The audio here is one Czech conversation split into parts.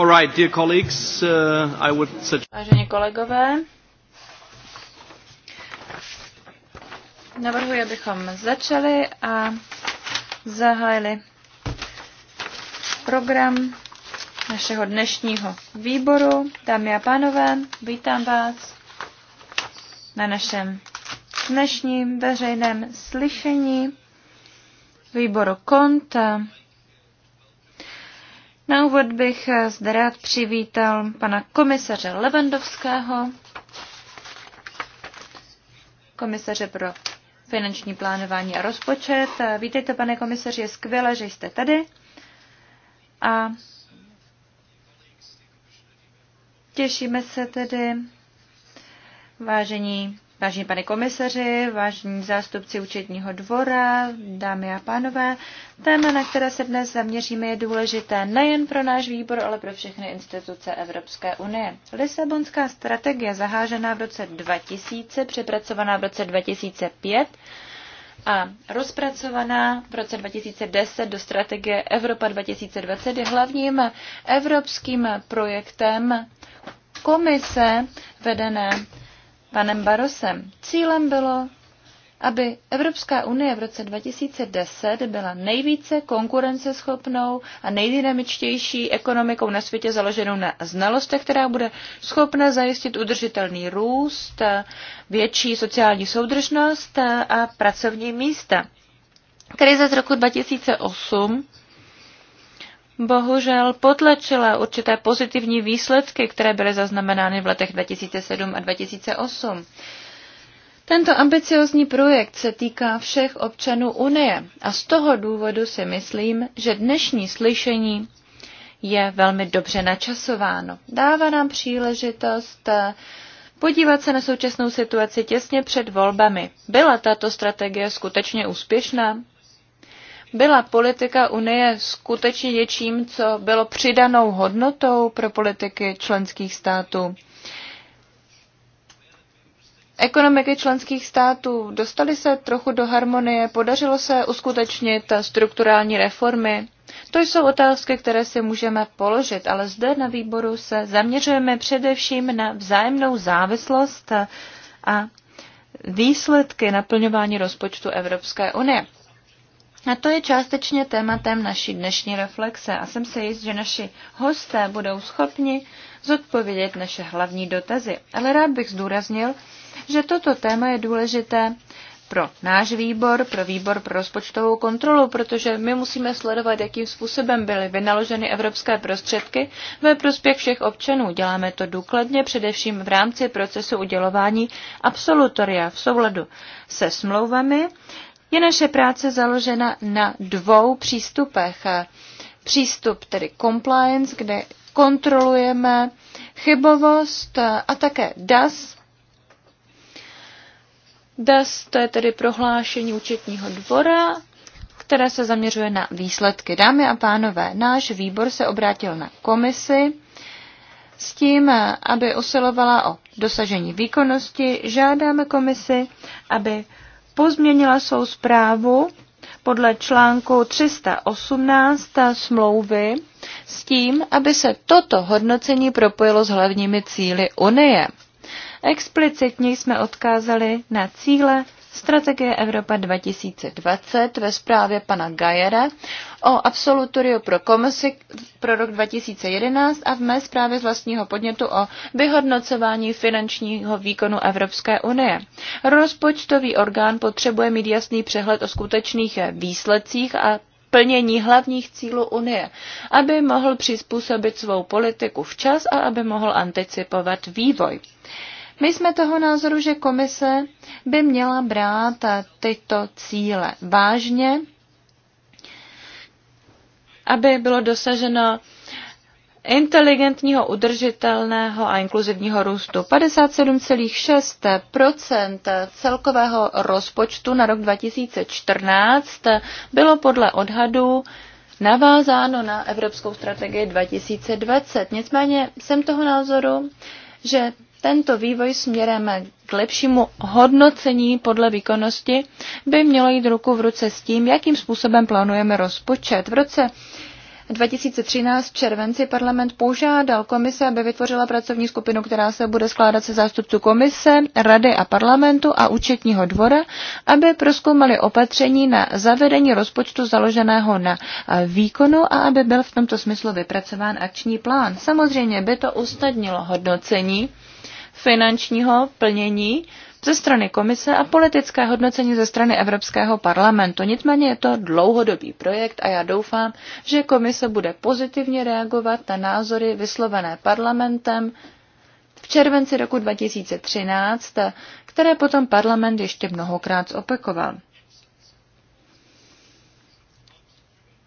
All right, dear colleagues, uh, I would suggest... Vážení kolegové, navrhuji, abychom začali a zahájili program našeho dnešního výboru. Dámy a pánové, vítám vás na našem dnešním veřejném slyšení výboru KONT na úvod bych eh, zde rád přivítal pana komisaře Levandovského, komisaře pro finanční plánování a rozpočet. Eh, vítejte, pane komisaři, je skvělé, že jste tady. A těšíme se tedy, vážení Vážení pane komisaři, vážení zástupci účetního dvora, dámy a pánové, téma, na které se dnes zaměříme, je důležité nejen pro náš výbor, ale pro všechny instituce Evropské unie. Lisabonská strategie, zahážená v roce 2000, přepracovaná v roce 2005, a rozpracovaná v roce 2010 do strategie Evropa 2020 je hlavním evropským projektem komise vedené panem Barosem. Cílem bylo, aby Evropská unie v roce 2010 byla nejvíce konkurenceschopnou a nejdynamičtější ekonomikou na světě založenou na znalostech, která bude schopna zajistit udržitelný růst, větší sociální soudržnost a pracovní místa. Krize z roku 2008 bohužel potlačila určité pozitivní výsledky, které byly zaznamenány v letech 2007 a 2008. Tento ambiciozní projekt se týká všech občanů Unie a z toho důvodu si myslím, že dnešní slyšení je velmi dobře načasováno. Dává nám příležitost eh, podívat se na současnou situaci těsně před volbami. Byla tato strategie skutečně úspěšná? Byla politika Unie skutečně něčím, co bylo přidanou hodnotou pro politiky členských států? Ekonomiky členských států dostaly se trochu do harmonie, podařilo se uskutečnit strukturální reformy. To jsou otázky, které si můžeme položit, ale zde na výboru se zaměřujeme především na vzájemnou závislost a výsledky naplňování rozpočtu Evropské unie. A to je částečně tématem naší dnešní reflexe a jsem se jist, že naši hosté budou schopni zodpovědět naše hlavní dotazy. Ale rád bych zdůraznil, že toto téma je důležité pro náš výbor, pro výbor pro rozpočtovou kontrolu, protože my musíme sledovat, jakým způsobem byly vynaloženy evropské prostředky ve prospěch všech občanů. Děláme to důkladně, především v rámci procesu udělování absolutoria v souladu se smlouvami, je naše práce založena na dvou přístupech. Přístup tedy compliance, kde kontrolujeme chybovost a také DAS. DAS to je tedy prohlášení účetního dvora, které se zaměřuje na výsledky. Dámy a pánové, náš výbor se obrátil na komisi s tím, aby usilovala o dosažení výkonnosti. Žádáme komisi, aby pozměnila svou zprávu podle článku 318 smlouvy s tím, aby se toto hodnocení propojilo s hlavními cíly Unie. Explicitně jsme odkázali na cíle Strategie Evropa 2020 ve zprávě pana Gajera o absolutoriu pro komisi pro rok 2011 a v mé zprávě z vlastního podnětu o vyhodnocování finančního výkonu Evropské unie. Rozpočtový orgán potřebuje mít jasný přehled o skutečných výsledcích a plnění hlavních cílů Unie, aby mohl přizpůsobit svou politiku včas a aby mohl anticipovat vývoj. My jsme toho názoru, že komise by měla brát tyto cíle vážně, aby bylo dosaženo inteligentního, udržitelného a inkluzivního růstu. 57,6 celkového rozpočtu na rok 2014 bylo podle odhadů navázáno na Evropskou strategii 2020. Nicméně jsem toho názoru, že tento vývoj směrem k lepšímu hodnocení podle výkonnosti by mělo jít ruku v ruce s tím, jakým způsobem plánujeme rozpočet. V roce 2013 v červenci parlament požádal komise, aby vytvořila pracovní skupinu, která se bude skládat se zástupců komise, rady a parlamentu a účetního dvora, aby proskoumali opatření na zavedení rozpočtu založeného na výkonu a aby byl v tomto smyslu vypracován akční plán. Samozřejmě by to usnadnilo hodnocení finančního plnění ze strany komise a politické hodnocení ze strany Evropského parlamentu. Nicméně je to dlouhodobý projekt a já doufám, že komise bude pozitivně reagovat na názory vyslovené parlamentem v červenci roku 2013, které potom parlament ještě mnohokrát zopakoval.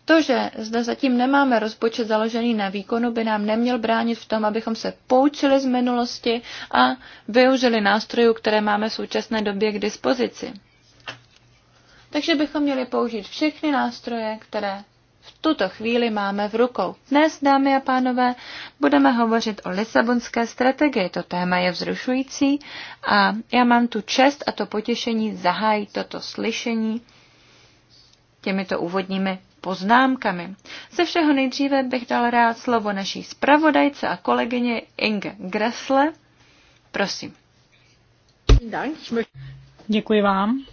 To, že zde zatím nemáme rozpočet založený na výkonu, by nám neměl bránit v tom, abychom se poučili z minulosti a využili nástrojů, které máme v současné době k dispozici. Takže bychom měli použít všechny nástroje, které v tuto chvíli máme v rukou. Dnes, dámy a pánové, budeme hovořit o Lisabonské strategii. To téma je vzrušující a já mám tu čest a to potěšení zahájit toto slyšení těmito úvodními poznámkami. Ze všeho nejdříve bych dal rád slovo naší zpravodajce a kolegyně Inge Gressle. Prosím. Děkuji vám.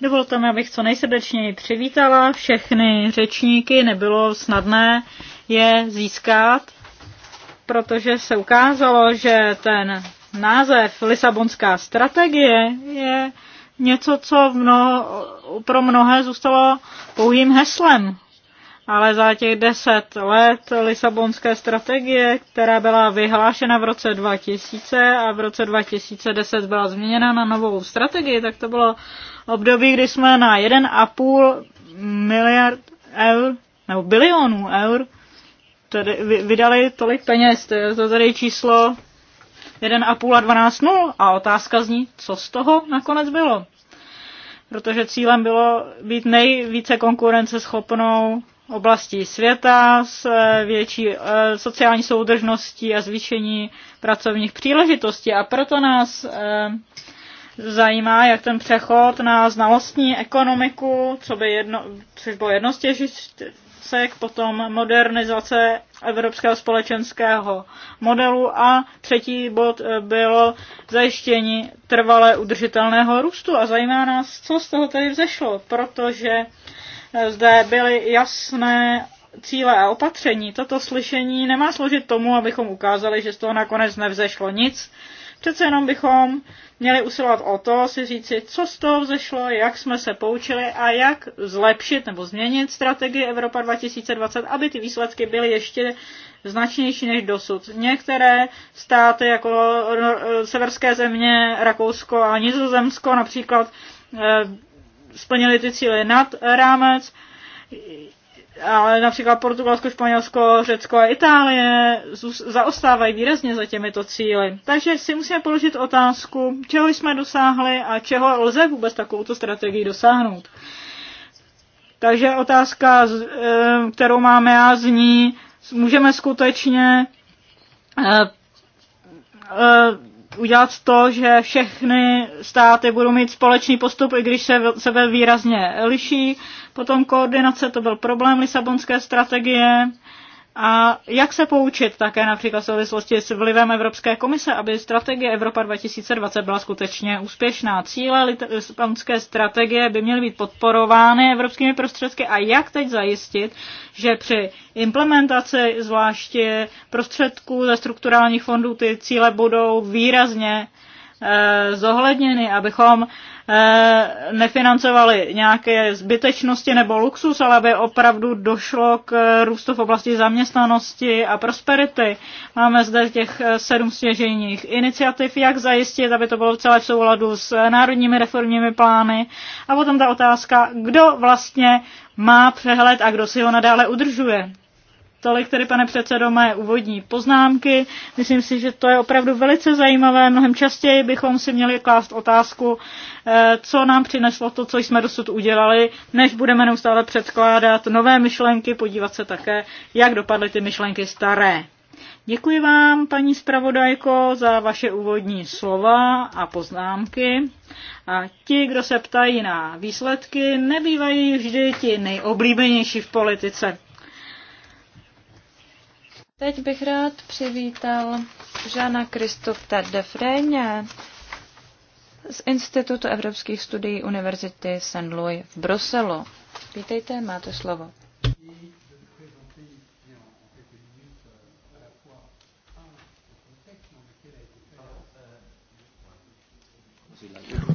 Dovolte mi, abych co nejsrdečněji přivítala všechny řečníky. Nebylo snadné je získat, protože se ukázalo, že ten název Lisabonská strategie je něco, co mno, pro mnohé zůstalo pouhým heslem. Ale za těch deset let Lisabonské strategie, která byla vyhlášena v roce 2000 a v roce 2010 byla změněna na novou strategii, tak to bylo období, kdy jsme na 1,5 miliard eur, nebo bilionů eur, tedy vydali tolik peněz. To je to tady číslo 1,5 a 12.0 a otázka zní, co z toho nakonec bylo. Protože cílem bylo být nejvíce konkurenceschopnou oblastí světa s eh, větší eh, sociální soudržností a zvýšení pracovních příležitostí. A proto nás eh, zajímá, jak ten přechod na znalostní ekonomiku, co by jedno, což bylo jedno z těch odsek, potom modernizace evropského společenského modelu a třetí bod eh, bylo zajištění trvalé udržitelného růstu. A zajímá nás, co z toho tedy vzešlo, protože eh, zde byly jasné cíle a opatření. Toto slyšení nemá složit tomu, abychom ukázali, že z toho nakonec nevzešlo nic. Přece jenom bychom měli usilovat o to si říci, co z toho vzešlo, jak jsme se poučili a jak zlepšit nebo změnit strategii Evropa 2020, aby ty výsledky byly ještě značnější než dosud. Některé státy jako eh, severské země, Rakousko a Nizozemsko například eh, splnili ty cíle nad rámec ale například Portugalsko, Španělsko, Řecko a Itálie zaostávají výrazně za těmito cíly. Takže si musíme položit otázku, čeho jsme dosáhli a čeho lze vůbec takovouto strategii dosáhnout. Takže otázka, e, kterou máme já, zní, můžeme skutečně e, e, udělat to, že všechny státy budou mít společný postup, i když se sebe výrazně liší. Potom koordinace, to byl problém Lisabonské strategie. A jak se poučit také například v souvislosti s vlivem Evropské komise, aby strategie Evropa 2020 byla skutečně úspěšná? Cíle lisabonské strategie by měly být podporovány evropskými prostředky a jak teď zajistit, že při implementaci zvláště prostředků ze strukturálních fondů ty cíle budou výrazně eh, zohledněny, abychom Eh, nefinancovali nějaké zbytečnosti nebo luxus, ale aby opravdu došlo k růstu v oblasti zaměstnanosti a prosperity. Máme zde těch eh, sedm stěžejních iniciativ, jak zajistit, aby to bylo celé v souladu s národními reformními plány. A potom ta otázka, kdo vlastně má přehled a kdo si ho nadále udržuje. Tolik tedy, pane předsedo, moje úvodní poznámky. Myslím si, že to je opravdu velice zajímavé. Mnohem častěji bychom si měli klást otázku, eh, co nám přineslo to, co jsme dosud udělali, než budeme neustále předkládat nové myšlenky, podívat se také, jak dopadly ty myšlenky staré. Děkuji vám, paní zpravodajko, za vaše úvodní slova a poznámky. A ti, kdo se ptají na výsledky, nebývají vždy ti nejoblíbenější v politice. Teď bych rád přivítal Žana Kristofta de Freyne z Institutu evropských studií Univerzity St. Louis v Bruselu. Vítejte, máte slovo.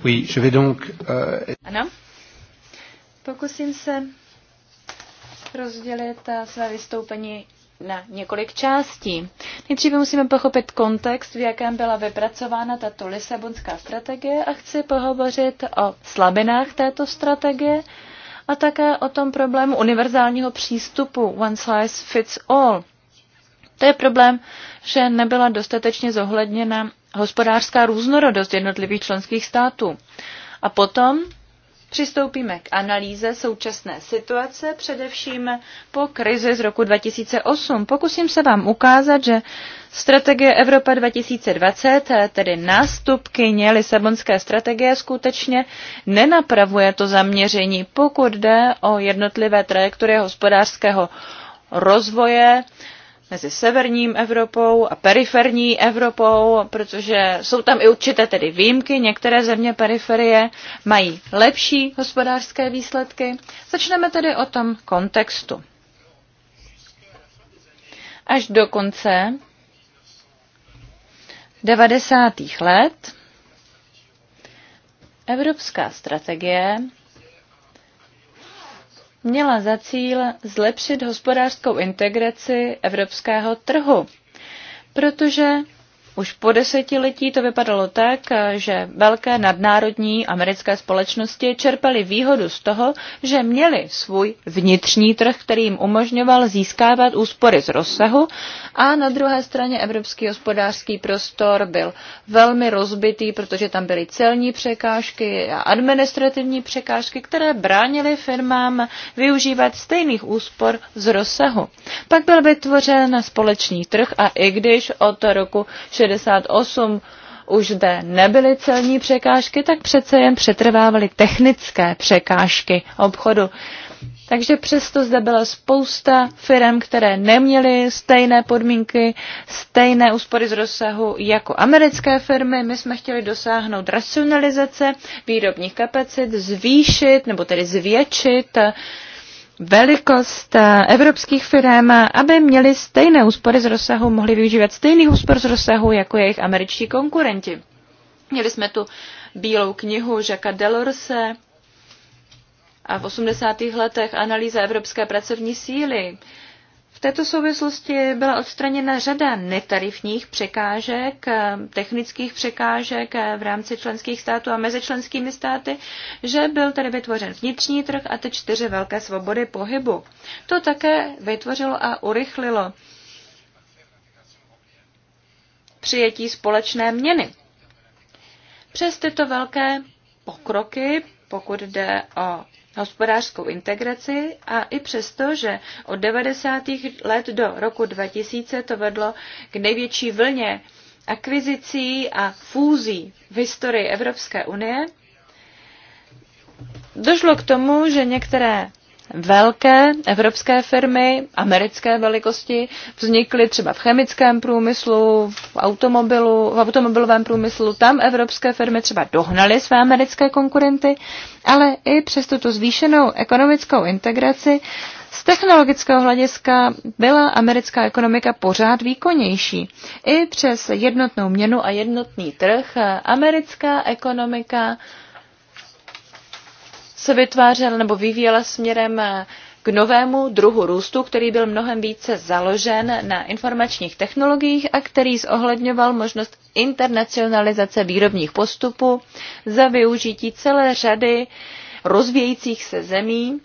Euh, ano. Pokusím se rozdělit eh, své vystoupení na několik částí. Nejdříve musíme pochopit kontext, v jakém byla vypracována tato Lisabonská strategie a chci pohovořit o slabinách této strategie a také o tom problému univerzálního přístupu one size fits all. To je problém, že nebyla dostatečně zohledněna hospodářská různorodost jednotlivých členských států. A potom Přistoupíme k analýze současné situace, především po krizi z roku 2008. Pokusím se vám ukázat, že strategie Evropa 2020, tedy nástupkyně Lisabonské strategie, skutečně nenapravuje to zaměření, pokud jde o jednotlivé trajektorie hospodářského rozvoje mezi severním Evropou a periferní Evropou, protože jsou tam i určité tedy výjimky. Některé země periferie mají lepší hospodářské výsledky. Začneme tedy o tom kontextu. Až do konce 90. let evropská strategie měla za cíl zlepšit hospodářskou integraci evropského trhu, protože už po desetiletí to vypadalo tak, že velké nadnárodní americké společnosti čerpaly výhodu z toho, že měly svůj vnitřní trh, který jim umožňoval získávat úspory z rozsahu a na druhé straně evropský hospodářský prostor byl velmi rozbitý, protože tam byly celní překážky a administrativní překážky, které bránily firmám využívat stejných úspor z rozsahu. Pak byl vytvořen společný trh a i když od roku 68 už zde nebyly celní překážky, tak přece jen přetrvávaly technické překážky obchodu. Takže přesto zde byla spousta firm, které neměly stejné podmínky, stejné úspory z rozsahu jako americké firmy. My jsme chtěli dosáhnout racionalizace výrobních kapacit, zvýšit nebo tedy zvětšit uh, velikost eh, evropských firm, aby měli stejné úspory z rozsahu, mohli využívat stejný úspor z rozsahu jako jejich američtí konkurenti. Měli jsme tu bílou knihu Žaka Delorse a v 80. letech analýza evropské pracovní síly, této souvislosti byla odstraněna řada netarifních překážek, technických překážek v rámci členských států a mezi členskými státy, že byl tedy vytvořen vnitřní trh a ty čtyři velké svobody pohybu. To také vytvořilo a urychlilo přijetí společné měny. Přes tyto velké pokroky, pokud jde o hospodářskou integraci a i přesto, že od 90. let do roku 2000 to vedlo k největší vlně akvizicí a fúzí v historii Evropské unie, došlo k tomu, že některé velké evropské firmy americké velikosti vznikly třeba v chemickém průmyslu, v, automobilu, v automobilovém průmyslu. Tam evropské firmy třeba dohnaly své americké konkurenty, ale i přes tuto zvýšenou ekonomickou integraci z technologického hlediska byla americká ekonomika pořád výkonnější. I přes jednotnou měnu a jednotný trh americká ekonomika se vytvářela nebo vyvíjela směrem eh, k novému druhu růstu, který byl mnohem více založen na informačních technologiích a který zohledňoval možnost internacionalizace výrobních postupů za využití celé řady rozvějících se zemí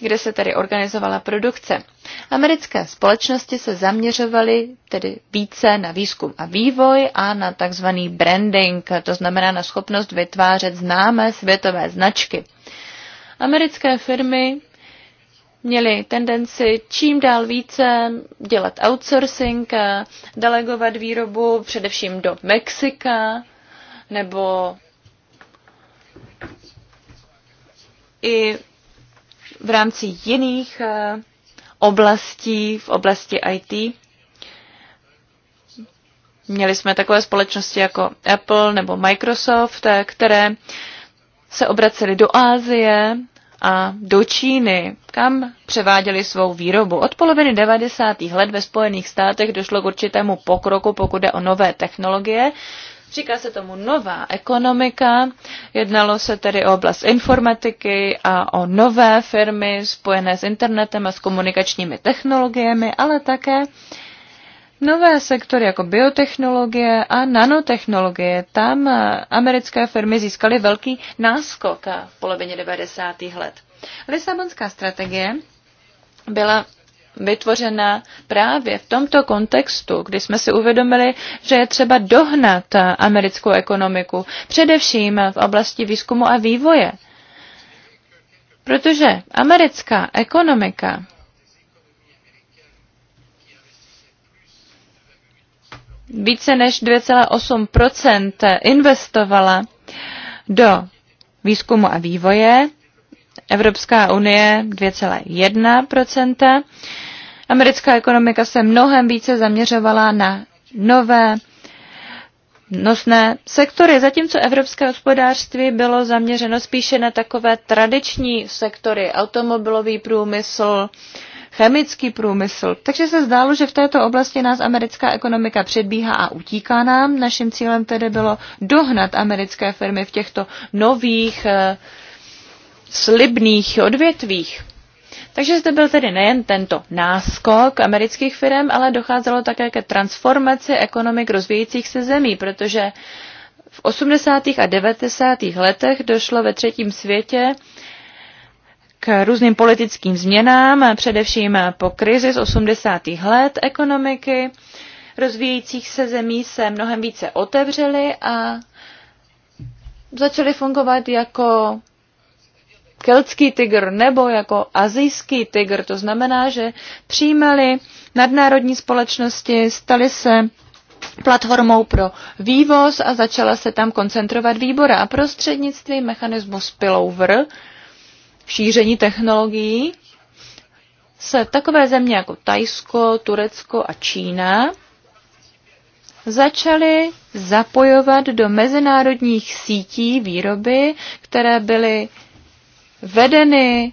kde se tedy organizovala produkce. Americké společnosti se zaměřovaly tedy více na výzkum a vývoj a na takzvaný branding, to znamená na schopnost vytvářet známé světové značky. Americké firmy měly tendenci čím dál více dělat outsourcing, delegovat výrobu především do Mexika nebo i v rámci jiných eh, oblastí, v oblasti IT. Měli jsme takové společnosti jako Apple nebo Microsoft, eh, které se obracely do Ázie a do Číny, kam převáděli svou výrobu. Od poloviny 90. let ve Spojených státech došlo k určitému pokroku, pokud jde o nové technologie, Říká se tomu nová ekonomika. Jednalo se tedy o oblast informatiky a o nové firmy spojené s internetem a s komunikačními technologiemi, ale také Nové sektory jako biotechnologie a nanotechnologie, tam americké firmy získaly velký náskok v polovině 90. let. Lisabonská strategie byla vytvořena právě v tomto kontextu, kdy jsme si uvědomili, že je třeba dohnat americkou ekonomiku, především v oblasti výzkumu a vývoje. Protože americká ekonomika více než 2,8 investovala do výzkumu a vývoje, Evropská unie 2,1 Americká ekonomika se mnohem více zaměřovala na nové nosné sektory, zatímco evropské hospodářství bylo zaměřeno spíše na takové tradiční sektory, automobilový průmysl, chemický průmysl. Takže se zdálo, že v této oblasti nás americká ekonomika předbíhá a utíká nám. Naším cílem tedy bylo dohnat americké firmy v těchto nových eh, slibných odvětvích. Takže zde byl tedy nejen tento náskok amerických firm, ale docházelo také ke transformaci ekonomik rozvíjejících se zemí, protože v 80. a 90. letech došlo ve třetím světě k různým politickým změnám, především po krizi z 80. let ekonomiky rozvíjejících se zemí se mnohem více otevřely a začaly fungovat jako keltský tygr nebo jako azijský tygr. To znamená, že přijímali nadnárodní společnosti, staly se platformou pro vývoz a začala se tam koncentrovat výbora a prostřednictvím mechanismu spillover, šíření technologií, se takové země jako Tajsko, Turecko a Čína začaly zapojovat do mezinárodních sítí výroby, které byly vedeny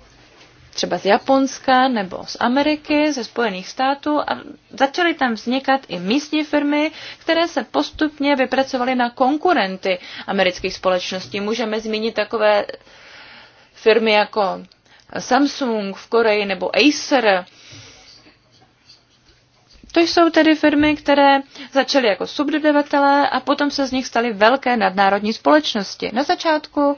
třeba z Japonska nebo z Ameriky, ze Spojených států a začaly tam vznikat i místní firmy, které se postupně vypracovaly na konkurenty amerických společností. Můžeme zmínit takové firmy jako Samsung v Koreji nebo Acer. To jsou tedy firmy, které začaly jako subdodavatelé a potom se z nich staly velké nadnárodní společnosti. Na začátku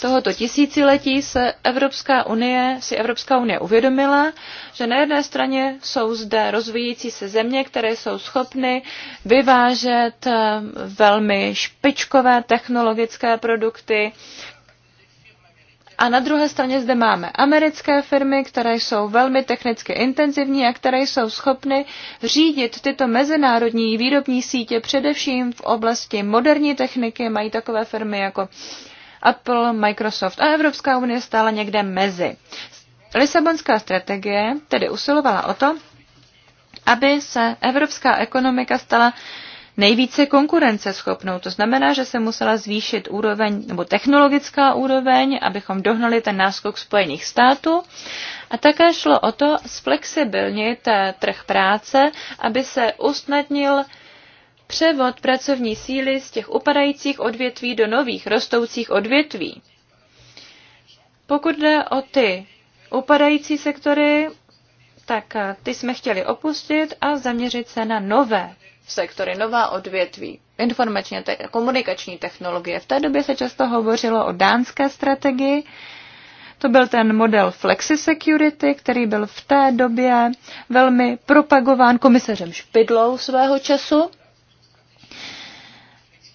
tohoto tisíciletí se Evropská unie, si Evropská unie uvědomila, že na jedné straně jsou zde rozvíjící se země, které jsou schopny vyvážet eh, velmi špičkové technologické produkty, a na druhé straně zde máme americké firmy, které jsou velmi technicky intenzivní a které jsou schopny řídit tyto mezinárodní výrobní sítě především v oblasti moderní techniky. Mají takové firmy jako Apple, Microsoft a Evropská unie stála někde mezi. Lisabonská strategie tedy usilovala o to, aby se evropská ekonomika stala nejvíce konkurenceschopnou. To znamená, že se musela zvýšit úroveň nebo technologická úroveň, abychom dohnali ten náskok Spojených států. A také šlo o to zflexibilnit eh, trh práce, aby se usnadnil převod pracovní síly z těch upadajících odvětví do nových rostoucích odvětví. Pokud jde o ty upadající sektory, tak eh, ty jsme chtěli opustit a zaměřit se na nové sektory, nová odvětví, informačně te- komunikační technologie. V té době se často hovořilo o dánské strategii. To byl ten model Security, který byl v té době velmi propagován komisařem Špidlou svého času.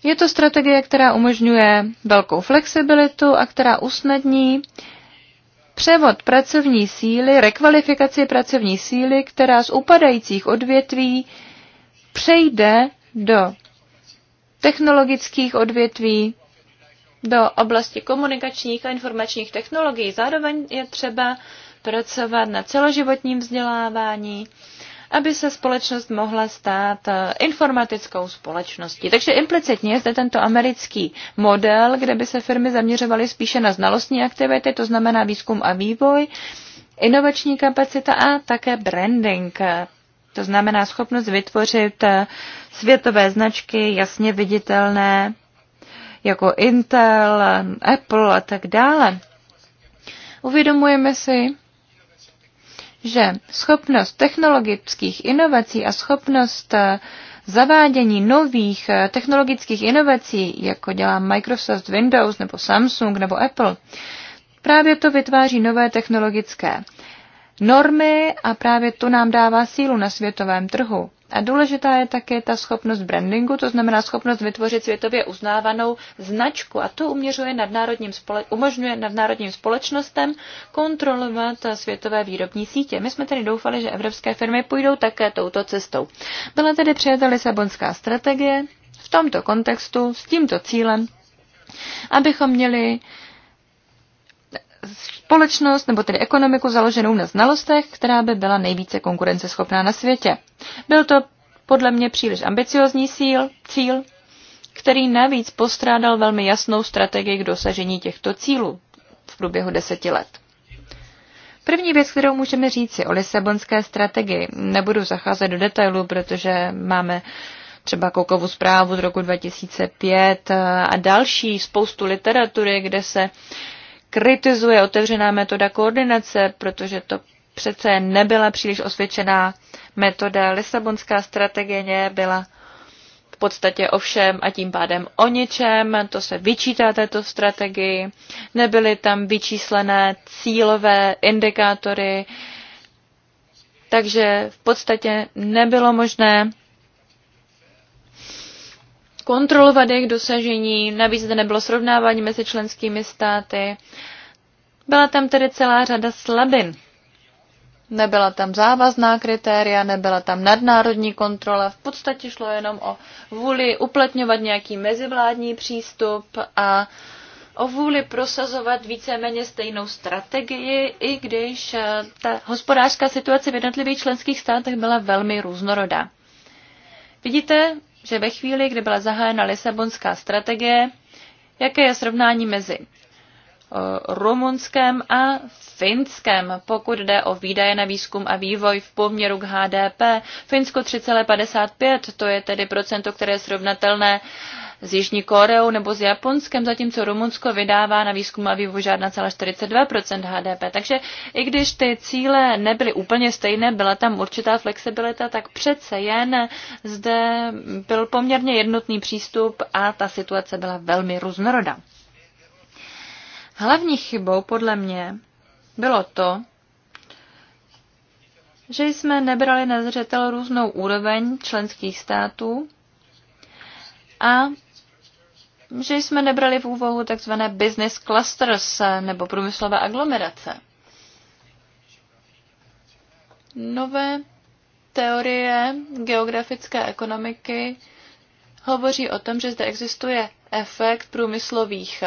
Je to strategie, která umožňuje velkou flexibilitu a která usnadní převod pracovní síly, rekvalifikaci pracovní síly, která z upadajících odvětví přejde do technologických odvětví, do oblasti komunikačních a informačních technologií. Zároveň je třeba pracovat na celoživotním vzdělávání, aby se společnost mohla stát eh, informatickou společností. Takže implicitně je zde tento americký model, kde by se firmy zaměřovaly spíše na znalostní aktivity, to znamená výzkum a vývoj, inovační kapacita a také branding. To znamená schopnost vytvořit eh, světové značky jasně viditelné, jako Intel, eh, Apple a tak dále. Uvědomujeme si, že schopnost technologických inovací a schopnost eh, zavádění nových eh, technologických inovací, jako dělá Microsoft Windows nebo Samsung nebo Apple, právě to vytváří nové technologické normy a právě to nám dává sílu na světovém trhu. A důležitá je také ta schopnost brandingu, to znamená schopnost vytvořit světově uznávanou značku. A to uměřuje nadnárodním spole- umožňuje nadnárodním společnostem kontrolovat světové výrobní sítě. My jsme tedy doufali, že evropské firmy půjdou také touto cestou. Byla tedy přijata Lisabonská strategie v tomto kontextu s tímto cílem, abychom měli společnost nebo tedy ekonomiku založenou na znalostech, která by byla nejvíce konkurenceschopná na světě. Byl to podle mě příliš ambiciozní cíl, cíl, který navíc postrádal velmi jasnou strategii k dosažení těchto cílů v průběhu deseti let. První věc, kterou můžeme říci o Lisabonské strategii, nebudu zacházet do detailů, protože máme třeba Koukovu zprávu z roku 2005 a další spoustu literatury, kde se uh, kritizuje otevřená metoda koordinace, protože to přece nebyla příliš osvědčená metoda. Lisabonská strategie byla v podstatě o všem a tím pádem o ničem. To se vyčítá této strategii. Nebyly tam vyčíslené cílové indikátory, takže v podstatě nebylo možné kontrolovat jejich dosažení, navíc zde nebylo srovnávání mezi členskými státy. Byla tam tedy celá řada slabin. Nebyla tam závazná kritéria, nebyla tam nadnárodní kontrola, v podstatě šlo jenom o vůli uplatňovat nějaký mezivládní přístup a o vůli prosazovat víceméně stejnou strategii, i když eh, ta hospodářská situace v jednotlivých členských státech byla velmi různorodá. Vidíte, že ve chvíli, kdy byla zahájena Lisabonská strategie, jaké je srovnání mezi eh, rumunském a finském, pokud jde o výdaje na výzkum a vývoj v poměru k HDP. Finsko 3,55, to je tedy procento, které je srovnatelné s Jižní Koreou nebo s Japonskem, zatímco Rumunsko vydává na výzkum a vývoj žádná celá 42% HDP. Takže i když ty cíle nebyly úplně stejné, byla tam určitá flexibilita, tak přece jen zde byl poměrně jednotný přístup a ta situace byla velmi různorodá. Hlavní chybou podle mě bylo to, že jsme nebrali na zřetel různou úroveň členských států a že jsme nebrali v úvahu takzvané business clusters nebo průmyslové aglomerace. Nové teorie geografické ekonomiky hovoří o tom, že zde existuje efekt průmyslových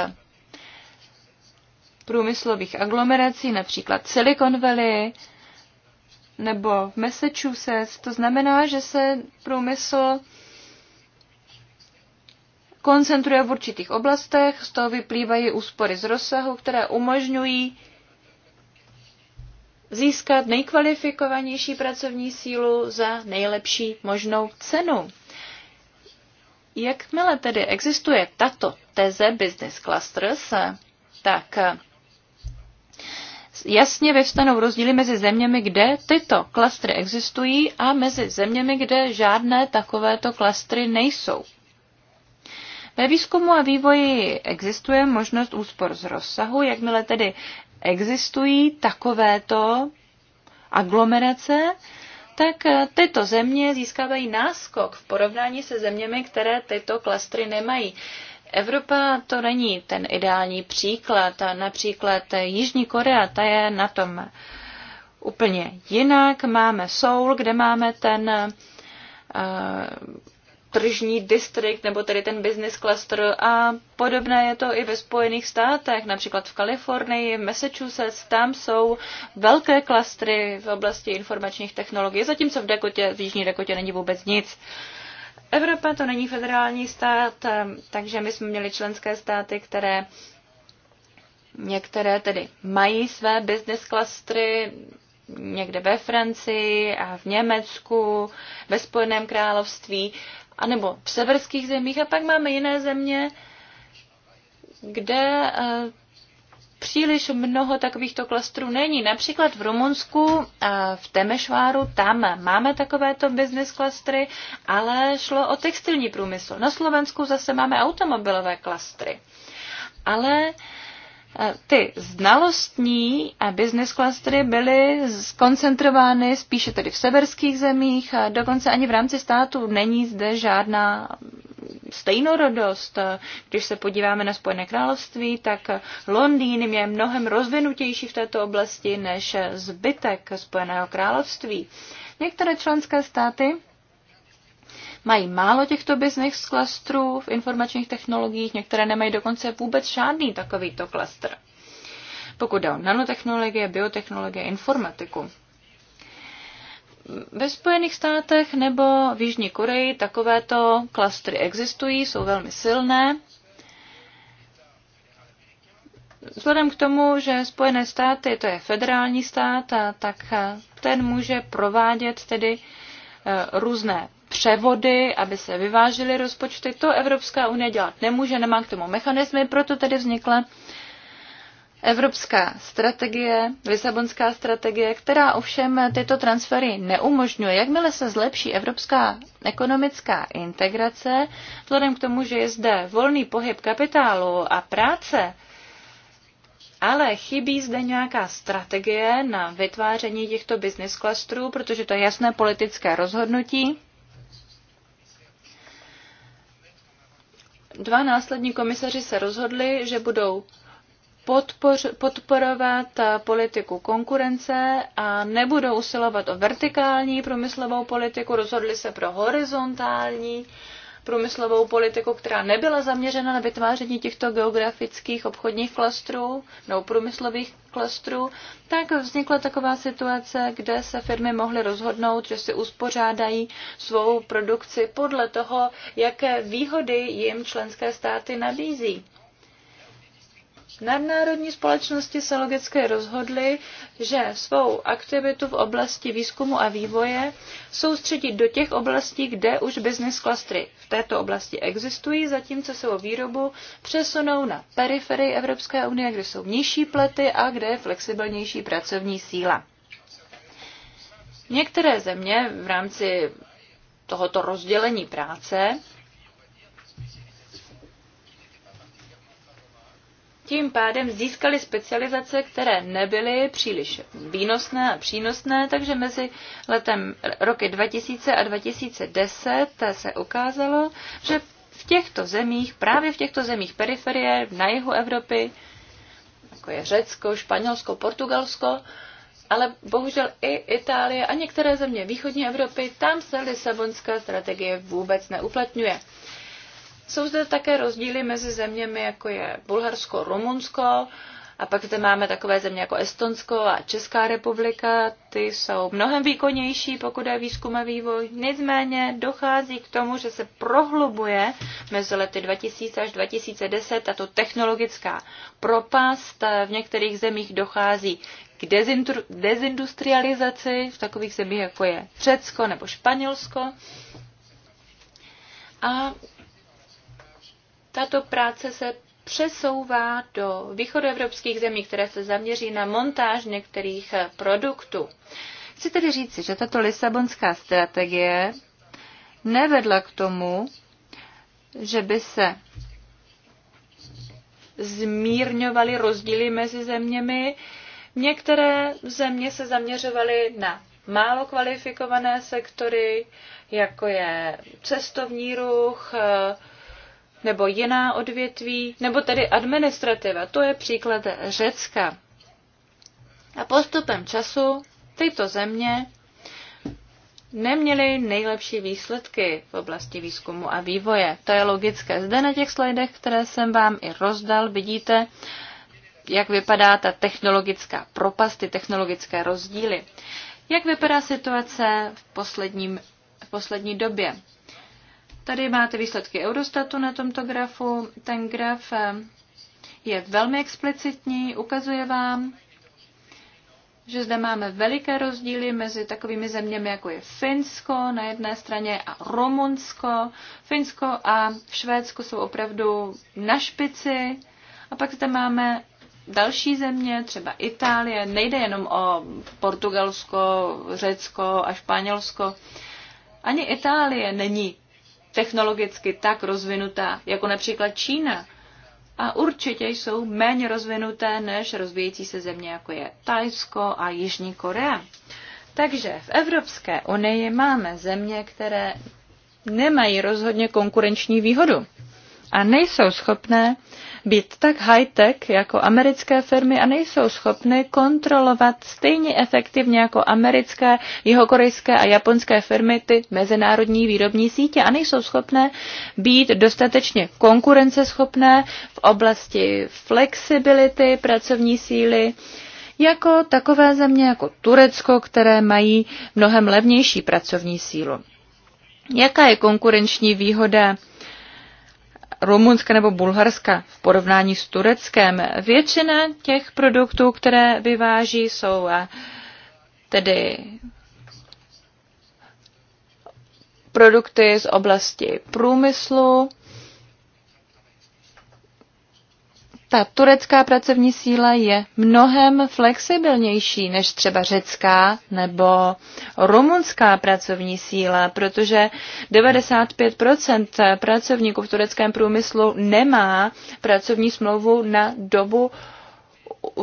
průmyslových aglomerací, například Silicon Valley nebo v Massachusetts. To znamená, že se průmysl koncentruje v určitých oblastech, z toho vyplývají úspory z rozsahu, které umožňují získat nejkvalifikovanější pracovní sílu za nejlepší možnou cenu. Jakmile tedy existuje tato teze business clusters, tak jasně vyvstanou rozdíly mezi zeměmi, kde tyto klastry existují a mezi zeměmi, kde žádné takovéto klastry nejsou. Ve výzkumu a vývoji existuje možnost úspor z rozsahu, jakmile tedy existují takovéto aglomerace, tak tyto země získávají náskok v porovnání se zeměmi, které tyto klastry nemají. Evropa to není ten ideální příklad. Například Jižní Korea, ta je na tom úplně jinak. Máme Soul, kde máme ten eh, tržní distrikt nebo tedy ten business cluster a podobné je to i ve Spojených státech, například v Kalifornii, v Massachusetts, tam jsou velké klastry v oblasti informačních technologií, zatímco v Dakotě, v Jižní Dakotě není vůbec nic. Evropa to není federální stát, ehm, takže my jsme měli členské státy, které některé tedy mají své business klastry, někde ve Francii a v Německu, ve Spojeném království anebo v severských zemích a pak máme jiné země, kde eh, příliš mnoho takovýchto klastrů není. Například v Rumunsku, eh, v Temešváru, tam máme takovéto business klastry, ale šlo o textilní průmysl. Na Slovensku zase máme automobilové klastry. Ale uh, Eh, ty znalostní a business klastry byly skoncentrovány spíše tedy v severských zemích, a dokonce ani v rámci státu není zde žádná stejnorodost. Eh, když se podíváme na Spojené království, tak eh, Londýn je mnohem rozvinutější v této oblasti než zbytek Spojeného království. Některé členské státy mají málo těchto business klastrů v informačních technologiích, některé nemají dokonce vůbec žádný takovýto klastr. Pokud jde o nanotechnologie, biotechnologie, informatiku. Ve Spojených státech nebo v Jižní Koreji takovéto klastry existují, jsou velmi silné. Vzhledem k tomu, že Spojené státy, to je federální stát, tak ten může provádět tedy eh, různé převody, aby se vyvážily rozpočty. To Evropská unie dělat nemůže, nemá k tomu mechanismy, proto tedy vznikla Evropská strategie, Lisabonská strategie, která ovšem tyto transfery neumožňuje. Jakmile se zlepší evropská ekonomická integrace, vzhledem k tomu, že je zde volný pohyb kapitálu a práce, ale chybí zde nějaká strategie na vytváření těchto business klastrů, protože to je jasné politické rozhodnutí. Dva následní komisaři se rozhodli, že budou podpoř, podporovat eh, politiku konkurence a nebudou usilovat o vertikální průmyslovou politiku, rozhodli se pro horizontální průmyslovou politiku, která nebyla zaměřena na vytváření těchto geografických obchodních klastrů nebo průmyslových klastrů, tak vznikla taková situace, kde se firmy mohly rozhodnout, že si uspořádají svou produkci podle toho, jaké výhody jim členské státy nabízí. Nadnárodní společnosti se logicky rozhodly, že svou aktivitu v oblasti výzkumu a vývoje soustředí do těch oblastí, kde už business klastry v této oblasti existují, zatímco svou výrobu přesunou na periferii Evropské unie, kde jsou nižší plety a kde je flexibilnější pracovní síla. Některé země v rámci tohoto rozdělení práce tím pádem získali specializace, které nebyly příliš výnosné a přínosné, takže mezi letem roky 2000 a 2010 se ukázalo, že v těchto zemích, právě v těchto zemích periferie, na jihu Evropy, jako je Řecko, Španělsko, Portugalsko, ale bohužel i Itálie a některé země východní Evropy, tam se Lisabonská strategie vůbec neuplatňuje. Jsou zde také rozdíly mezi zeměmi, jako je Bulharsko, Rumunsko, a pak zde máme takové země jako Estonsko a Česká republika, ty jsou mnohem výkonnější, pokud je výzkum a vývoj. Nicméně dochází k tomu, že se prohlubuje mezi lety 2000 až 2010 tato technologická propast. V některých zemích dochází k dezindustrializaci, v takových zemích jako je Řecko nebo Španělsko. A tato práce se přesouvá do východoevropských zemí, které se zaměří na montáž některých eh, produktů. Chci tedy říci, že tato lisabonská strategie nevedla k tomu, že by se zmírňovaly rozdíly mezi zeměmi. Některé země se zaměřovaly na málo kvalifikované sektory, jako je cestovní ruch, eh, nebo jiná odvětví, nebo tedy administrativa. To je příklad Řecka. A postupem času tyto země neměly nejlepší výsledky v oblasti výzkumu a vývoje. To je logické. Zde na těch slidech, které jsem vám i rozdal, vidíte, jak vypadá ta technologická propast, ty technologické rozdíly. Jak vypadá situace v, posledním, v poslední době? Tady máte výsledky Eurostatu na tomto grafu. Ten graf eh, je velmi explicitní, ukazuje vám, že zde máme veliké rozdíly mezi takovými zeměmi, jako je Finsko na jedné straně a Rumunsko. Finsko a Švédsko jsou opravdu na špici. A pak zde máme další země, třeba Itálie. Nejde jenom o Portugalsko, Řecko a Španělsko. Ani Itálie není technologicky tak rozvinutá, jako například Čína. A určitě jsou méně rozvinuté než rozvíjející se země, jako je Tajsko a Jižní Korea. Takže v Evropské unii máme země, které nemají rozhodně konkurenční výhodu a nejsou schopné být tak high-tech jako americké firmy a nejsou schopny kontrolovat stejně efektivně jako americké, jihokorejské a japonské firmy ty mezinárodní výrobní sítě a nejsou schopné být dostatečně konkurenceschopné v oblasti flexibility pracovní síly jako takové země jako Turecko, které mají mnohem levnější pracovní sílu. Jaká je konkurenční výhoda Rumunska nebo Bulharska v porovnání s Tureckem. Většina těch produktů, které vyváží, jsou eh, tedy produkty z oblasti průmyslu, ta turecká pracovní síla je mnohem flexibilnější než třeba řecká nebo rumunská pracovní síla, protože 95 pracovníků v tureckém průmyslu nemá pracovní smlouvu na dobu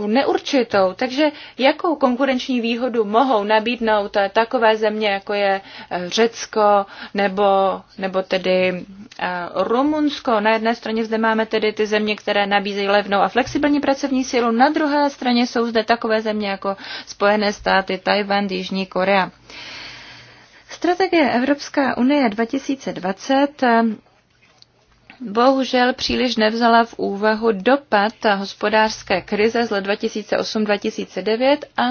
neurčitou. Takže jakou konkurenční výhodu mohou nabídnout takové země, jako je eh, Řecko nebo, nebo tedy eh, Rumunsko? Na jedné straně zde máme tedy ty země, které nabízejí levnou a flexibilní pracovní sílu, na druhé straně jsou zde takové země jako Spojené státy, Tajvan, Jižní Korea. Strategie Evropská unie 2020 bohužel příliš nevzala v úvahu dopad hospodářské krize z let 2008-2009 a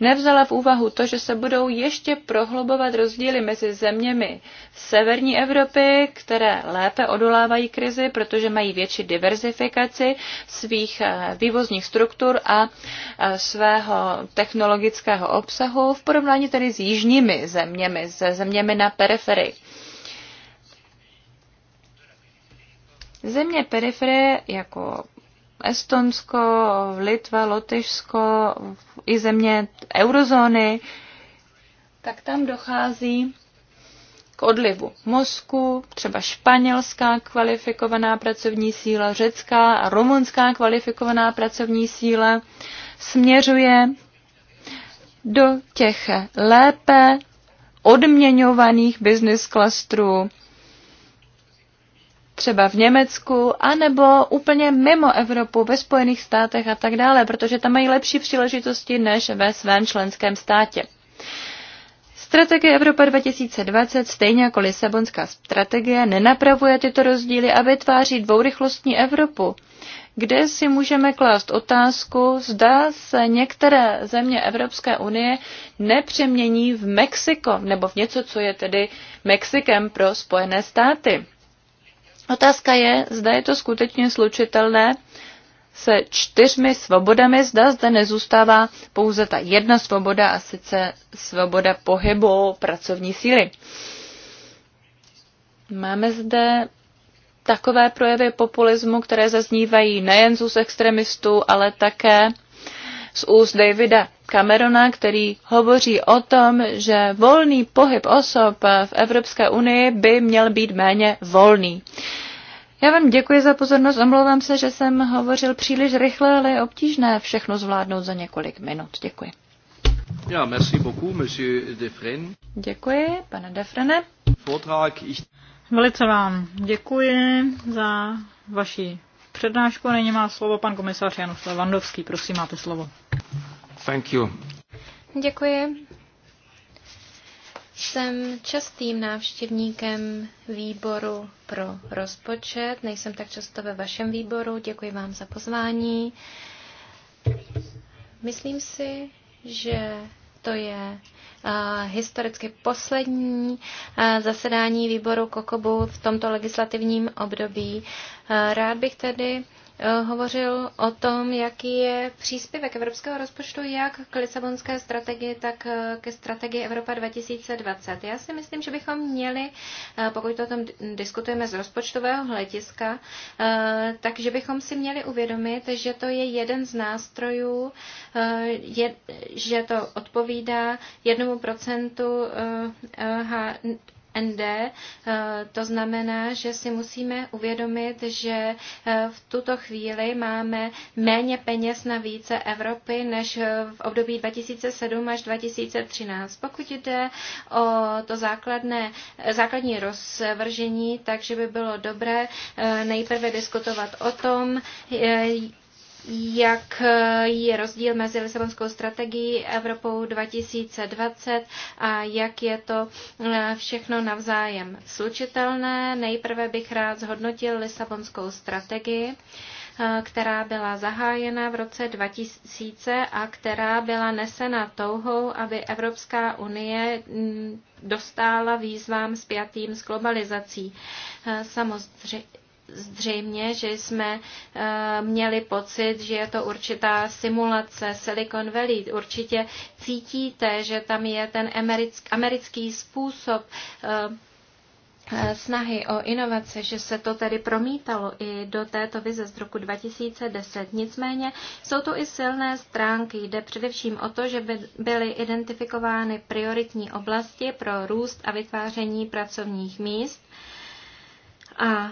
nevzala v úvahu to, že se budou ještě prohlubovat rozdíly mezi zeměmi severní Evropy, které lépe odolávají krizi, protože mají větší diverzifikaci svých eh, vývozních struktur a eh, svého technologického obsahu v porovnání tedy s jižními zeměmi, se zeměmi na periferii. Země periferie jako Estonsko, Litva, Lotyšsko i země eurozóny, tak tam dochází k odlivu mozku, třeba španělská kvalifikovaná pracovní síla, řecká a rumunská kvalifikovaná pracovní síla směřuje do těch lépe odměňovaných business klastrů třeba v Německu, anebo úplně mimo Evropu, ve Spojených státech a tak dále, protože tam mají lepší příležitosti než ve svém členském státě. Strategie Evropa 2020, stejně jako Lisabonská strategie, nenapravuje tyto rozdíly a vytváří dvourychlostní Evropu, kde si můžeme klást otázku, zda se některé země Evropské unie nepřemění v Mexiko, nebo v něco, co je tedy Mexikem pro Spojené státy. Otázka je, zda je to skutečně slučitelné se čtyřmi svobodami, zda zde nezůstává pouze ta jedna svoboda a sice svoboda pohybu pracovní síly. Máme zde takové projevy populismu, které zaznívají nejen z úst extremistů, ale také z úst Davida Camerona, který hovoří o tom, že volný pohyb osob v Evropské unii by měl být méně volný. Já vám děkuji za pozornost, omlouvám se, že jsem hovořil příliš rychle, ale je obtížné všechno zvládnout za několik minut. Děkuji. Ja, merci beaucoup, monsieur Defren. Děkuji, pane Defrene. Vortrag, ich... Velice vám děkuji za vaši přednášku. Nyní má slovo pan komisář Janus Levandovský. Prosím, máte slovo. Thank you. Děkuji. Jsem častým návštěvníkem výboru pro rozpočet, nejsem tak často ve vašem výboru, děkuji vám za pozvání. Myslím si, že to je historicky poslední zasedání výboru Kokobu v tomto legislativním období. Rád bych tedy Eh, hovořil o tom, jaký je příspěvek evropského rozpočtu jak k Lisabonské strategii, tak eh, ke strategii Evropa 2020. Já si myslím, že bychom měli, eh, pokud to o tom diskutujeme z rozpočtového hlediska, takže bychom si měli uvědomit, že to je jeden z nástrojů, že to odpovídá jednomu procentu ND. Eh, to znamená, že si musíme uvědomit, že eh, v tuto chvíli máme méně peněz na více Evropy než eh, v období 2007 až 2013. Pokud jde o to základné, základní rozvržení, takže by bylo dobré nejprve diskutovat o tom, jak eh, je rozdíl mezi Lisabonskou strategií Evropou 2020 a jak je to eh, všechno navzájem slučitelné. Nejprve bych rád zhodnotil Lisabonskou strategii eh, která byla zahájena v roce 2000 a která byla nesena touhou, aby Evropská unie mm, dostála výzvám spjatým s globalizací. Samozřejmě zřejmě, že jsme eh, měli pocit, že je to určitá simulace Silicon Valley. Určitě cítíte, že tam je ten americký způsob eh, eh, snahy o inovace, že se to tedy promítalo i do této vize z roku 2010. Nicméně jsou to i silné stránky. Jde především o to, že by byly identifikovány prioritní oblasti pro růst a vytváření pracovních míst. A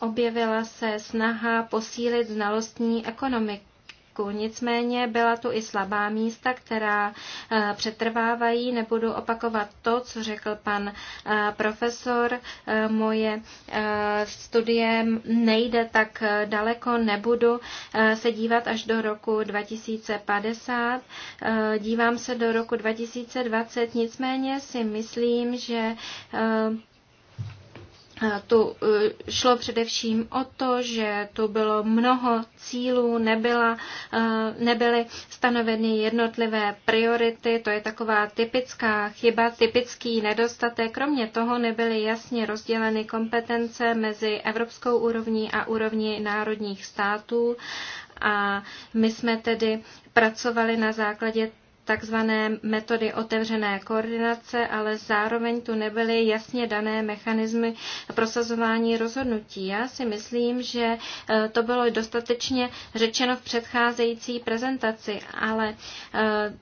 objevila se snaha posílit znalostní ekonomiku. Nicméně byla tu i slabá místa, která eh, přetrvávají. Nebudu opakovat to, co řekl pan eh, profesor. Eh, moje studie nejde tak daleko, nebudu se dívat až do roku 2050. Dívám se do roku 2020, nicméně si myslím, že tu eh, šlo především o to, že tu bylo mnoho cílů, nebyla, eh, nebyly stanoveny jednotlivé priority, to je taková typická chyba, typický nedostatek. Kromě toho nebyly jasně rozděleny kompetence mezi evropskou úrovní a úrovní národních států a my jsme tedy pracovali na základě takzvané metody otevřené koordinace, ale zároveň tu nebyly jasně dané mechanismy prosazování rozhodnutí. Já si myslím, že e, to bylo dostatečně řečeno v předcházející prezentaci, ale e,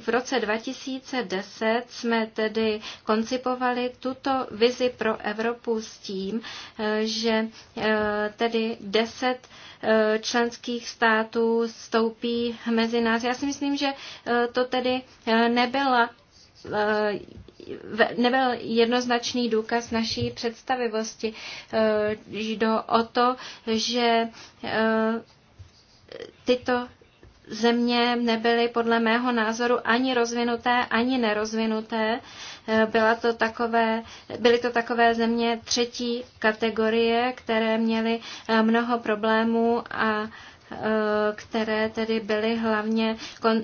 v roce 2010 jsme tedy koncipovali tuto vizi pro Evropu s tím, eh, že eh, tedy 10 eh, členských států stoupí mezi nás. Já si myslím, že to tedy nebyla nebyl jednoznačný důkaz naší představivosti. Jde o to, že tyto země nebyly podle mého názoru ani rozvinuté, ani nerozvinuté. Eh, byla to takové, byly to takové země třetí kategorie, které měly eh, mnoho problémů a Eh, které tedy byly hlavně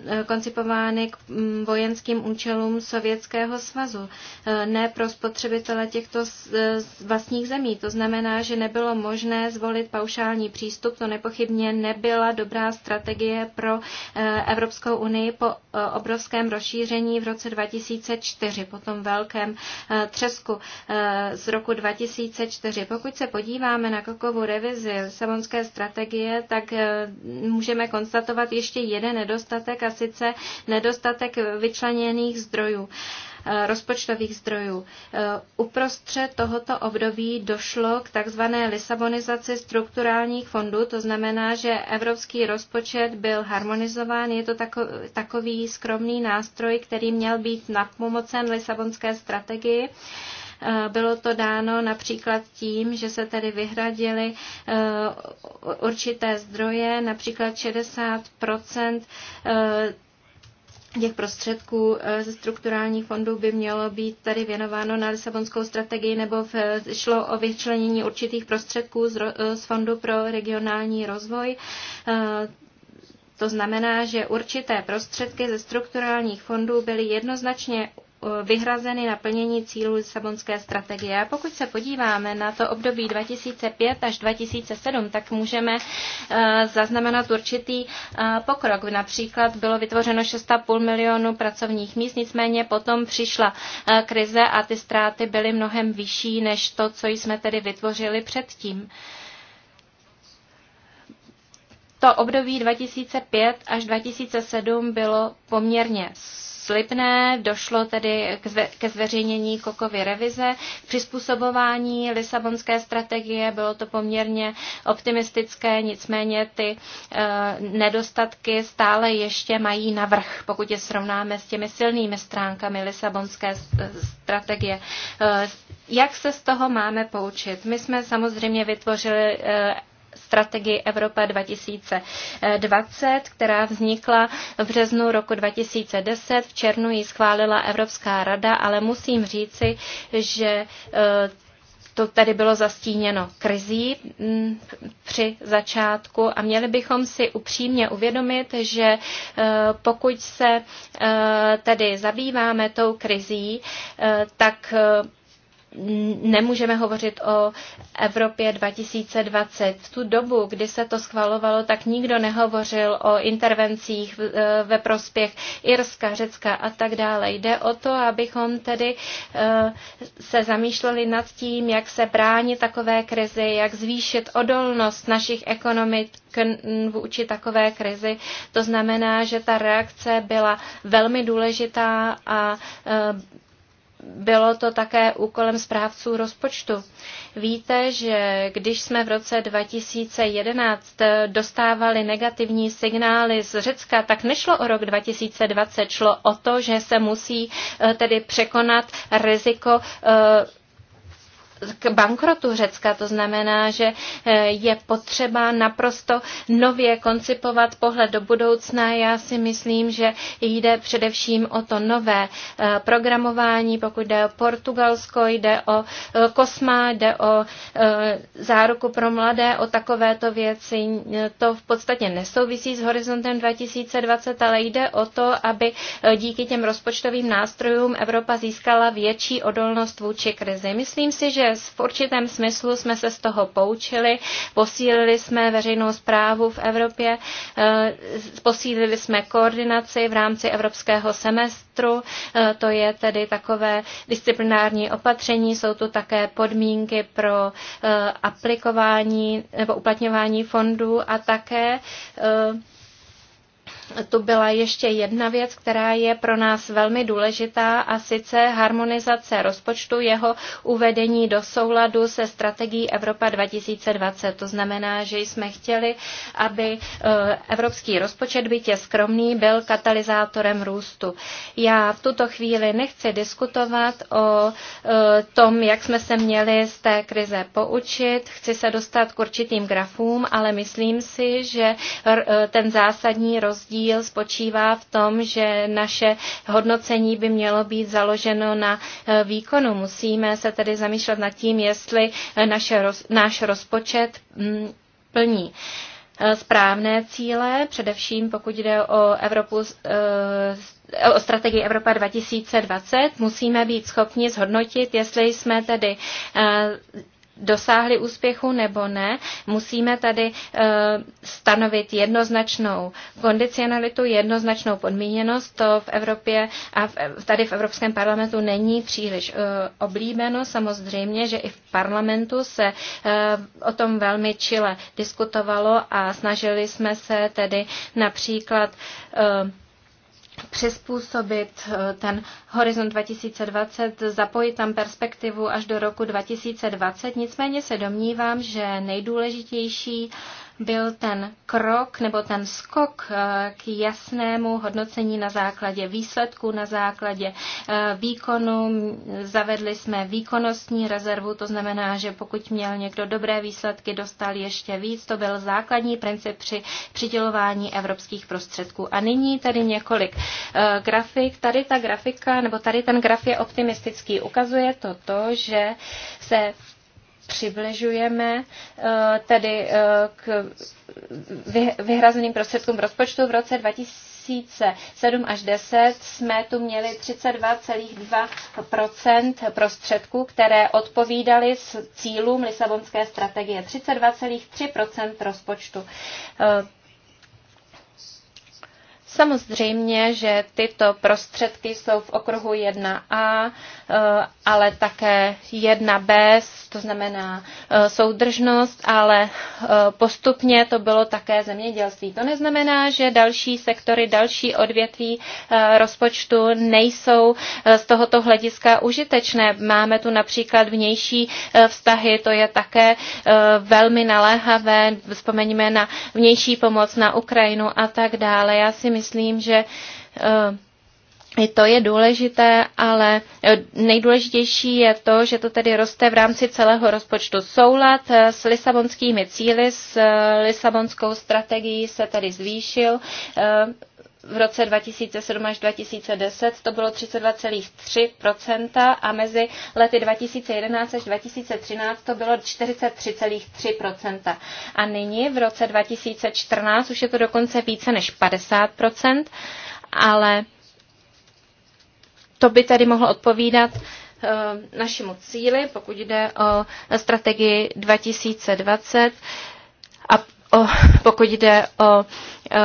eh, koncipovány k mm, vojenským účelům Sovětského svazu, eh, ne pro spotřebitele těchto vlastních zemí. To znamená, že nebylo možné zvolit paušální přístup, to nepochybně nebyla dobrá strategie pro Evropskou unii po obrovském rozšíření v roce 2004, po tom velkém třesku z roku 2004. Pokud se podíváme na kokovou revizi Savonské strategie, tak můžeme konstatovat ještě jeden nedostatek a sice nedostatek vyčleněných zdrojů eh, rozpočtových zdrojů. Eh, uprostřed tohoto období došlo k takzvané lisabonizaci strukturálních fondů, to znamená, že evropský rozpočet byl harmonizován. Je to takový skromný nástroj, který měl být napomocen lisabonské strategii. Eh, bylo to dáno například tím, že se tedy vyhradili eh, určité zdroje, například 60 eh, těch prostředků ze strukturálních fondů by mělo být tady věnováno na Lisabonskou strategii nebo v, šlo o vyčlenění určitých prostředků z, z Fondu pro regionální rozvoj. To znamená, že určité prostředky ze strukturálních fondů byly jednoznačně vyhrazeny na plnění cílů Lisabonské strategie. A pokud se podíváme na to období 2005 až 2007, tak můžeme eh, zaznamenat určitý eh, pokrok. Například bylo vytvořeno 6,5 milionu pracovních míst, nicméně potom přišla eh, krize a ty ztráty byly mnohem vyšší než to, co jsme tedy vytvořili předtím. To období 2005 až 2007 bylo poměrně slibné. Došlo tedy ke zveřejnění Kokovy revize, přizpůsobování Lisabonské strategie. Bylo to poměrně optimistické, nicméně ty eh, nedostatky stále ještě mají navrh, pokud je srovnáme s těmi silnými stránkami Lisabonské strategie. Eh, jak se z toho máme poučit? My jsme samozřejmě vytvořili eh, strategii Evropa 2020, která vznikla v březnu roku 2010. V červnu ji schválila Evropská rada, ale musím říci, že eh, to tady bylo zastíněno krizí mm, při začátku a měli bychom si upřímně uvědomit, že eh, pokud se eh, tedy zabýváme tou krizí, tak nemůžeme hovořit o Evropě 2020. V tu dobu, kdy se to schvalovalo, tak nikdo nehovořil o intervencích e, ve prospěch Irska, Řecka a tak dále. Jde o to, abychom tedy e, se zamýšleli nad tím, jak se bránit takové krizi, jak zvýšit odolnost našich ekonomik vůči takové krizi. To znamená, že ta reakce byla velmi důležitá a e, bylo to také úkolem správců rozpočtu. Víte, že když jsme v roce 2011 dostávali negativní signály z Řecka, tak nešlo o rok 2020, šlo o to, že se musí eh, tedy překonat riziko eh, k bankrotu Řecka. To znamená, že eh, je potřeba naprosto nově koncipovat pohled do budoucna. Já si myslím, že jde především o to nové eh, programování, pokud jde o Portugalsko, jde o eh, Kosma, jde o záruku pro mladé, o takovéto věci. To v podstatě nesouvisí s horizontem 2020, ale jde o to, aby díky těm rozpočtovým nástrojům Evropa získala větší odolnost vůči krizi. Myslím si, že v určitém smyslu jsme se z toho poučili, posílili jsme veřejnou zprávu v Evropě, eh, posílili jsme koordinaci v rámci evropského semestru, eh, to je tedy takové disciplinární opatření, jsou tu také podmínky pro eh, aplikování nebo uplatňování fondů a také tu byla ještě jedna věc, která je pro nás velmi důležitá a sice harmonizace rozpočtu, jeho uvedení do souladu se strategií Evropa 2020. To znamená, že jsme chtěli, aby eh, evropský rozpočet, byť je skromný, byl katalyzátorem růstu. Já v tuto chvíli nechci diskutovat o eh, tom, jak jsme se měli z té krize poučit. Chci se dostat k určitým grafům, ale myslím si, že eh, ten zásadní rozdíl rozdíl spočívá v tom, že naše hodnocení by mělo být založeno na e, výkonu. Musíme se tedy zamýšlet nad tím, jestli e, naše, náš rozpočet mm, plní e, správné cíle, především pokud jde o Evropu o strategii Evropa 2020 musíme být schopni zhodnotit, jestli jsme tedy dosáhli úspěchu nebo ne, musíme tady eh, stanovit jednoznačnou kondicionalitu, jednoznačnou podmíněnost. To v Evropě a tady v Evropském parlamentu není příliš eh, oblíbeno. Samozřejmě, že i v parlamentu se eh, o tom velmi čile diskutovalo a snažili jsme se tedy například přizpůsobit eh, ten horizont 2020, zapojit tam perspektivu až do roku 2020. Nicméně se domnívám, že nejdůležitější byl ten krok nebo ten skok eh, k jasnému hodnocení na základě výsledků, na základě eh, výkonu. Zavedli jsme výkonnostní rezervu, to znamená, že pokud měl někdo dobré výsledky, dostal ještě víc. To byl základní princip při přidělování evropských prostředků. A nyní tady několik eh, grafik. Tady ta grafika, nebo tady ten graf je optimistický. Ukazuje to to, že se přibližujeme eh, tedy eh, k vyhrazeným prostředkům rozpočtu v roce 2007 až 10 jsme tu měli 32,2 prostředků, které odpovídaly cílům Lisabonské strategie. 32,3 rozpočtu. Eh, Samozřejmě, že tyto prostředky jsou v okruhu 1a, eh, ale také 1b, to znamená eh, soudržnost, ale eh, postupně to bylo také zemědělství. To neznamená, že další sektory, další odvětví rozpočtu nejsou z tohoto hlediska užitečné. Máme tu například vnější vztahy, to je také velmi naléhavé, vzpomeňme na vnější pomoc na Ukrajinu a tak dále. Já si myslím, myslím, že eh, i to je důležité, ale eh, nejdůležitější je to, že to tedy roste v rámci celého rozpočtu. Soulad eh, s lisabonskými cíly, s lisabonskou strategií se tedy zvýšil v roce 2007 až 2010 to bylo 32,3 a mezi lety 2011 až 2013 to bylo 43,3 A nyní v roce 2014 už je to dokonce více než 50 ale to by tedy mohlo odpovídat eh, našemu cíli, pokud jde o strategii 2020. A o, pokud jde o e,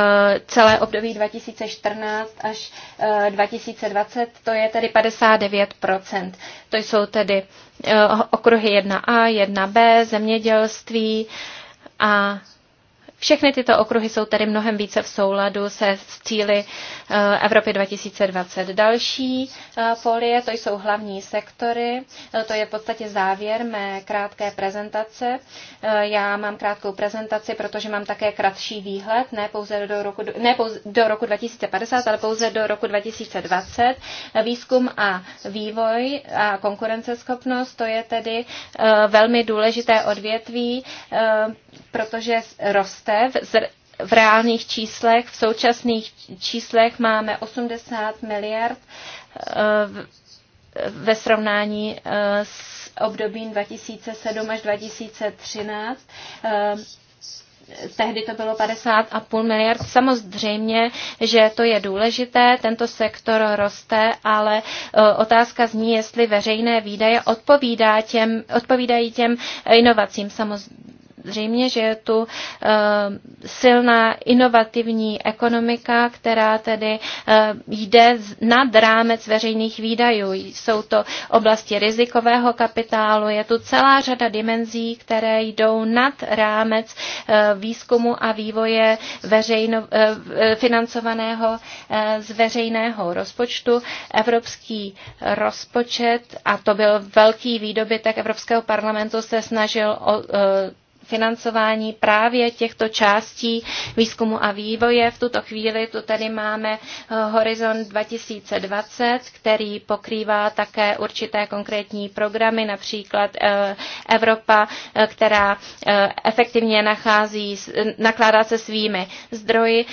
celé období 2014 až 2020, e, to je tedy 59 To jsou tedy e, okruhy 1a, 1b, zemědělství a všechny tyto okruhy jsou tedy mnohem více v souladu se s cíly eh, Evropy 2020. Další eh, folie, to jsou hlavní sektory, eh, to je v podstatě závěr mé krátké prezentace. Já mám krátkou prezentaci, protože mám také kratší výhled, ne pouze do roku, ne pouze do roku 2050, ale pouze do roku 2020. Výzkum a vývoj a konkurenceschopnost, to je tedy velmi důležité odvětví, protože roste roste v, v reálných číslech. V současných číslech máme 80 miliard eh, ve srovnání eh, s obdobím 2007 až 2013 eh, tehdy to bylo 50,5 miliard. Samozřejmě, že to je důležité, tento sektor roste, ale otázka zní, jestli veřejné výdaje odpovídá těm, odpovídají těm inovacím. Samozřejmě Zřejmě, že je tu eh, silná inovativní ekonomika, která tedy eh, jde nad rámec veřejných výdajů. Jsou to oblasti rizikového kapitálu, je tu celá řada dimenzí, které jdou nad rámec eh, výzkumu a vývoje veřejno, financovaného z veřejného rozpočtu. Evropský rozpočet, a to byl velký výdobytek Evropského parlamentu, se snažil o financování právě těchto částí výzkumu a vývoje. V tuto chvíli tu tady máme eh, Horizont 2020, který pokrývá také určité konkrétní programy, například eh, Evropa, eh, která efektivně nachází, nakládá se svými zdroji,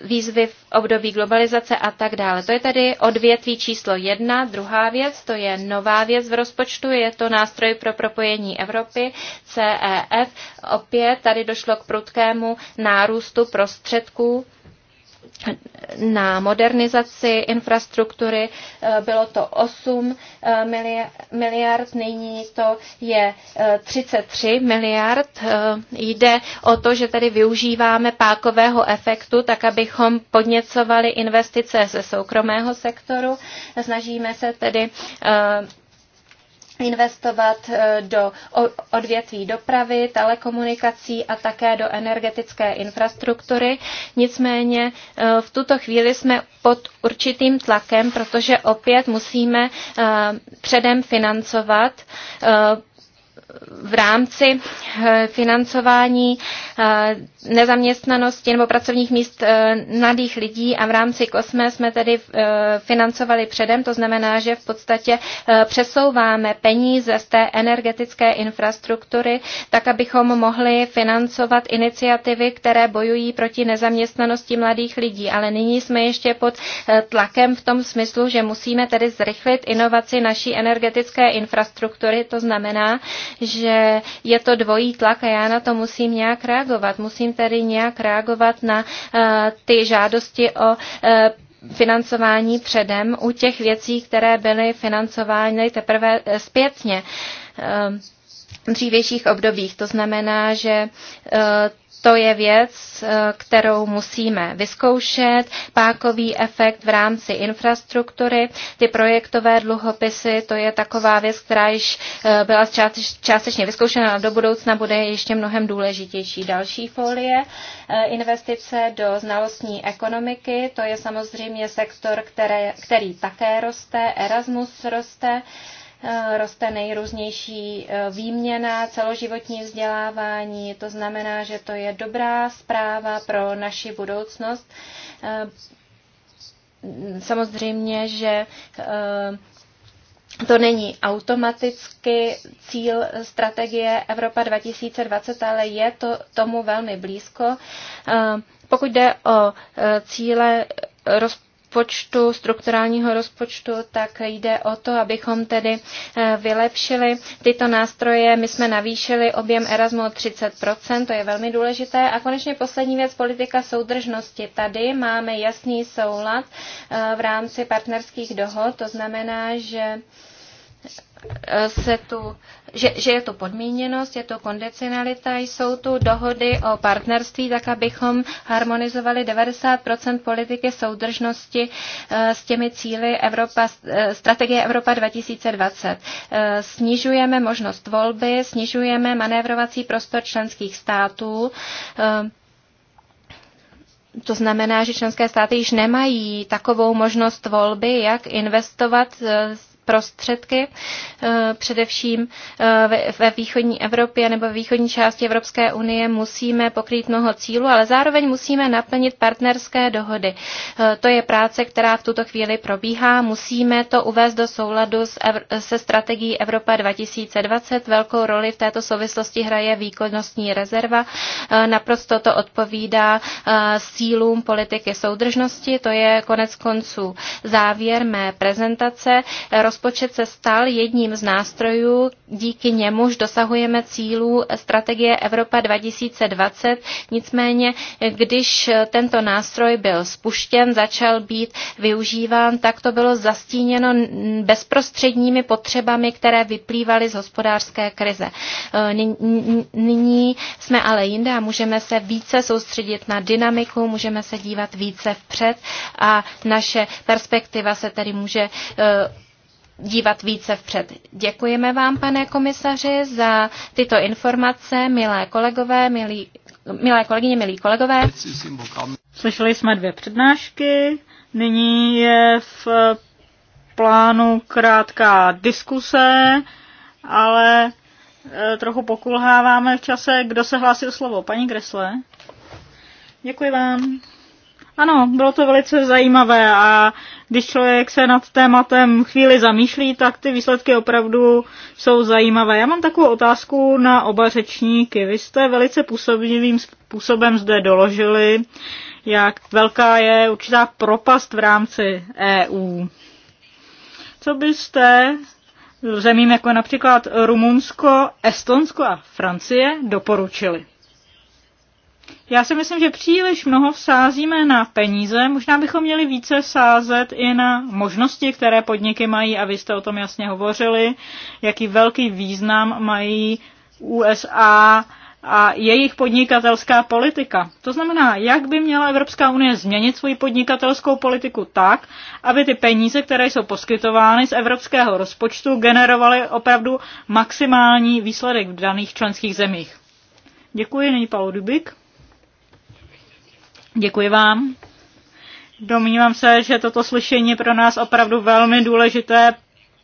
výzvy v období globalizace a tak dále. To je tady odvětví číslo jedna. Druhá věc, to je nová věc v rozpočtu, je to nástroj pro propojení Evropy, CEF, letech. Opět tady došlo k prudkému nárůstu prostředků na modernizaci infrastruktury. Eh, bylo to 8 eh, miliard, nyní to je 33 eh, miliard. Jde o to, že tady využíváme pákového efektu, tak abychom podněcovali investice ze soukromého sektoru. Snažíme se tedy investovat eh, do odvětví dopravy, telekomunikací a také do energetické infrastruktury. Nicméně eh, v tuto chvíli jsme pod určitým tlakem, protože opět musíme eh, předem financovat v rámci eh, financování eh, nezaměstnanosti nebo pracovních míst eh, mladých lidí a v rámci KOSME jsme tedy financovali předem, to znamená, že v podstatě přesouváme peníze z té energetické infrastruktury, tak abychom mohli financovat iniciativy, které bojují proti nezaměstnanosti mladých lidí. Ale nyní jsme ještě pod tlakem v tom smyslu, že musíme tedy zrychlit inovaci naší energetické infrastruktury, to znamená, že je to dvojí tlak a já na to musím nějak reagovat. Musím tedy nějak reagovat na eh, ty žádosti o eh, financování předem u těch věcí, které byly financovány teprve eh, zpětně dřívějších obdobích. To znamená, že to je věc, eh, kterou musíme vyzkoušet. Pákový efekt v rámci infrastruktury, ty projektové dluhopisy, to je taková věc, která již eh, byla částečně vyzkoušena a do budoucna bude ještě mnohem důležitější. Další folie, eh, investice do znalostní ekonomiky, to je samozřejmě sektor, které, který také roste, Erasmus roste. Eh, roste nejrůznější eh, výměna, celoživotní vzdělávání. To znamená, že to je dobrá zpráva pro naši budoucnost. Eh, samozřejmě, že to není automaticky cíl strategie Evropa 2020, ale je to tomu velmi blízko. Pokud jde o cíle rozpočtu, rozpočtu, strukturálního rozpočtu, tak jde o to, abychom tedy eh, vylepšili tyto nástroje. My jsme navýšili objem Erasmu o 30%, to je velmi důležité. A konečně poslední věc, politika soudržnosti. Tady máme jasný soulad eh, v rámci partnerských dohod, to znamená, že se tu, že, že je to podmíněnost, je to kondicionalita, jsou tu dohody o partnerství, tak abychom harmonizovali 90 politiky soudržnosti eh, s těmi cíly Evropa, eh, strategie Evropa 2020. Eh, snižujeme možnost volby, snižujeme manévrovací prostor členských států. To znamená, že členské státy již nemají takovou možnost volby, jak investovat prostředky, eh, především eh, ve východní Evropě nebo ve východní části Evropské unie musíme pokrýt mnoho cílů, ale zároveň musíme naplnit partnerské dohody. Eh, to je práce, která v tuto chvíli probíhá. Musíme to uvést do souladu se strategií Evropa 2020. Velkou roli v této souvislosti hraje výkonnostní rezerva. Naprosto to odpovídá sílům politiky soudržnosti. To je konec konců závěr mé prezentace. Roz rozpočet se stal jedním z nástrojů, díky němuž dosahujeme cílů strategie Evropa 2020. Nicméně, když tento nástroj byl spuštěn, začal být využíván, tak to bylo zastíněno bezprostředními potřebami, které vyplývaly z hospodářské krize. Nyní jsme ale jinde a můžeme se více soustředit na dynamiku, můžeme se dívat více vpřed a naše perspektiva se tedy může eh, dívat více vpřed. Děkujeme vám, pane komisaři, za tyto informace, milé kolegové, milí, milé kolegyně, milí kolegové. Slyšeli jsme dvě přednášky, nyní je v plánu krátká diskuse, ale e, trochu pokulháváme v čase. Kdo se hlásí o slovo? Paní Gresle? Děkuji vám. Ano, bylo to velice zajímavé a když člověk se nad tématem chvíli zamýšlí, tak ty výsledky opravdu jsou zajímavé. Já mám takovou otázku na oba řečníky. Vy jste velice působivým způsobem zde doložili, jak velká je určitá propast v rámci EU. Co byste zemím jako například Rumunsko, Estonsko a Francie doporučili? Já si myslím, že příliš mnoho vsázíme na peníze, možná bychom měli více sázet i na možnosti, které podniky mají, a vy jste o tom jasně hovořili, jaký velký význam mají USA a jejich podnikatelská politika. To znamená, jak by měla Evropská unie změnit svoji podnikatelskou politiku tak, aby ty peníze, které jsou poskytovány z evropského rozpočtu, generovaly opravdu maximální výsledek v daných členských zemích. Děkuji, není Paolo Dubik. Děkuji vám. Domnívám se, že toto slyšení je pro nás opravdu velmi důležité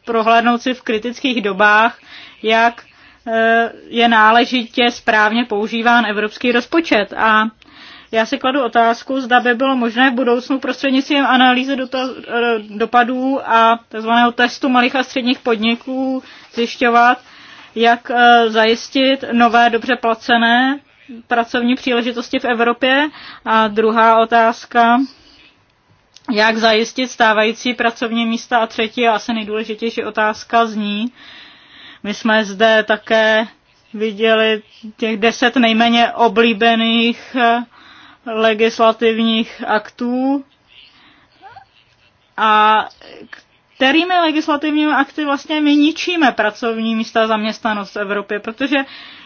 prohlédnout si v kritických dobách, jak e, je náležitě správně používán evropský rozpočet. A já si kladu otázku, zda by bylo možné v budoucnu prostřednictvím analýzy e, dopadů a tzv. testu malých a středních podniků zjišťovat, jak e, zajistit nové dobře placené pracovní příležitosti v Evropě? A druhá otázka, jak zajistit stávající pracovní místa? A třetí a asi nejdůležitější otázka zní, my jsme zde také viděli těch deset nejméně oblíbených eh, legislativních aktů. A kterými legislativními akty vlastně my ničíme pracovní místa zaměstnanost v Evropě, protože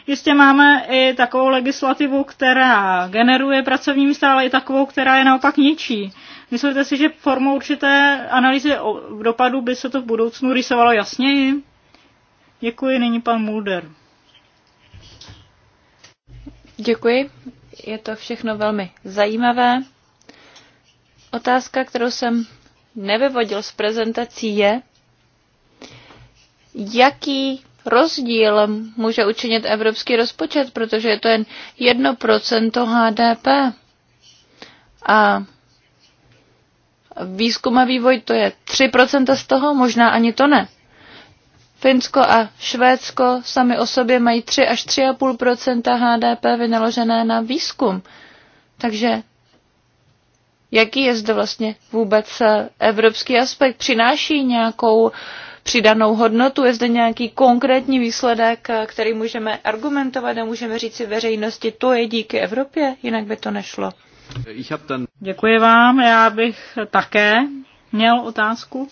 Jistě máme i takovou legislativu, která generuje pracovní místa, ale i takovou, která je naopak ničí. Myslíte si, že formou určité analýzy dopadu by se to v budoucnu rysovalo jasněji? Děkuji, nyní pan Mulder. Děkuji. Je to všechno velmi zajímavé. Otázka, kterou jsem nevyvodil z prezentací, je, jaký rozdíl může učinit evropský rozpočet, protože je to jen 1% HDP. A výzkum a vývoj to je 3% z toho, možná ani to ne. Finsko a Švédsko sami o sobě mají 3 až 3,5 HDP vynaložené na výzkum. Takže jaký je zde vlastně vůbec eh, evropský aspekt? Přináší nějakou přidanou hodnotu? Je zde nějaký konkrétní výsledek, který můžeme argumentovat a můžeme říct si veřejnosti, to je díky Evropě, jinak by to nešlo. Děkuji vám, já bych také měl otázku,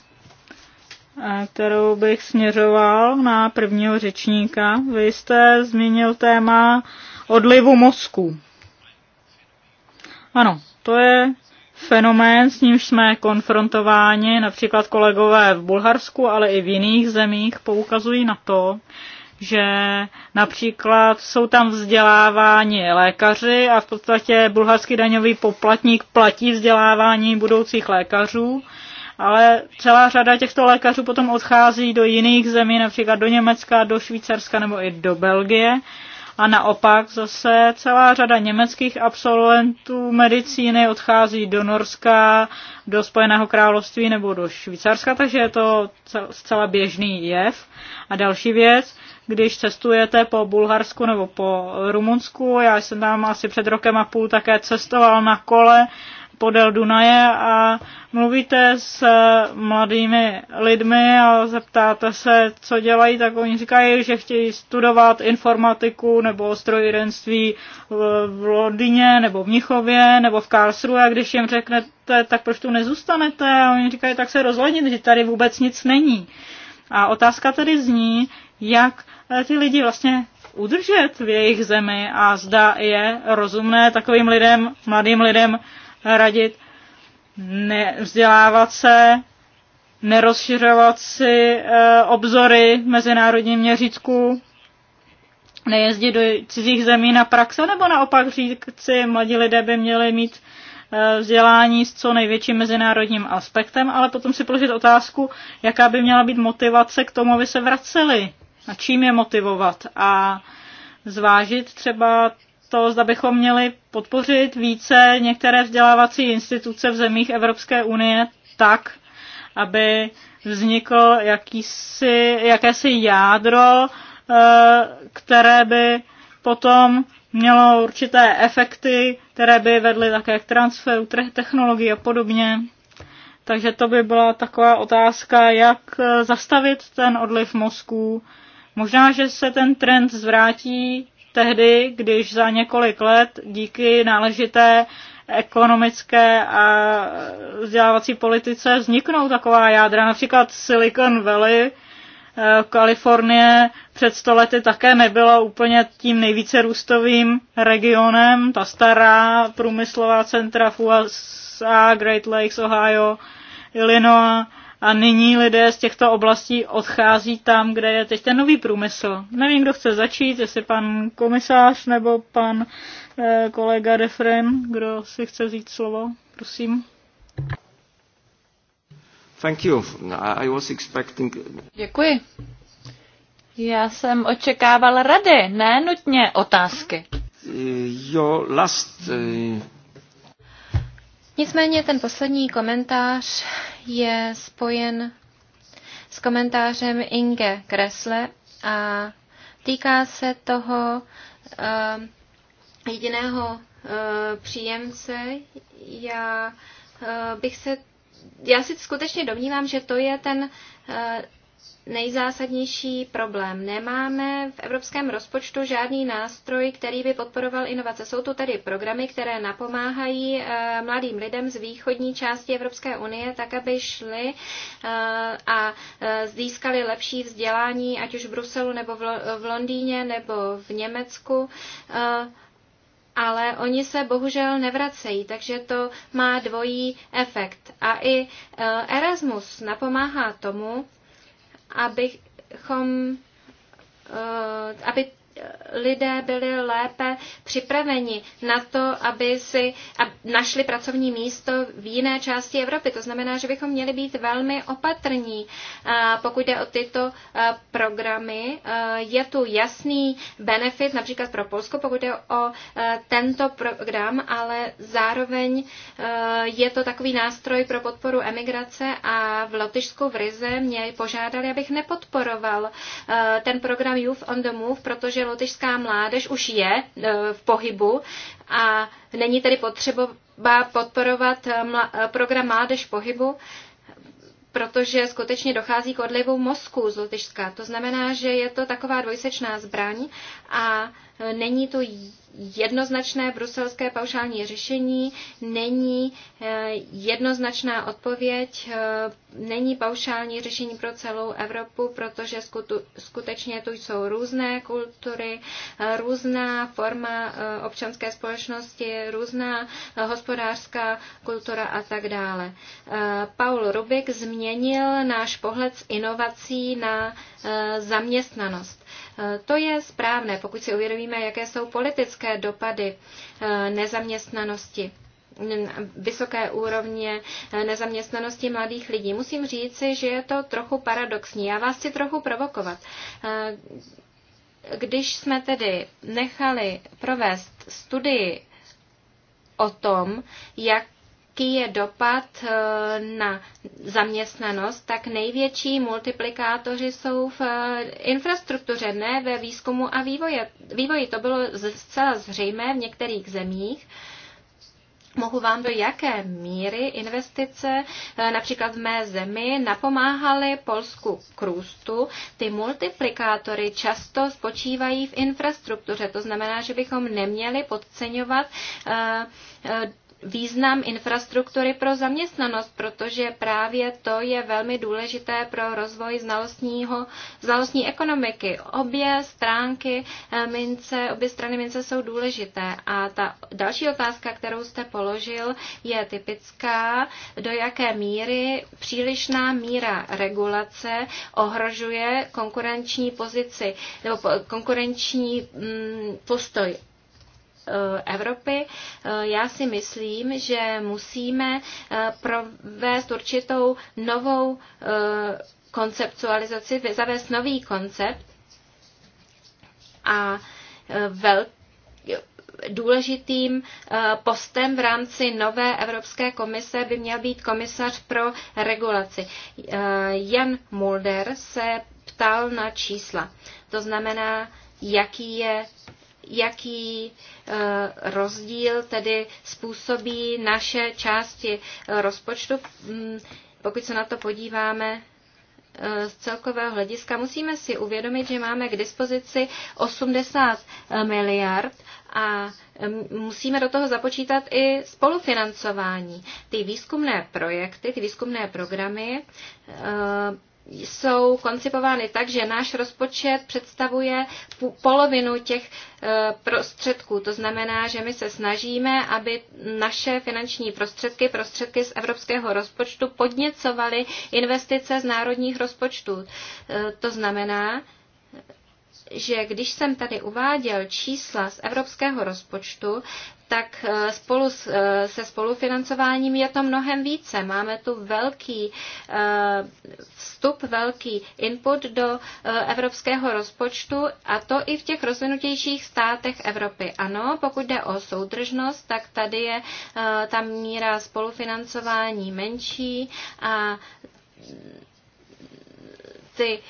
eh, kterou bych směřoval na prvního řečníka. Vy jste zmínil téma odlivu mozku. Ano, to je fenomén, s nímž jsme konfrontováni, například kolegové v Bulharsku, ale i v jiných zemích, poukazují na to, že například jsou tam vzdělávání lékaři a v podstatě bulharský daňový poplatník platí vzdělávání budoucích lékařů, ale celá řada těchto lékařů potom odchází do jiných zemí, například do Německa, do Švýcarska nebo i do Belgie a naopak zase celá řada německých absolventů medicíny odchází do Norska, do Spojeného království nebo do Švýcarska, takže je to zcela běžný jev. A další věc, když cestujete po Bulharsku nebo po Rumunsku, já jsem tam asi před rokem a půl také cestoval na kole podél Dunaje a mluvíte s eh, mladými lidmi a zeptáte se, co dělají, tak oni říkají, že chtějí studovat informatiku nebo strojírenství v Londýně nebo v Mnichově nebo v Karlsruhe a když jim řeknete, tak proč tu nezůstanete? A oni říkají, tak se rozhodněte, že tady vůbec nic není. A otázka tedy zní, jak eh, ty lidi vlastně udržet v jejich zemi a zda je rozumné takovým lidem, mladým lidem, radit, nevzdělávat se, nerozšiřovat si eh, obzory v mezinárodním měřítku, nejezdit do cizích zemí na praxe, nebo naopak říct si, mladí lidé by měli mít eh, vzdělání s co největším mezinárodním aspektem, ale potom si položit otázku, jaká by měla být motivace k tomu, aby se vraceli a čím je motivovat a zvážit třeba to, zda bychom měli podpořit více některé vzdělávací instituce v zemích Evropské unie tak, aby vzniklo jakýsi, jakési jádro, eh, které by potom mělo určité efekty, které by vedly také k transferu technologií a podobně. Takže to by byla taková otázka, jak eh, zastavit ten odliv mozků. Možná, že se ten trend zvrátí tehdy, když za několik let díky náležité ekonomické a vzdělávací politice vzniknou taková jádra, například Silicon Valley, eh, Kalifornie před stolety také nebyla úplně tím nejvíce růstovým regionem. Ta stará průmyslová centra v USA, Great Lakes, Ohio, Illinois, a nyní lidé z těchto oblastí odchází tam, kde je teď ten nový průmysl. Nevím, kdo chce začít, jestli pan komisář nebo pan eh, kolega Defren, kdo si chce vzít slovo, prosím. Thank you. I was expecting... Děkuji. Já jsem očekával rady, ne nutně otázky. Eh, your last eh, Nicméně ten poslední komentář je spojen s komentářem Inge Kresle a týká se toho uh, jediného uh, příjemce. Já uh, bych se já si skutečně domnívám, že to je ten nejzásadnější problém. Nemáme v evropském rozpočtu žádný nástroj, který by podporoval inovace. Jsou to tedy programy, které napomáhají eh, mladým lidem z východní části Evropské unie, tak aby šli eh, a eh, získali lepší vzdělání, ať už v Bruselu nebo v Londýně nebo v Německu ale oni se bohužel nevracejí, takže to má dvojí efekt. A i Erasmus napomáhá tomu, abychom eh, aby lidé byli lépe připraveni na to, aby si našli pracovní místo v jiné části Evropy. To znamená, že bychom měli být velmi opatrní, pokud jde o tyto programy. Je tu jasný benefit například pro Polsko, pokud jde o tento program, ale zároveň je to takový nástroj pro podporu emigrace a v Lotyšsku v Rize mě požádali, abych nepodporoval ten program Youth on the Move, protože lotyšská mládež už je e, v pohybu a není tedy potřeba podporovat e, e, program Mládež v pohybu, protože skutečně dochází k odlivu mozku z Lotyšska. To znamená, že je to taková dvojsečná zbraň a není to jednoznačné bruselské paušální řešení, není eh, jednoznačná odpověď, eh, není paušální řešení pro celou Evropu, protože skutečně tu jsou různé kultury, eh, různá forma občanské společnosti, různá hospodářská kultura a tak dále. Paul Rubik změnil náš pohled z inovací na zaměstnanost. To je správné, pokud si uvědomíme, jaké jsou politické dopady eh, nezaměstnanosti vysoké úrovně eh, nezaměstnanosti mladých lidí. Musím říci, že je to trochu paradoxní. Já vás chci trochu provokovat. Eh, když jsme tedy nechali provést studii o tom, jak jaký je dopad eh, na zaměstnanost, tak největší multiplikátoři jsou v eh, infrastruktuře, ne ve výzkumu a vývoje. vývoji. To bylo zcela zřejmé v některých zemích. Mohu vám do jaké míry investice eh, například v mé zemi napomáhaly Polsku k růstu. Ty multiplikátory často spočívají v infrastruktuře, to znamená, že bychom neměli podceňovat význam infrastruktury pro zaměstnanost, protože právě to je velmi důležité pro rozvoj znalostního, znalostní ekonomiky. Obě stránky eh, mince, obě strany mince jsou důležité. A ta další otázka, kterou jste položil, je typická, do jaké míry přílišná míra regulace ohrožuje konkurenční pozici nebo konkurenční mm, postoj Eh, Evropy. Eh, já si myslím, že musíme eh, provést určitou novou konceptualizaci, zavést nový koncept a velký důležitým postem v rámci nové Evropské komise by měl být komisař pro regulaci. Jan Mulder se ptal na čísla. To znamená, jaký je jaký eh, rozdíl tedy způsobí naše části eh, rozpočtu, mm, pokud se na to podíváme eh, z celkového hlediska, musíme si uvědomit, že máme k dispozici 80 miliard a mm, musíme do toho započítat i spolufinancování. Ty výzkumné projekty, ty výzkumné programy jsou koncipovány tak, že náš rozpočet představuje polovinu těch e, prostředků. To znamená, že my se snažíme, aby naše finanční prostředky, prostředky z evropského rozpočtu podněcovaly investice z národních rozpočtů. E, to znamená, že když jsem tady uváděl čísla z evropského rozpočtu, tak eh, spolu eh, se spolufinancováním je to mnohem více. Máme tu velký eh, vstup, velký input do evropského rozpočtu a to i v těch rozvinutějších státech Evropy. Ano, pokud jde o soudržnost, tak tady je ta míra spolufinancování menší a ty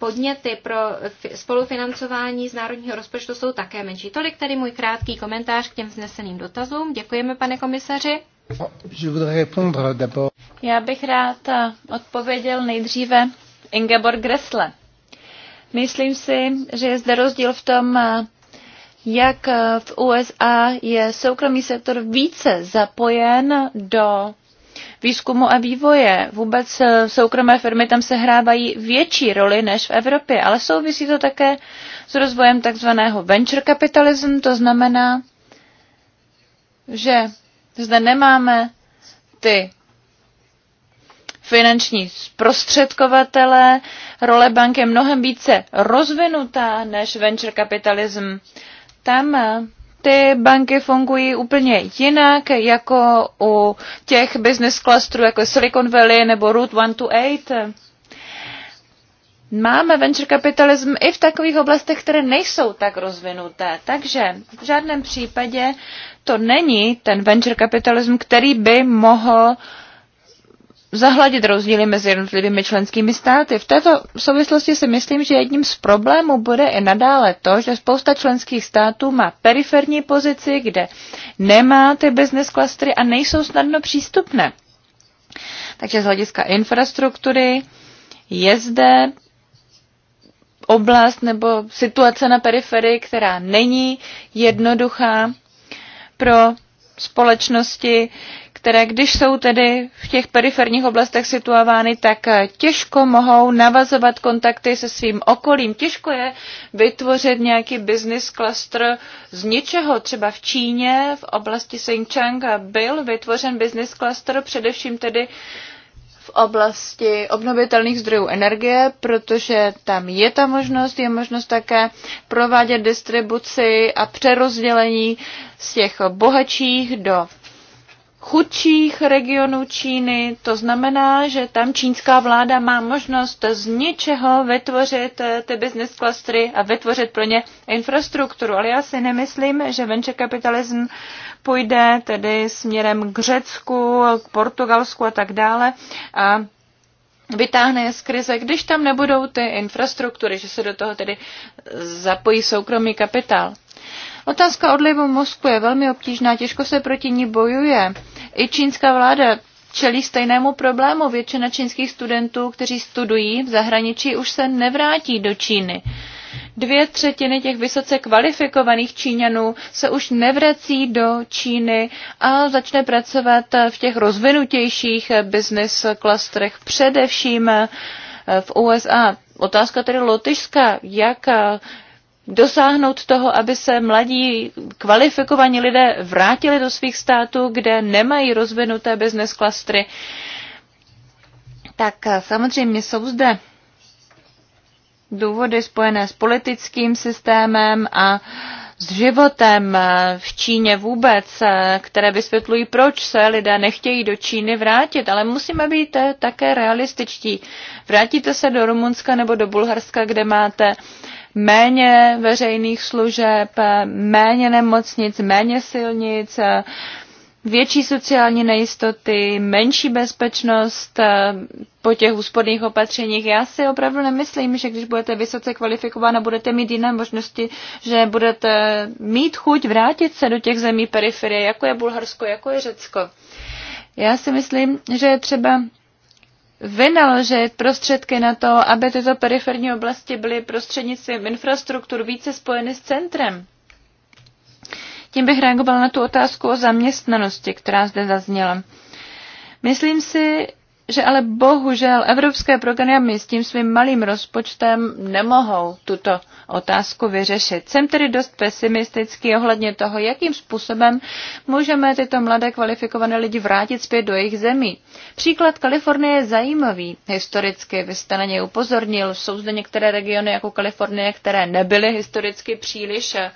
podněty pro spolufinancování z národního rozpočtu jsou také menší. Tolik tedy můj krátký komentář k těm vzneseným dotazům. Děkujeme, pane komisaři. No, Já bych rád eh, odpověděl nejdříve Ingeborg Gressle. Myslím si, že je zde rozdíl v tom, eh, jak eh, v USA je soukromý sektor více zapojen do výzkumu a vývoje. Vůbec eh, soukromé firmy tam sehrávají větší roli než v Evropě, ale souvisí to také s rozvojem takzvaného venture capitalism, to znamená, že zde nemáme ty finanční zprostředkovatele, role bank je mnohem více rozvinutá než venture capitalism. Tam eh, ty banky fungují úplně jinak, jako u těch business clusterů, jako Silicon Valley nebo Route 128. Máme venture kapitalism i v takových oblastech, které nejsou tak rozvinuté. Takže v žádném případě to není ten venture kapitalism, který by mohl uh, zahladit rozdíly mezi jednotlivými členskými státy. V této souvislosti si myslím, že jedním z problémů bude i nadále to, že spousta členských států má periferní pozici, kde nemá ty business klastry a nejsou snadno přístupné. Takže z hlediska infrastruktury je zde oblast nebo situace na periferii, která není jednoduchá pro společnosti, které když jsou tedy v těch periferních oblastech situovány, tak eh, těžko mohou navazovat kontakty se svým okolím. Těžko je vytvořit nějaký business cluster z ničeho. Třeba v Číně, v oblasti Xinjiang eh, byl vytvořen business cluster, především tedy v oblasti obnovitelných zdrojů energie, protože tam je ta možnost, je možnost také provádět distribuci a přerozdělení z těch bohatších do chudších regionů Číny. To znamená, že tam čínská vláda má možnost z ničeho vytvořit eh, ty business klastry a vytvořit pro ně infrastrukturu. Ale já si nemyslím, že venture capitalism půjde tedy směrem k Řecku, k Portugalsku a tak dále. A vytáhne je z krize, když tam nebudou ty infrastruktury, že se do toho tedy zapojí soukromý kapitál. Otázka odlivu mozku je velmi obtížná, těžko se proti ní bojuje. I čínská vláda čelí stejnému problému. Většina čínských studentů, kteří studují v zahraničí, už se nevrátí do Číny. Dvě třetiny těch vysoce kvalifikovaných Číňanů se už nevrací do Číny a začne pracovat v těch rozvinutějších business klastrech, především v USA. Otázka tedy Lotyšska, jak dosáhnout toho, aby se mladí kvalifikovaní lidé vrátili do svých států, kde nemají rozvinuté business klastry, tak eh, samozřejmě jsou zde důvody spojené s politickým systémem a s životem eh, v Číně vůbec, eh, které vysvětlují, proč se lidé nechtějí do Číny vrátit. Ale musíme být také realističtí. Vrátíte se do Rumunska nebo do Bulharska, kde máte uh, méně veřejných služeb, méně nemocnic, méně silnic, větší sociální nejistoty, menší bezpečnost eh, po těch úsporných opatřeních. Já si opravdu nemyslím, že když budete vysoce a budete mít jiné možnosti, že budete mít chuť vrátit se do těch zemí periferie, jako je Bulharsko, jako je Řecko. Já si myslím, že je třeba vynaložit prostředky na to, aby tyto periferní oblasti byly prostřednictvím infrastruktur více spojeny s centrem. Tím bych reagoval na tu otázku o zaměstnanosti, která zde zazněla. Myslím si, že ale bohužel evropské programy s tím svým malým rozpočtem nemohou tuto otázku vyřešit. Jsem tedy dost pesimistický ohledně toho, jakým způsobem můžeme tyto mladé kvalifikované lidi vrátit zpět do jejich zemí. Příklad Kalifornie je zajímavý historicky, vy jste na něj upozornil. Jsou zde některé regiony jako Kalifornie, které nebyly historicky příliš eh,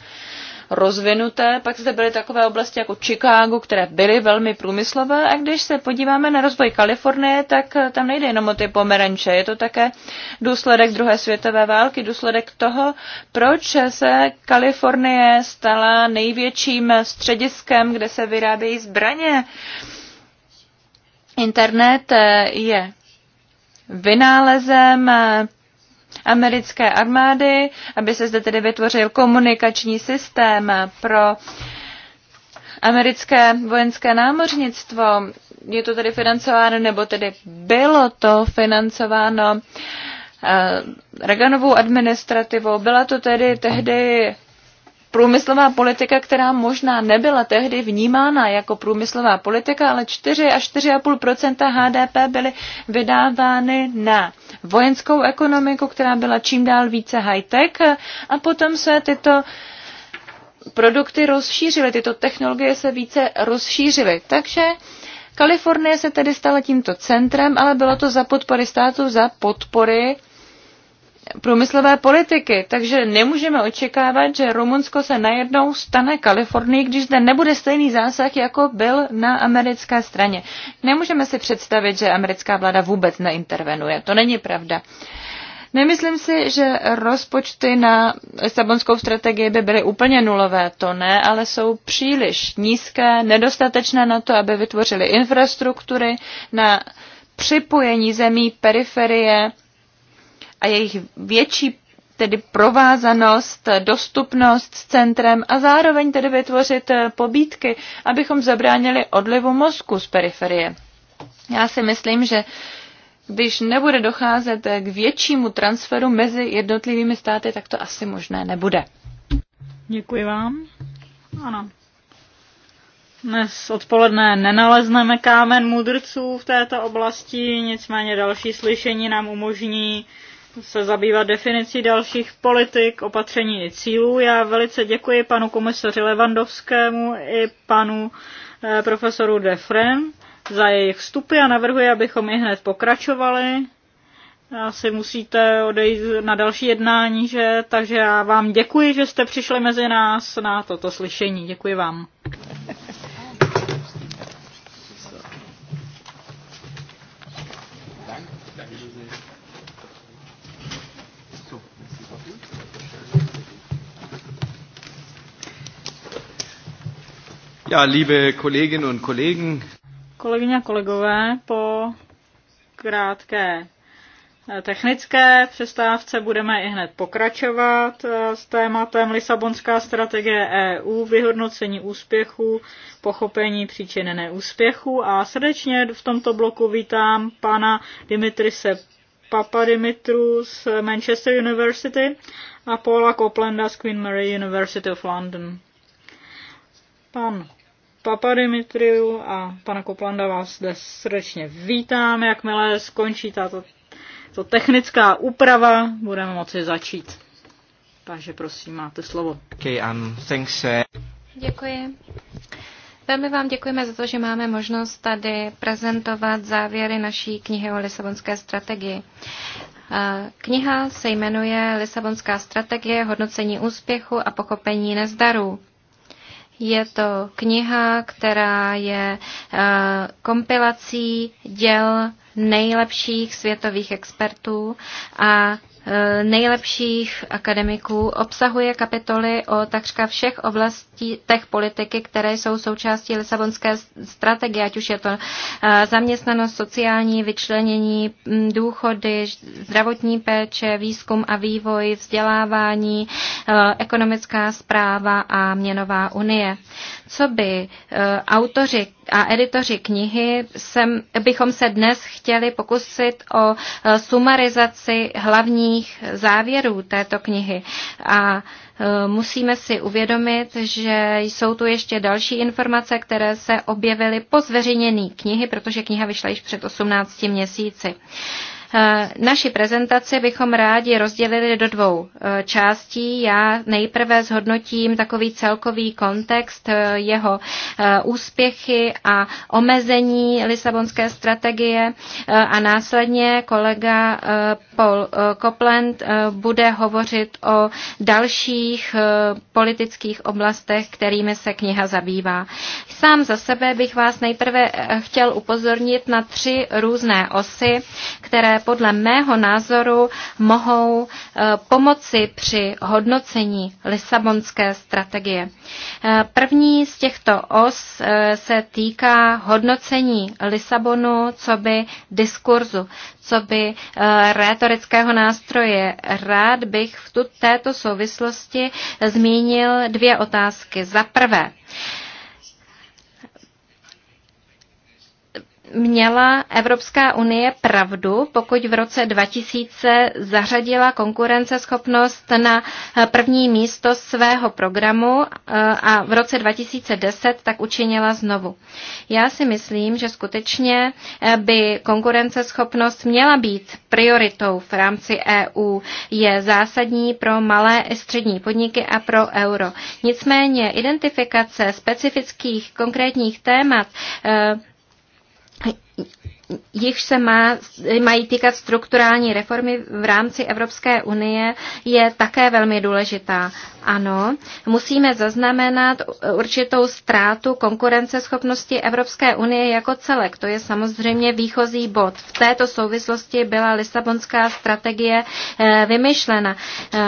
rozvinuté, pak zde byly takové oblasti jako Chicago, které byly velmi průmyslové a když se podíváme na rozvoj Kalifornie, tak eh, tam nejde jenom o ty pomeranče, je to také důsledek druhé světové války, důsledek toho, proč se Kalifornie stala největším střediskem, kde se vyrábějí zbraně. Internet eh, je vynálezem eh, americké armády, aby se zde tedy vytvořil komunikační systém pro americké vojenské námořnictvo. Je to tedy financováno, nebo tedy bylo to financováno eh, Reaganovou administrativou. Byla to tedy tehdy průmyslová politika, která možná nebyla tehdy vnímána jako průmyslová politika, ale 4 až 4,5 HDP byly vydávány na vojenskou ekonomiku, která byla čím dál více high-tech a potom se tyto produkty rozšířily, tyto technologie se více rozšířily. Takže Kalifornie se tedy stala tímto centrem, ale bylo to za podpory státu, za podpory průmyslové politiky. Takže nemůžeme očekávat, že Rumunsko se najednou stane Kalifornií, když zde nebude stejný zásah, jako byl na americké straně. Nemůžeme si představit, že americká vláda vůbec neintervenuje. To není pravda. Nemyslím si, že rozpočty na Lisabonskou strategii by byly úplně nulové, to ne, ale jsou příliš nízké, nedostatečné na to, aby vytvořili infrastruktury na připojení zemí periferie a jejich větší tedy provázanost, dostupnost s centrem a zároveň tedy vytvořit eh, pobídky, abychom zabránili odlivu mozku z periferie. Já si myslím, že když nebude docházet eh, k většímu transferu mezi jednotlivými státy, tak to asi možné nebude. Děkuji vám. Ano. Dnes odpoledne nenalezneme kámen mudrců v této oblasti, nicméně další slyšení nám umožní se zabývat definicí dalších politik, opatření i cílů. Já velice děkuji panu komisaři Levandovskému i panu eh, profesoru Defrem za jejich vstupy a navrhuji, abychom i hned pokračovali. Asi musíte odejít na další jednání, že? Takže já vám děkuji, že jste přišli mezi nás na toto slyšení. Děkuji vám. Ja, liebe Kolleginnen und Kollegen. Kolegyně a kolegové, po krátké eh, technické přestávce budeme i hned pokračovat eh, s tématem Lisabonská strategie EU, vyhodnocení úspěchu, pochopení příčiny neúspěchu a srdečně v tomto bloku vítám pana Dimitrise Papadimitru z Manchester University a Paula Coplanda z Queen Mary University of London pan Dimitriu a pana Koplanda vás zde srdečně vítám. Jakmile skončí tato to technická úprava, budeme moci začít. Takže prosím, máte slovo. Okay, um, thanks, uh... Děkuji. Velmi vám děkujeme za to, že máme možnost tady prezentovat závěry naší knihy o Lisabonské strategii. Eh, kniha se jmenuje Lisabonská strategie, hodnocení úspěchu a pochopení nezdarů. Je to kniha, která je eh, kompilací děl nejlepších světových expertů a Eh, nejlepších akademiků, obsahuje kapitoly o takřka všech oblastí tech politiky, které jsou součástí Lisabonské strategie, ať už je to eh, zaměstnanost, sociální vyčlenění, mm, důchody, zdravotní péče, výzkum a vývoj, vzdělávání, eh, ekonomická zpráva a měnová unie. Co by autoři a editoři knihy sem, bychom se dnes chtěli pokusit o sumarizaci hlavní hlavních závěrů této knihy. A e, musíme si uvědomit, že jsou tu ještě další informace, které se objevily po zveřejnění knihy, protože kniha vyšla již před 18 měsíci. Eh, naši prezentaci bychom rádi rozdělili do dvou eh, částí. Já nejprve zhodnotím takový celkový kontext, eh, jeho úspěchy a omezení Lisabonské strategie a následně kolega Paul Copland bude hovořit o dalších politických oblastech, kterými se kniha zabývá. Sám za sebe bych vás nejprve chtěl upozornit na tři různé osy, které podle mého názoru mohou eh, pomoci při hodnocení Lisabonské strategie. Eh, první z těchto os eh, se týká hodnocení Lisabonu, co by diskurzu, co by rétorického nástroje. Rád bych v této souvislosti zmínil dvě otázky. Za prvé, měla Evropská unie pravdu, pokud v roce 2000 zařadila konkurenceschopnost na eh, první místo svého programu eh, a v roce 2010 tak učinila znovu. Já si myslím, že skutečně eh, by konkurenceschopnost měla být prioritou v rámci EU. Je zásadní pro malé i střední podniky a pro euro. Nicméně identifikace specifických konkrétních témat jichž se má, mají týkat strukturální reformy v rámci Evropské unie, je také velmi důležitá. Ano, musíme zaznamenat určitou ztrátu konkurenceschopnosti Evropské unie jako celek. To je samozřejmě výchozí bod. V této souvislosti byla Lisabonská strategie eh, vymyšlena. Eh,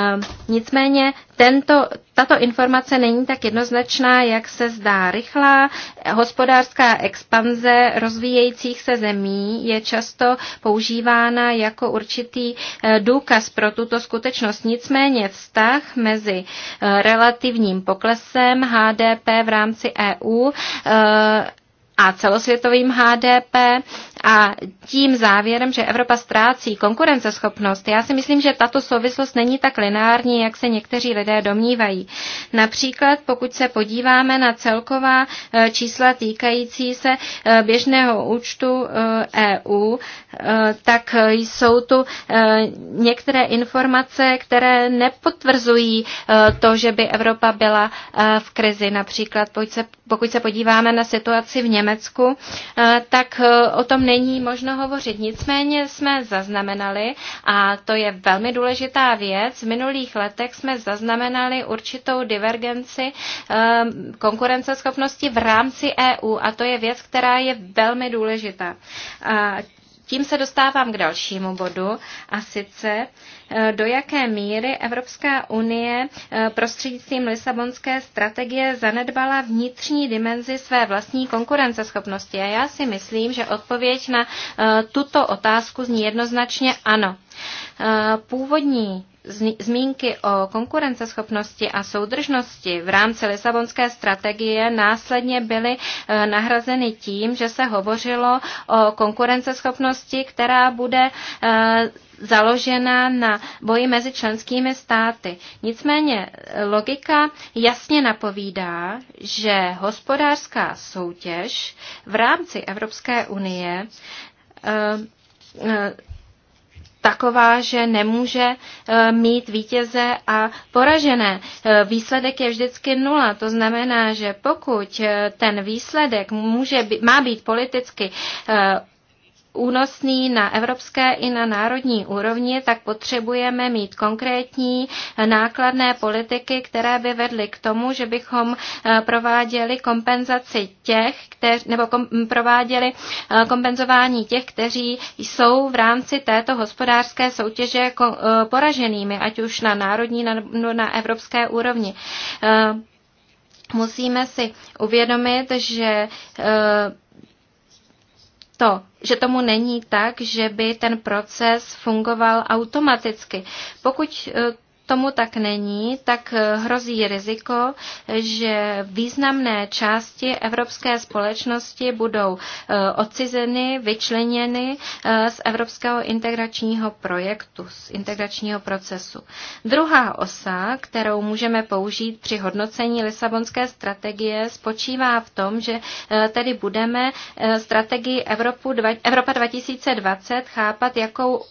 nicméně tento, tato informace není tak jednoznačná, jak se zdá. Rychlá hospodářská expanze rozvíjejících se zemí je často používána jako určitý eh, důkaz pro tuto skutečnost. Nicméně vztah mezi eh, relativním poklesem HDP v rámci EU eh, a celosvětovým HDP a tím závěrem, že Evropa ztrácí konkurenceschopnost, já si myslím, že tato souvislost není tak lineární, jak se někteří lidé domnívají. Například, pokud se podíváme na celková e, čísla týkající se e, běžného účtu EU, e tak jsou tu některé informace, které nepotvrzují to, že by Evropa byla v krizi. Například, pokud se podíváme na situaci v Německu, tak o tom nejde není možno hovořit. Nicméně jsme zaznamenali, a to je velmi důležitá věc, v minulých letech jsme zaznamenali určitou divergenci ehm, konkurenceschopnosti v rámci EU a to je věc, která je velmi důležitá. A tím se dostávám k dalšímu bodu, a sice eh, do jaké míry Evropská unie eh, prostřednictvím Lisabonské strategie zanedbala vnitřní dimenzi své vlastní konkurenceschopnosti. A já si myslím, že odpověď na eh, tuto otázku zní jednoznačně ano. Původní zmínky o konkurenceschopnosti a soudržnosti v rámci Lisabonské strategie následně byly eh, nahrazeny tím, že se hovořilo o konkurenceschopnosti, která bude eh, založena na boji mezi členskými státy. Nicméně eh, logika jasně napovídá, že hospodářská soutěž v rámci Evropské unie taková, že nemůže e, mít vítěze a poražené. E, výsledek je vždycky nula. To znamená, že pokud e, ten výsledek může, má být politicky únosný na evropské i na národní úrovni, tak potřebujeme mít konkrétní eh, nákladné politiky, které by vedly k tomu, že bychom eh, prováděli kompenzaci těch, kteř, nebo kom, mm, prováděli eh, kompenzování těch, kteří jsou v rámci této hospodářské soutěže poraženými, ať už na národní nebo na evropské úrovni. Musíme si uvědomit, že to, že tomu není tak, že by ten proces fungoval automaticky. Pokud eh, tomu tak není, tak hrozí riziko, že významné části evropské společnosti budou eh, odcizeny, vyčleněny eh, z evropského integračního projektu, z integračního procesu. Druhá osa, kterou můžeme použít při hodnocení Lisabonské strategie, spočívá v tom, že eh, tedy budeme strategii Evropu, Evropa 2020 chápat jako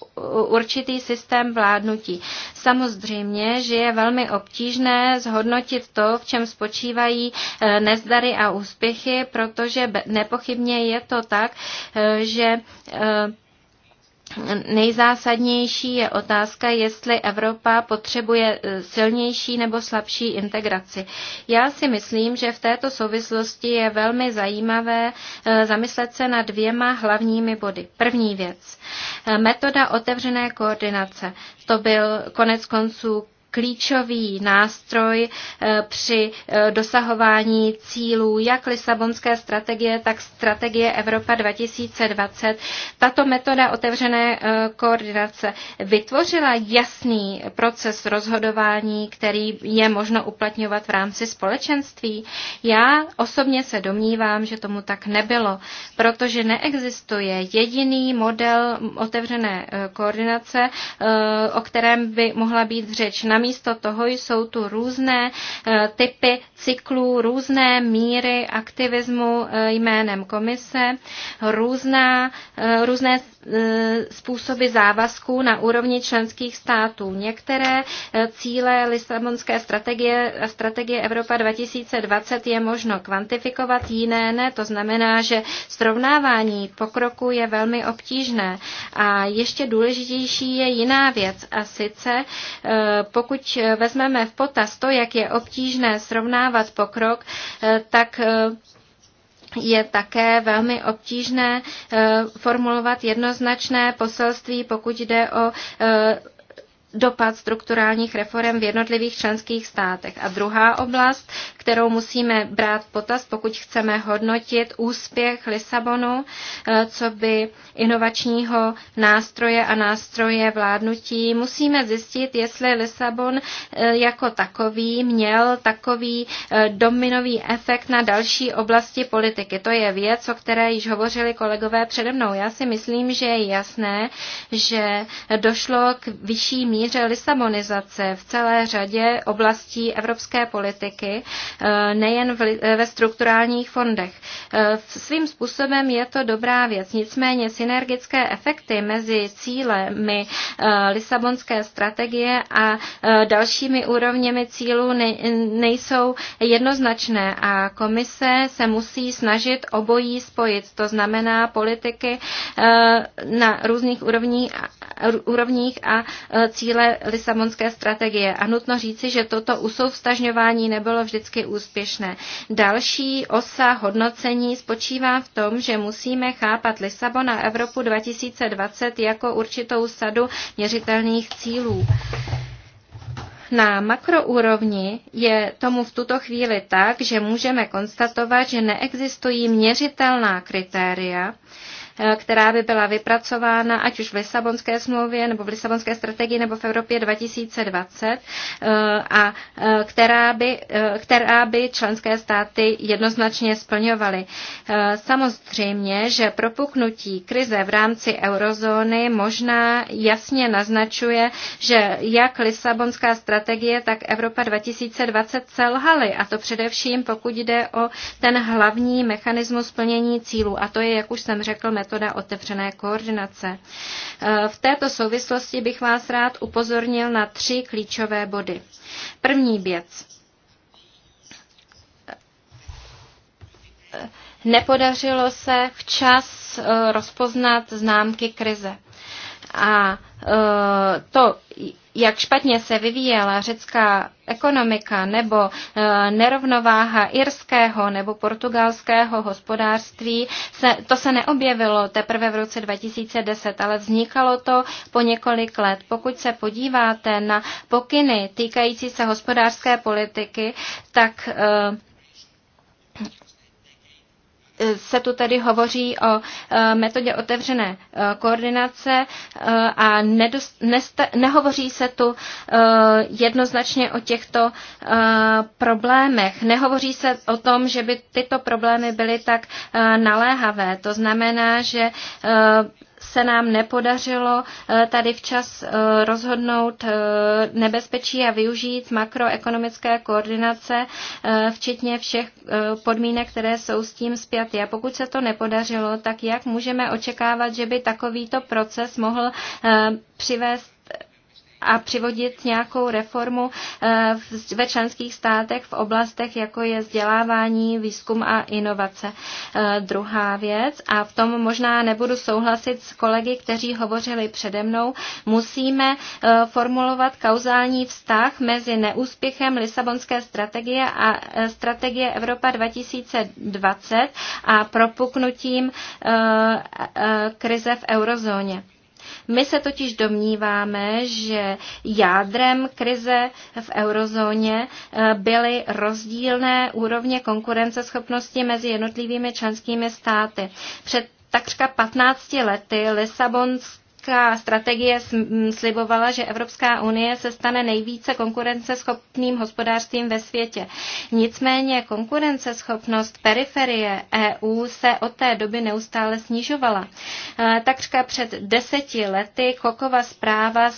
určitý systém vládnutí. Samozřejmě samozřejmě, že je velmi obtížné zhodnotit to, v čem spočívají eh, nezdary a úspěchy, protože nepochybně je to tak, eh, že eh, nejzásadnější je otázka, jestli Evropa potřebuje e, silnější nebo slabší integraci. Já si myslím, že v této souvislosti je velmi zajímavé e, zamyslet se na dvěma hlavními body. První věc. E, metoda otevřené koordinace. To byl konec konců klíčový nástroj eh, při eh, dosahování cílů jak Lisabonské strategie, tak strategie Evropa 2020. Tato metoda otevřené eh, koordinace vytvořila jasný proces rozhodování, který je možno uplatňovat v rámci společenství. Já osobně se domnívám, že tomu tak nebylo, protože neexistuje jediný model otevřené koordinace, o kterém by mohla být řeč. Na místo toho jsou tu různé eh, typy cyklů, různé míry aktivismu eh, jménem komise, různá, eh, různé způsoby závazků na úrovni členských států. Některé cíle Lisabonské strategie a strategie Evropa 2020 je možno kvantifikovat, jiné ne. To znamená, že srovnávání pokroku je velmi obtížné. A ještě důležitější je jiná věc. A sice, pokud pokud eh, vezmeme v potaz to, jak je obtížné srovnávat pokrok, eh, tak eh, je také velmi obtížné formulovat jednoznačné poselství, pokud jde o dopad strukturálních reform v jednotlivých členských státech. A druhá oblast, kterou musíme brát potaz, pokud chceme hodnotit úspěch Lisabonu, eh, co by inovačního nástroje a nástroje vládnutí, musíme zjistit, jestli Lisabon eh, jako takový měl takový eh, dominový efekt na další oblasti politiky. To je věc, o které již hovořili kolegové přede mnou. Já si myslím, že je jasné, že došlo k vyšší míře míře lisabonizace v celé řadě oblastí evropské politiky, eh, nejen eh, ve strukturálních fondech. Eh, svým způsobem je to dobrá věc, nicméně synergické efekty mezi cílemi Lisabonské strategie a dalšími úrovněmi cílů nejsou jednoznačné a komise se musí snažit obojí spojit, to znamená politiky na různých úrovních, úrovních a cíle cíle Lisabonské strategie a nutno říci, že toto usouvstažňování nebylo vždycky úspěšné. Další osa hodnocení spočívá v tom, že musíme chápat Lisabon a Evropu 2020 jako určitou sadu měřitelných cílů. Na makroúrovni je tomu v tuto chvíli tak, že můžeme konstatovat, že neexistují měřitelná kritéria, Eh, která by byla vypracována ať už v Lisabonské smlouvě nebo v Lisabonské strategii nebo v Evropě 2020 eh, a eh, která by, která by členské státy jednoznačně splňovaly. Samozřejmě, že propuknutí krize v rámci eurozóny možná jasně naznačuje, že jak Lisabonská strategie, tak Evropa 2020 selhaly, a to především pokud jde o ten hlavní mechanismus plnění cílů, a to je, jak už jsem řekl, metoda otevřené koordinace. E, v této souvislosti bych vás rád upozornil na tři klíčové body. První věc. E, nepodařilo se včas e, rozpoznat známky krize. A e, to, jak špatně se vyvíjela řecká ekonomika nebo e, nerovnováha irského nebo portugalského hospodářství, se, to se neobjevilo teprve v roce 2010, ale vznikalo to po několik let. Pokud se podíváte na pokyny týkající se hospodářské politiky, tak e, se tu tedy hovoří o e, metodě otevřené e, koordinace e, a nedost, neste, nehovoří se tu jednoznačně o těchto problémech. Nehovoří se o tom, že by tyto problémy byly tak naléhavé. To znamená, že se nám nepodařilo eh, tady včas eh, rozhodnout eh, nebezpečí a využít makroekonomické koordinace, včetně všech podmínek, které jsou s tím zpěty. A pokud se to nepodařilo, tak jak můžeme očekávat, že by takovýto proces mohl přivést a přivodit nějakou reformu eh, ve členských státech v oblastech, jako je vzdělávání, výzkum a inovace. Eh, druhá věc, a v tom možná nebudu souhlasit s kolegy, kteří hovořili přede mnou, musíme eh, formulovat kauzální vztah mezi neúspěchem Lisabonské strategie a strategie Evropa 2020 a propuknutím krize v eurozóně. My se totiž domníváme, že jádrem krize v eurozóně eh, byly rozdílné úrovně konkurenceschopnosti mezi jednotlivými členskými státy. Před takřka 15 lety Lisabonská Lisabonská strategie slibovala, že Evropská unie se stane nejvíce konkurenceschopným hospodářstvím ve světě. Nicméně konkurenceschopnost periferie EU se od té doby neustále snižovala. E, takřka před deseti lety Kokova zpráva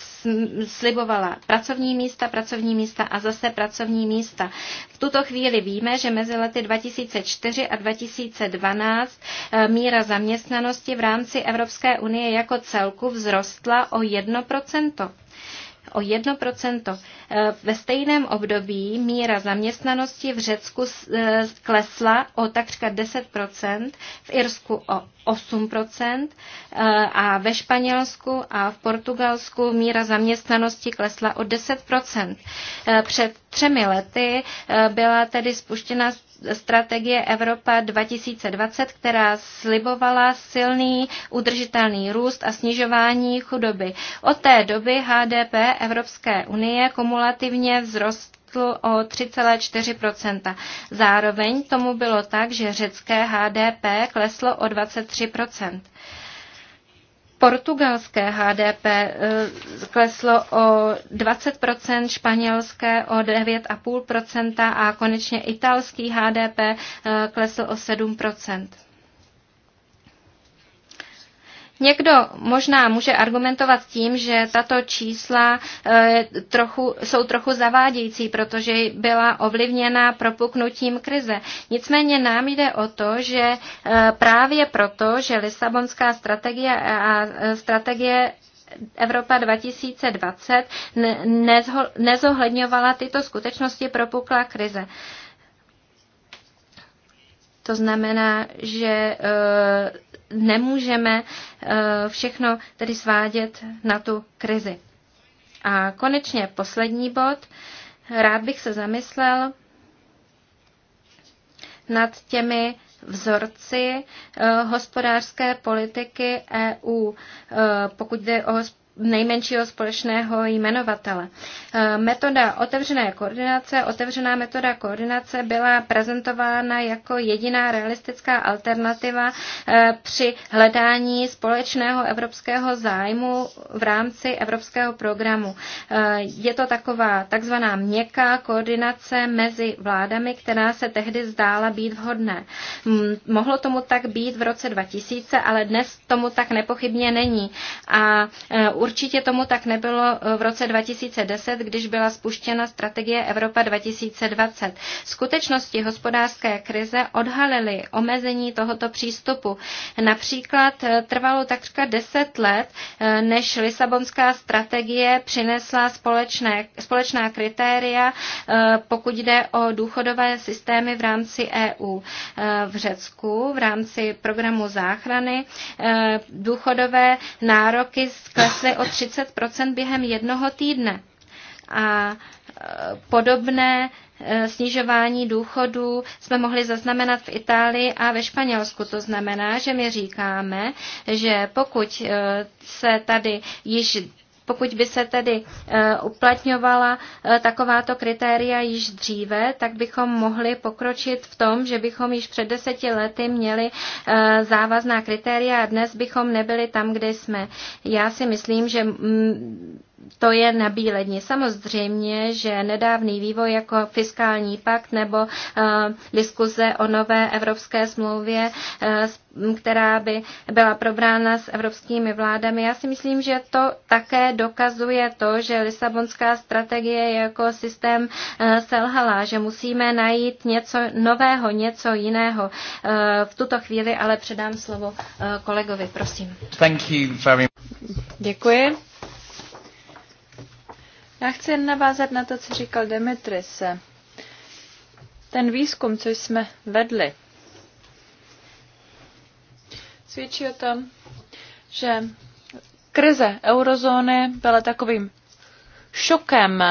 slibovala pracovní místa, pracovní místa a zase pracovní místa. V tuto chvíli víme, že mezi lety 2004 a 2012 e, míra zaměstnanosti v rámci Evropské unie jako celku vzrostla o 1%. O 1%. E, ve stejném období míra zaměstnanosti v Řecku e, klesla o takřka 10%, v Irsku o 8 eh, a ve Španělsku a v Portugalsku míra zaměstnanosti klesla o 10 eh, Před třemi lety eh, byla tedy spuštěna strategie Evropa 2020, která slibovala silný udržitelný růst a snižování chudoby. Od té doby HDP Evropské unie kumulativně vzrostl rostl o 3,4 Zároveň tomu bylo tak, že řecké HDP kleslo o 23 Portugalské HDP eh, kleslo o 20 španělské o 9,5 a konečně italský HDP eh, klesl o 7 Někdo možná může argumentovat tím, že tato čísla eh, trochu, jsou trochu zavádějící, protože byla ovlivněna propuknutím krize. Nicméně nám jde o to, že eh, právě proto, že Lisabonská strategie a eh, strategie Evropa 2020 nezohledňovala tyto skutečnosti, propukla krize. To znamená, že nemůžeme eh, všechno tedy svádět na tu krizi. A konečně poslední bod. Rád bych se zamyslel nad těmi vzorci eh, hospodářské politiky EU, eh, pokud jde o hospodářské nejmenšího společného jmenovatele. Eh, metoda otevřené koordinace, otevřená metoda koordinace byla prezentována jako jediná realistická alternativa eh, při hledání společného evropského zájmu v rámci evropského programu. Eh, je to taková takzvaná měkká koordinace mezi vládami, která se tehdy zdála být vhodné. Hmm, mohlo tomu tak být v roce 2000, ale dnes tomu tak nepochybně není. A Určitě tomu tak nebylo eh, v roce 2010, když byla spuštěna strategie Evropa 2020. Skutečnosti hospodářské krize odhalily omezení tohoto přístupu. Například eh, trvalo takřka 10 let, eh, než Lisabonská strategie přinesla společné, společná kritéria, pokud jde o důchodové systémy v rámci EU. V Řecku v rámci programu záchrany důchodové nároky sklesly o 30 během jednoho týdne. A e, podobné e, snižování důchodů jsme mohli zaznamenat v Itálii a ve Španělsku. To znamená, že my říkáme, že pokud e, se tady již pokud by se tedy eh, uplatňovala eh, takováto kritéria již dříve, tak bychom mohli pokročit v tom, že bychom již před deseti lety měli eh, závazná kritéria a dnes bychom nebyli tam, kde jsme. Já si myslím, že mm, to je nabílení. Samozřejmě, že nedávný vývoj jako fiskální pakt nebo uh, diskuze o nové evropské smlouvě, uh, která by byla probrána s evropskými vládami, já si myslím, že to také dokazuje to, že Lisabonská strategie jako systém uh, selhala, že musíme najít něco nového, něco jiného. Uh, v tuto chvíli ale předám slovo uh, kolegovi, prosím. Thank you very much. Děkuji. Já chci jen navázat na to, co říkal Demetris. Ten výzkum, co jsme vedli, svědčí o tom, že krize eurozóny byla takovým šokem.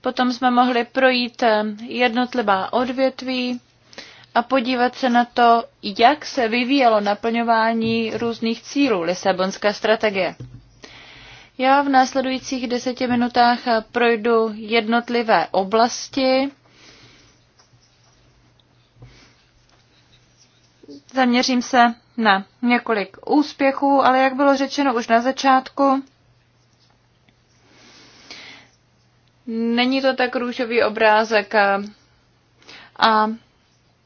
Potom jsme mohli projít jednotlivá odvětví a podívat se na to, jak se vyvíjelo naplňování různých cílů Lisabonské strategie. Já v následujících deseti minutách projdu jednotlivé oblasti. Zaměřím se na několik úspěchů, ale jak bylo řečeno už na začátku, není to tak růžový obrázek a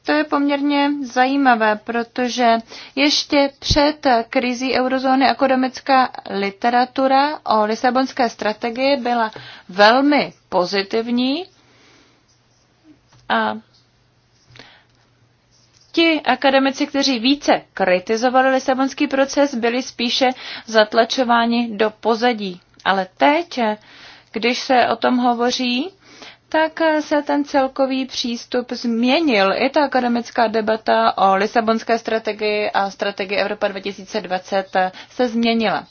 to je poměrně zajímavé, protože ještě před krizí eurozóny akademická literatura o Lisabonské strategii byla velmi pozitivní a ti akademici, kteří více kritizovali Lisabonský proces, byli spíše zatlačováni do pozadí. Ale teď, když se o tom hovoří, tak se ten celkový přístup změnil. I ta akademická debata o Lisabonské strategii a strategii Evropa 2020 se změnila.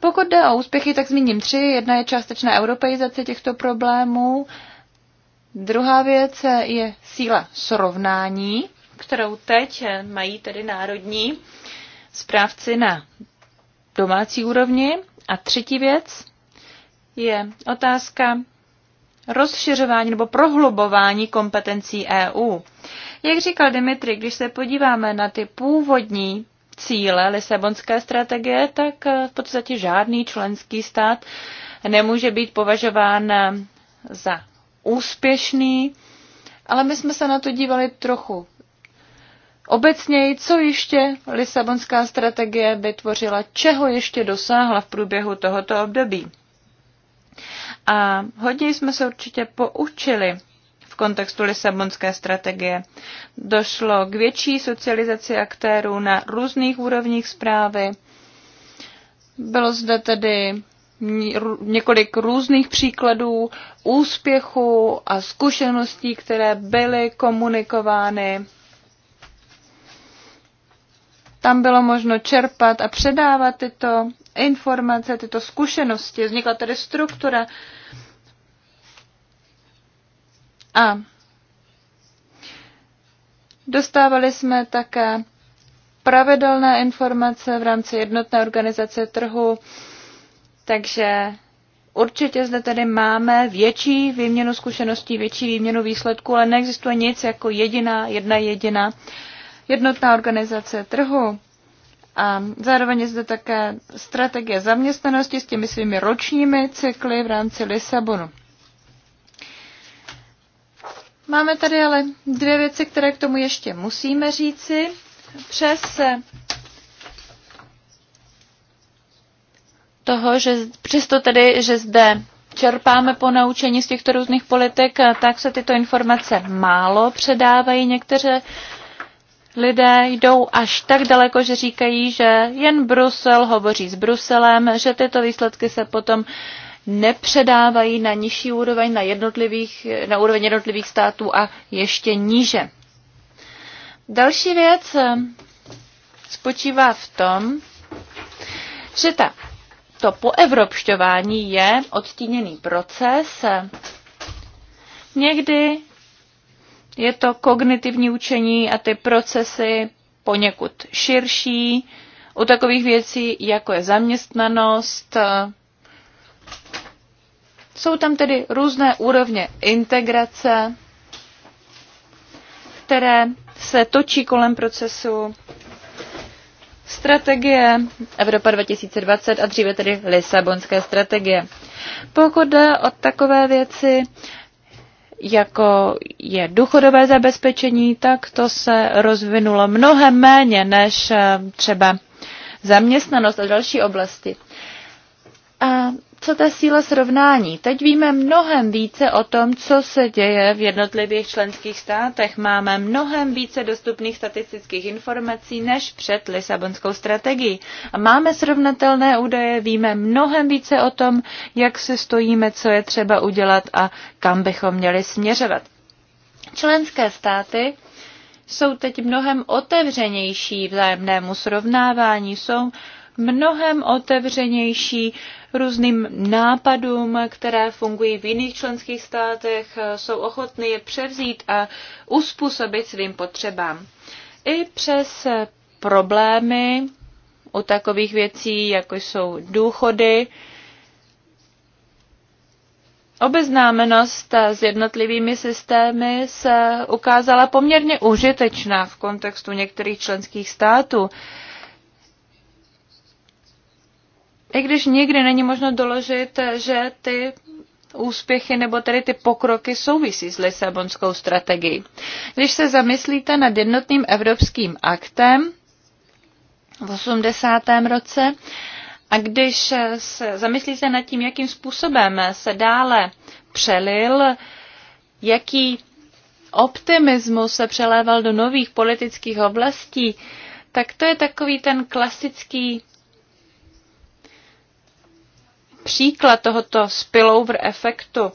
Pokud jde o úspěchy, tak zmíním tři. Jedna je částečná europeizace těchto problémů. Druhá věc je síla srovnání, kterou teď mají tedy národní správci na domácí úrovni. A třetí věc je otázka rozšiřování nebo prohlubování kompetencí EU. Jak říkal Dimitri, když se podíváme na ty původní cíle Lisabonské strategie, tak eh, v podstatě žádný členský stát nemůže být považován eh, za úspěšný, ale my jsme se na to dívali trochu obecněji, co ještě Lisabonská strategie vytvořila, čeho ještě dosáhla v průběhu tohoto období. A hodně jsme se určitě poučili v kontextu Lisabonské strategie. Došlo k větší socializaci aktérů na různých úrovních zprávy. Bylo zde tedy několik různých příkladů úspěchu a zkušeností, které byly komunikovány tam bylo možno čerpat a předávat tyto informace, tyto zkušenosti. Vznikla tedy struktura. A dostávali jsme také pravidelné informace v rámci jednotné organizace trhu, takže určitě zde tedy máme větší výměnu zkušeností, větší výměnu výsledků, ale neexistuje nic jako jediná, jedna jediná jednotná organizace trhu a zároveň je zde také strategie zaměstnanosti s těmi svými ročními cykly v rámci Lisabonu. Máme tady ale dvě věci, které k tomu ještě musíme říci. Přes toho, že přesto tedy, že zde čerpáme po naučení z těchto různých politik, tak se tyto informace málo předávají. Některé lidé jdou až tak daleko, že říkají, že jen Brusel hovoří s Bruselem, že tyto výsledky se potom nepředávají na nižší úroveň, na, jednotlivých, na úroveň jednotlivých států a ještě níže. Další věc eh, spočívá v tom, že ta, to poevropšťování je odstíněný proces, někdy je to kognitivní učení a ty procesy poněkud širší u takových věcí, jako je zaměstnanost. Jsou tam tedy různé úrovně integrace, které se točí kolem procesu strategie Evropa 2020 a dříve tedy Lisabonské strategie. Pokud jde o takové věci, jako je důchodové zabezpečení, tak to se rozvinulo mnohem méně než eh, třeba zaměstnanost a další oblasti. A co ta síla srovnání? Teď víme mnohem více o tom, co se děje v jednotlivých členských státech. Máme mnohem více dostupných statistických informací než před Lisabonskou strategií. A máme srovnatelné údaje, víme mnohem více o tom, jak se stojíme, co je třeba udělat a kam bychom měli směřovat. Členské státy jsou teď mnohem otevřenější vzájemnému srovnávání, jsou mnohem otevřenější uh, různým nápadům, které fungují v jiných členských státech, jsou ochotny je převzít a uspůsobit svým potřebám. I přes problémy u takových věcí, jako jsou důchody, Obeznámenost s jednotlivými systémy se ukázala poměrně užitečná v kontextu některých členských států i když nikdy není možno doložit, že ty úspěchy nebo tedy ty pokroky souvisí s Lisabonskou strategií. Když se zamyslíte nad jednotným evropským aktem v 80. roce a když se zamyslíte nad tím, jakým způsobem se dále přelil, jaký optimismus se přeléval do nových politických oblastí, tak to je takový ten klasický příklad tohoto spillover efektu.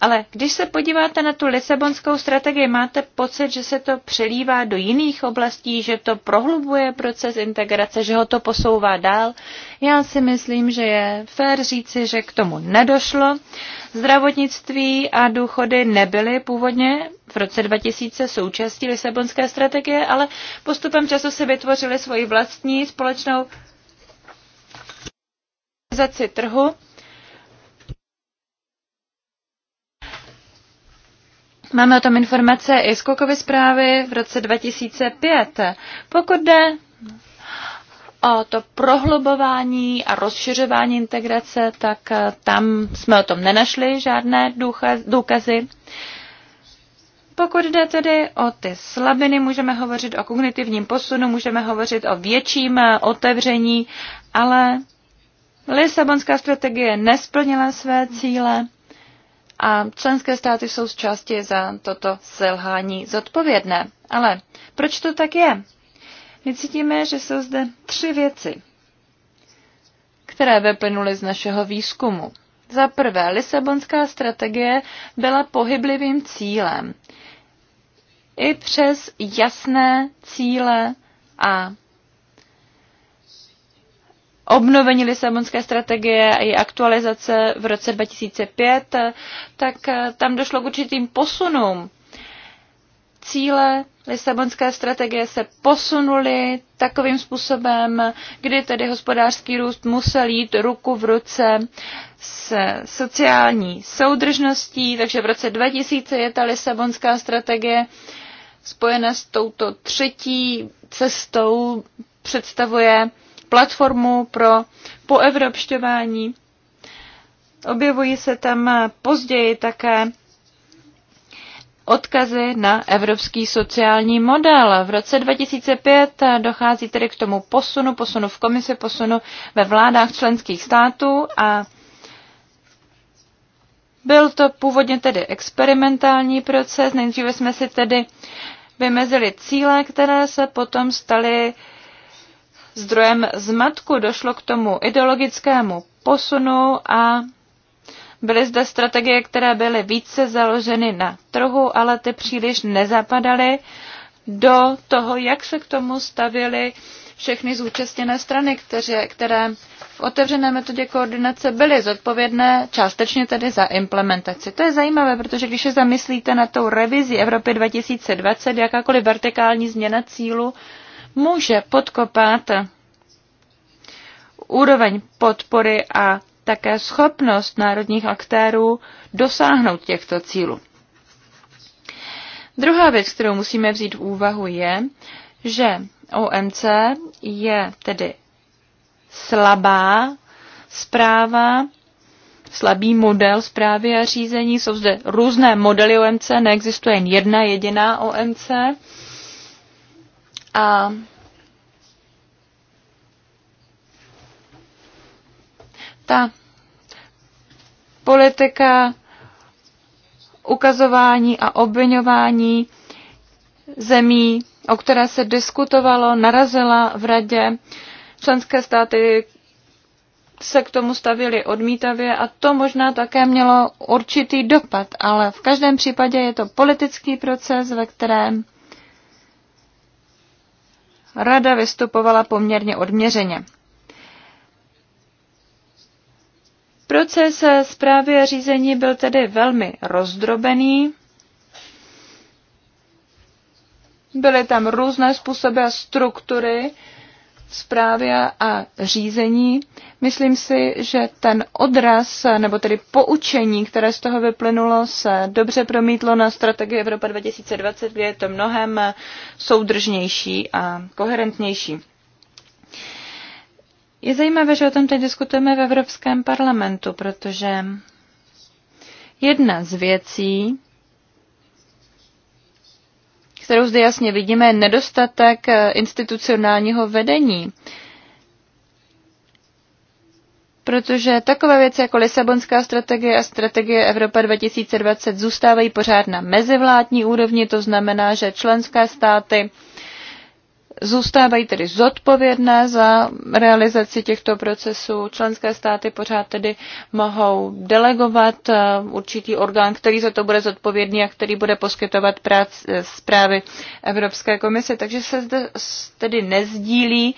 Ale když se podíváte na tu lisabonskou strategii, máte pocit, že se to přelívá do jiných oblastí, že to prohlubuje proces integrace, že ho to posouvá dál. Já si myslím, že je fér říci, že k tomu nedošlo. Zdravotnictví a důchody nebyly původně v roce 2000 součástí lisabonské strategie, ale postupem času se vytvořili svoji vlastní společnou organizaci trhu Máme o tom informace i z Kokovy zprávy v roce 2005. Pokud jde o to prohlubování a rozšiřování integrace, tak eh, tam jsme o tom nenašli žádné důkazy. Pokud jde tedy o ty slabiny, můžeme hovořit o kognitivním posunu, můžeme hovořit o větším eh, otevření, ale Lisabonská strategie nesplnila své cíle a členské státy jsou z části za toto selhání zodpovědné. Ale proč to tak je? My cítíme, že jsou zde tři věci, které vyplynuly z našeho výzkumu. Za prvé, Lisabonská strategie byla pohyblivým cílem. I přes jasné cíle a obnovení Lisabonské strategie a její aktualizace v roce 2005, tak eh, tam došlo k určitým posunům. Cíle Lisabonské strategie se posunuly takovým způsobem, kdy tedy hospodářský růst musel jít ruku v ruce s sociální soudržností, takže v roce 2000 je ta Lisabonská strategie spojena s touto třetí cestou, představuje platformu pro poevropšťování. Objevují se tam později také odkazy na evropský sociální model. V roce 2005 dochází tedy k tomu posunu, posunu v komisi, posunu ve vládách členských států a byl to původně tedy experimentální proces. Nejdříve jsme si tedy vymezili cíle, které se potom staly zdrojem zmatku. Došlo k tomu ideologickému posunu a byly zde strategie, které byly více založeny na trhu, ale ty příliš nezapadaly do toho, jak se k tomu stavily všechny zúčastněné strany, které, které v otevřené metodě koordinace byly zodpovědné částečně tedy za implementaci. To je zajímavé, protože když se zamyslíte na tou revizi Evropy 2020, jakákoliv vertikální změna cílu může podkopat úroveň podpory a také schopnost národních aktérů dosáhnout těchto cílů. Druhá věc, kterou musíme vzít v úvahu, je, že OMC je tedy slabá zpráva, slabý model zprávy a řízení. Jsou zde různé modely OMC, neexistuje jen jedna jediná OMC. A ta politika ukazování a obvinování zemí, o které se diskutovalo, narazila v radě. Členské státy se k tomu stavili odmítavě a to možná také mělo určitý dopad, ale v každém případě je to politický proces, ve kterém rada vystupovala poměrně odměřeně. Proces zprávy a řízení byl tedy velmi rozdrobený. Byly tam různé způsoby a struktury, Správě a řízení, myslím si, že ten odraz, nebo tedy poučení, které z toho vyplynulo, se dobře promítlo na strategii Evropa 2020, kde je to mnohem soudržnější a koherentnější. Je zajímavé, že o tom teď diskutujeme v Evropském parlamentu, protože jedna z věcí, kterou zde jasně vidíme, je nedostatek eh, institucionálního vedení. Protože takové věci jako Lisabonská strategie a strategie Evropa 2020 zůstávají pořád na mezivládní úrovni, to znamená, že členské státy zůstávají tedy zodpovědné za realizaci těchto procesů. Členské státy pořád tedy mohou delegovat eh, určitý orgán, který za to bude zodpovědný a který bude poskytovat práci, eh, zprávy Evropské komise. Takže se zde tedy nezdílí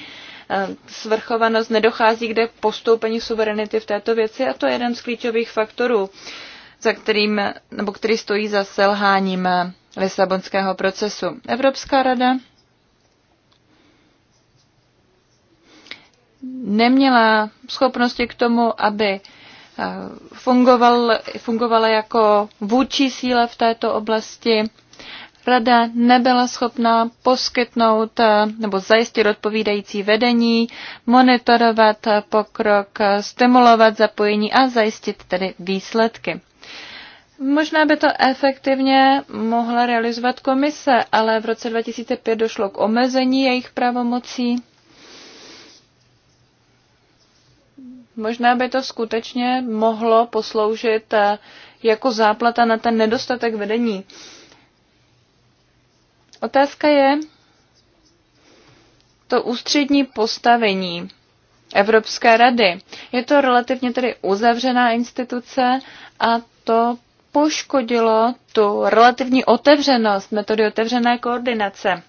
eh, svrchovanost, nedochází kde postoupení suverenity v této věci a to je jeden z klíčových faktorů, za kterým, nebo který stojí za selháním Lisabonského procesu. Evropská rada neměla schopnosti k tomu, aby eh, fungoval, fungovala jako vůdčí síla v této oblasti. Rada nebyla schopná poskytnout eh, nebo zajistit odpovídající vedení, monitorovat pokrok, stimulovat zapojení a zajistit tedy výsledky. Možná by to efektivně mohla realizovat komise, ale v roce 2005 došlo k omezení jejich pravomocí Možná by to skutečně mohlo posloužit eh, jako záplata na ten nedostatek vedení. Otázka je to ústřední postavení Evropské rady. Je to relativně tedy uzavřená instituce a to poškodilo tu relativní otevřenost metody otevřené koordinace.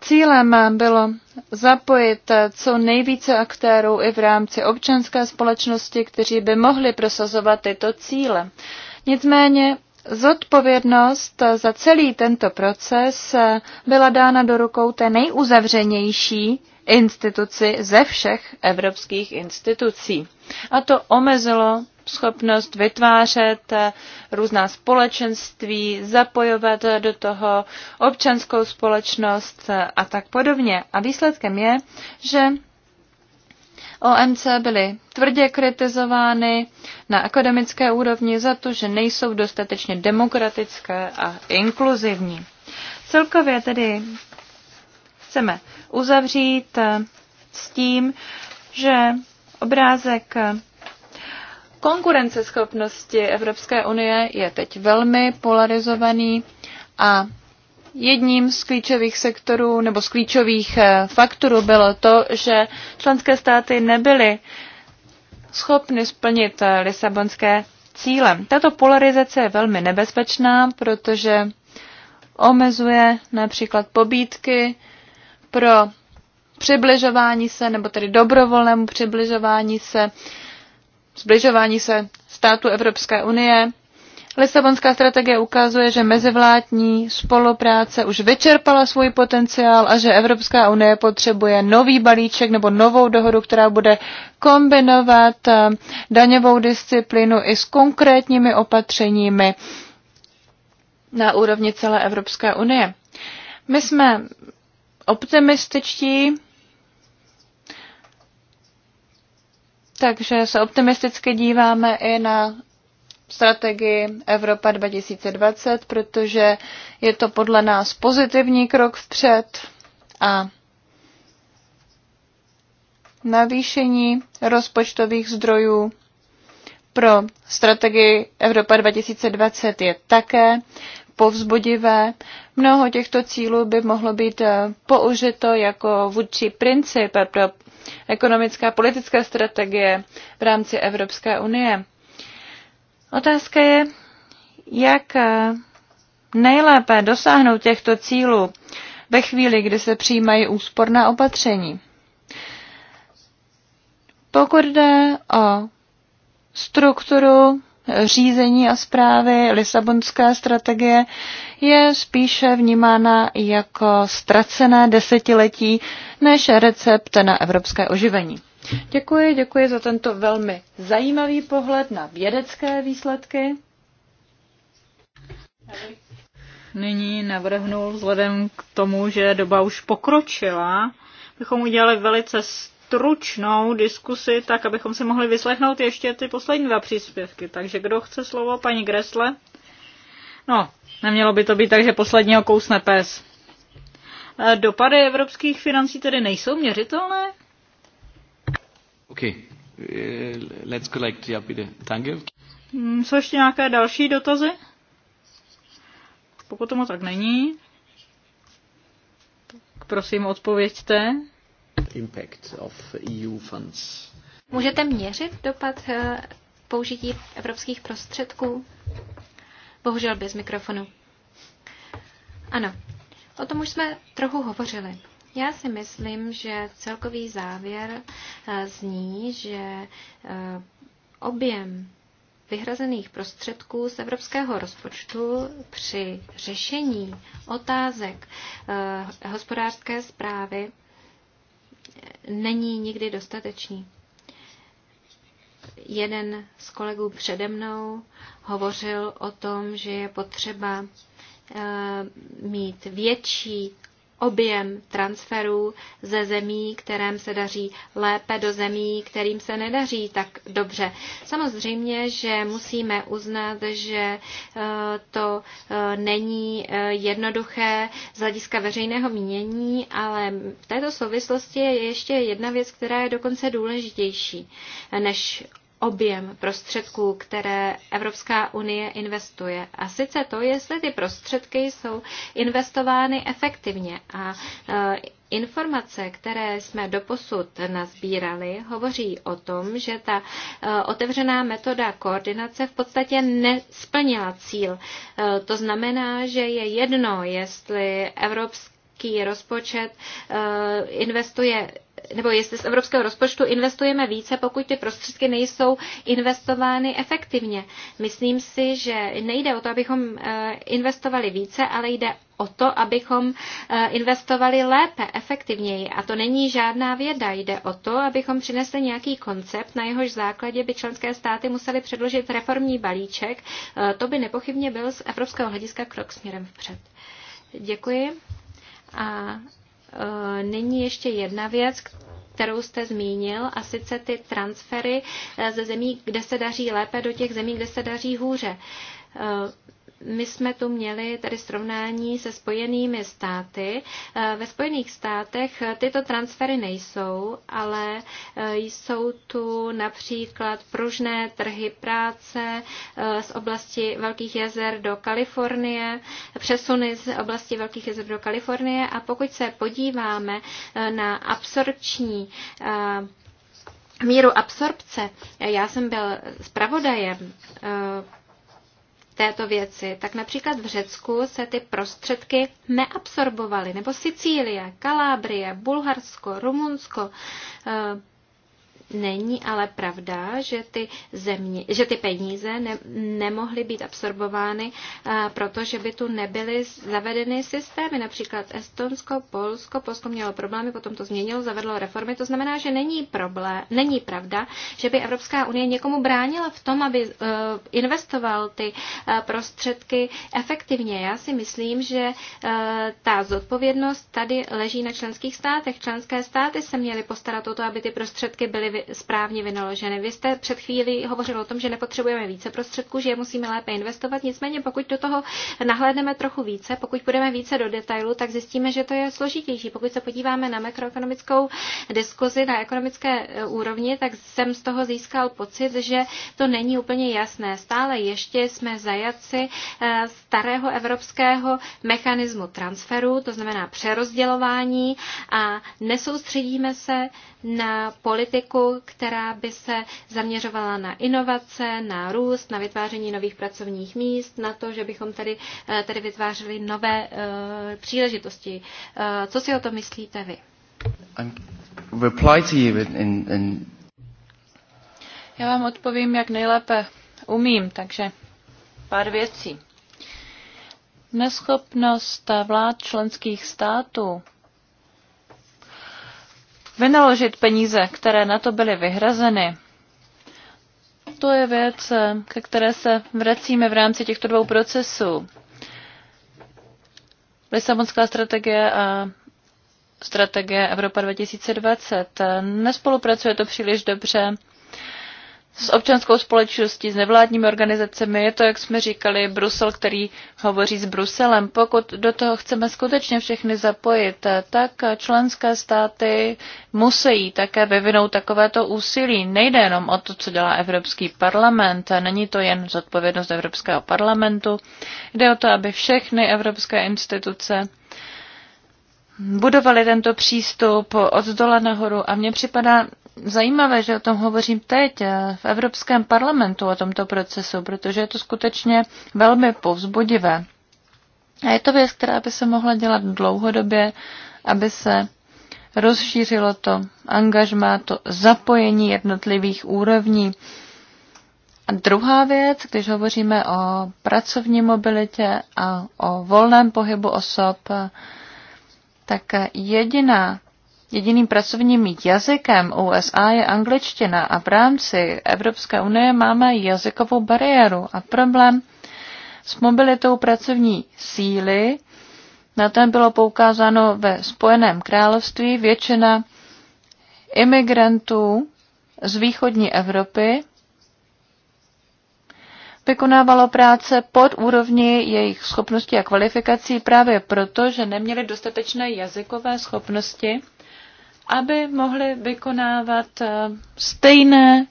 Cílem bylo zapojit co nejvíce aktérů i v rámci občanské společnosti, kteří by mohli prosazovat tyto cíle. Nicméně zodpovědnost za celý tento proces byla dána do rukou té nejuzavřenější instituci ze všech evropských institucí. A to omezilo schopnost vytvářet eh, různá společenství, zapojovat do toho občanskou společnost eh, a tak podobně. A výsledkem je, že OMC byly tvrdě kritizovány na akademické úrovni za to, že nejsou dostatečně demokratické a inkluzivní. Celkově tedy chceme uzavřít eh, s tím, že obrázek konkurenceschopnosti Evropské unie je teď velmi polarizovaný a jedním z klíčových sektorů nebo z klíčových eh, faktorů bylo to, že členské státy nebyly schopny splnit eh, lisabonské cíle. Tato polarizace je velmi nebezpečná, protože omezuje například pobídky pro přibližování se, nebo tedy dobrovolnému přibližování se zbližování se států Evropské unie. Lisabonská strategie ukazuje, že mezivládní spolupráce už vyčerpala svůj potenciál a že Evropská unie potřebuje nový balíček nebo novou dohodu, která bude kombinovat eh, daňovou disciplínu i s konkrétními opatřeními na úrovni celé Evropské unie. My jsme optimističtí, Takže se optimisticky díváme i na strategii Evropa 2020, protože je to podle nás pozitivní krok vpřed a navýšení rozpočtových zdrojů pro strategii Evropa 2020 je také povzbudivé. Mnoho těchto cílů by mohlo být použito jako vůdčí princip pro ekonomická a politická strategie v rámci Evropské unie. Otázka je, jak eh, nejlépe dosáhnout těchto cílů ve chvíli, kdy se přijímají úsporná opatření. Pokud jde o strukturu řízení a zprávy, Lisabonská strategie je spíše vnímána jako ztracené desetiletí než recept na evropské oživení. Děkuji, děkuji za tento velmi zajímavý pohled na vědecké výsledky. Nyní navrhnul vzhledem k tomu, že doba už pokročila, bychom udělali velice stručnou diskusi, tak abychom si mohli vyslechnout ještě ty poslední dva příspěvky. Takže kdo chce slovo, paní Gresle? No, nemělo by to být tak, že posledního kousne pes. E, dopady evropských financí tedy nejsou měřitelné? OK. E, let's collect, update. Thank you. Mm, jsou ještě nějaké další dotazy? Pokud tomu tak není, tak prosím odpověďte. Impact of EU funds. Můžete měřit dopad eh, použití evropských prostředků? Bohužel bez mikrofonu. Ano, o tom už jsme trochu hovořili. Já si myslím, že celkový závěr eh, zní, že eh, objem vyhrazených prostředků z evropského rozpočtu při řešení otázek hospodářské zprávy není nikdy dostatečný. Jeden z kolegů přede mnou hovořil o tom, že je potřeba eh, mít větší objem transferů ze zemí, kterým se daří lépe, do zemí, kterým se nedaří tak dobře. Samozřejmě, že musíme uznat, že eh, to eh, není eh, jednoduché z hlediska veřejného mínění, ale v této souvislosti je ještě jedna věc, která je dokonce důležitější než objem prostředků, které Evropská unie investuje. A sice to, jestli ty prostředky jsou investovány efektivně. A e, informace, které jsme doposud nazbírali, hovoří o tom, že ta e, otevřená metoda koordinace v podstatě nesplnila cíl. E, to znamená, že je jedno, jestli evropský rozpočet investuje nebo jestli z evropského rozpočtu investujeme více, pokud ty prostředky nejsou investovány efektivně. Myslím si, že nejde o to, abychom eh, investovali více, ale jde o to, abychom eh, investovali lépe, efektivněji. A to není žádná věda. Jde o to, abychom přinesli nějaký koncept, na jehož základě by členské státy museli předložit reformní balíček. Eh, to by nepochybně byl z evropského hlediska krok směrem vpřed. Děkuji. A Eh, není ještě jedna věc, kterou jste zmínil, a sice ty transfery eh, ze zemí, kde se daří lépe, do těch zemí, kde se daří hůře. Eh, my jsme tu měli tady srovnání se Spojenými státy. Eh, ve Spojených státech eh, tyto transfery nejsou, ale eh, jsou tu například pružné trhy práce z oblasti Velkých jezer do Kalifornie, přesuny z oblasti Velkých jezer do Kalifornie a pokud se podíváme na absorpční míru absorpce, já jsem byl zpravodajem této věci, tak například v Řecku se ty prostředky neabsorbovaly, nebo Sicílie, Kalábrie, Bulharsko, Rumunsko, eh, Není ale pravda, že ty, země, že ty peníze ne, nemohly být absorbovány, eh, protože by tu nebyly zavedeny systémy. Například Estonsko, Polsko, Polsko mělo problémy, potom to změnilo, zavedlo reformy. To znamená, že není, problém, není pravda, že by Evropská unie někomu bránila v tom, aby eh, investoval ty eh, prostředky efektivně. Já si myslím, že ta zodpovědnost tady leží na členských státech. Členské státy se měly postarat o to, aby ty prostředky byly správně vynaloženy. Vy jste před chvílí hovořil o tom, že nepotřebujeme více prostředků, že je musíme lépe investovat, nicméně pokud do toho nahlédneme trochu více, pokud půjdeme více do detailu, tak zjistíme, že to je složitější. Pokud se podíváme na makroekonomickou diskuzi na ekonomické e, úrovni, tak jsem z toho získal pocit, že to není úplně jasné. Stále ještě jsme zajaci e, starého evropského mechanismu transferu, to znamená přerozdělování a nesoustředíme se na politiku která by se zaměřovala na inovace, na růst, na vytváření nových pracovních míst, na to, že bychom tady, eh, tady vytvářeli nové eh, příležitosti. Eh, co si o to myslíte vy? Um, Já vám odpovím, jak nejlépe umím, takže pár věcí. Neschopnost vlád členských států vynaložit peníze, které na to byly vyhrazeny, to je věc, ke které se vracíme v rámci těchto dvou procesů. Lisabonská strategie a strategie Evropa 2020. Nespolupracuje to příliš dobře s občanskou společností, s nevládními organizacemi. Je to, jak jsme říkali, Brusel, který hovoří s Bruselem. Pokud do toho chceme skutečně všechny zapojit, tak členské státy musí také vyvinout takovéto úsilí. Nejde jenom o to, co dělá Evropský parlament, není to jen zodpovědnost Evropského parlamentu. Jde o to, aby všechny evropské instituce budovali tento přístup od dola nahoru a mně připadá zajímavé, že o tom hovořím teď eh, v Evropském parlamentu o tomto procesu, protože je to skutečně velmi povzbudivé. A je to věc, která by se mohla dělat dlouhodobě, aby se rozšířilo to angažmá, to zapojení jednotlivých úrovní. A druhá věc, když hovoříme o pracovní mobilitě a o volném pohybu osob, eh, tak jediná Jediným pracovním jazykem USA je angličtina a v rámci Evropské unie máme jazykovou bariéru a problém s mobilitou pracovní síly. Na ten bylo poukázáno ve Spojeném království. Většina imigrantů z východní Evropy vykonávalo práce pod úrovni jejich schopností a kvalifikací právě proto, že neměli dostatečné jazykové schopnosti aby mohli vykonávat eh, stejné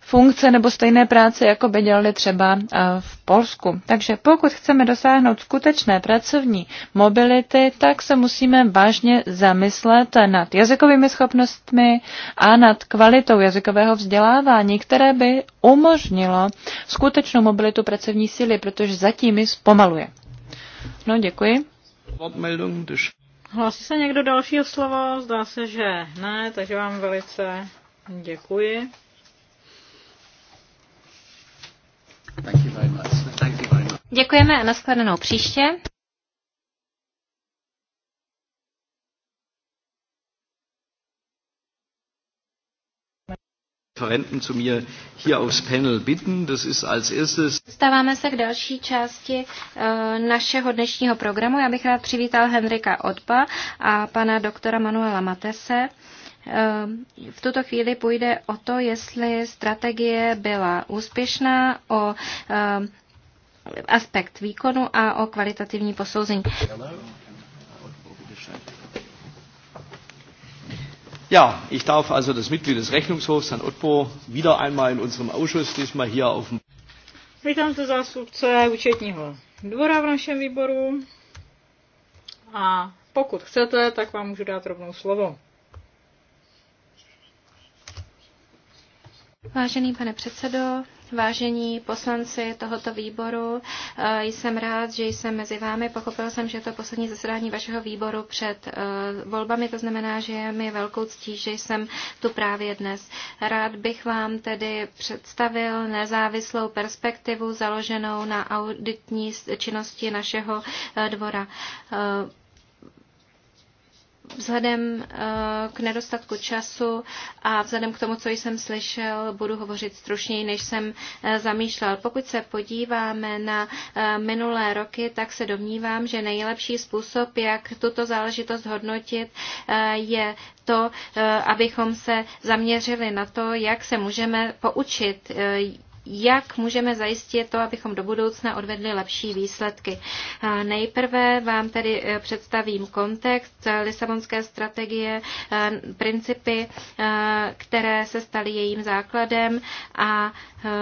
funkce nebo stejné práce, jako by dělali třeba eh, v Polsku. Takže pokud chceme dosáhnout skutečné pracovní mobility, tak se musíme vážně zamyslet nad jazykovými schopnostmi a nad kvalitou jazykového vzdělávání, které by umožnilo skutečnou mobilitu pracovní síly, protože zatím ji zpomaluje. No, děkuji. Hlásí se někdo dalšího slovo? Zdá se, že ne, takže vám velice děkuji. Děkujeme a nashledanou příště. Referenten zu mir hier aufs Panel bitten. Das ist als erstes. Stáváme se k další části uh, našeho dnešního programu. Já bych rád přivítal Henrika Odpa a pana doktora Manuela Matese. Eh, v tuto chvíli půjde o to, jestli strategie byla úspěšná, o eh, aspekt výkonu a o kvalitativní posouzení. Hello. Ja, ich darf also das Mitglied des Rechnungshofs, Herrn Otpo, wieder einmal in unserem Ausschuss, diesmal hier auf dem... Vítám tu zástupce účetního dvora v našem výboru a pokud chcete, tak vám můžu dát rovnou slovo. Vážený pane předsedo, vážení poslanci tohoto výboru. Eh, jsem rád, že jsem mezi vámi. Pochopil jsem, že je to poslední zasedání vašeho výboru před eh, volbami. To znamená, že je mi velkou ctí, že jsem tu právě dnes. Rád bych vám tedy představil nezávislou perspektivu založenou na auditní činnosti našeho eh, dvora vzhledem eh, k nedostatku času a vzhledem k tomu, co jsem slyšel, budu hovořit stručněji, než jsem eh, zamýšlel. Pokud se podíváme na eh, minulé roky, tak se domnívám, že nejlepší způsob, jak tuto záležitost hodnotit, je to, abychom se zaměřili na to, jak se můžeme poučit jak můžeme zajistit to, abychom do budoucna odvedli lepší výsledky. Nejprve vám tedy e, představím kontext e, Lisabonské strategie, e, principy, které se staly jejím základem a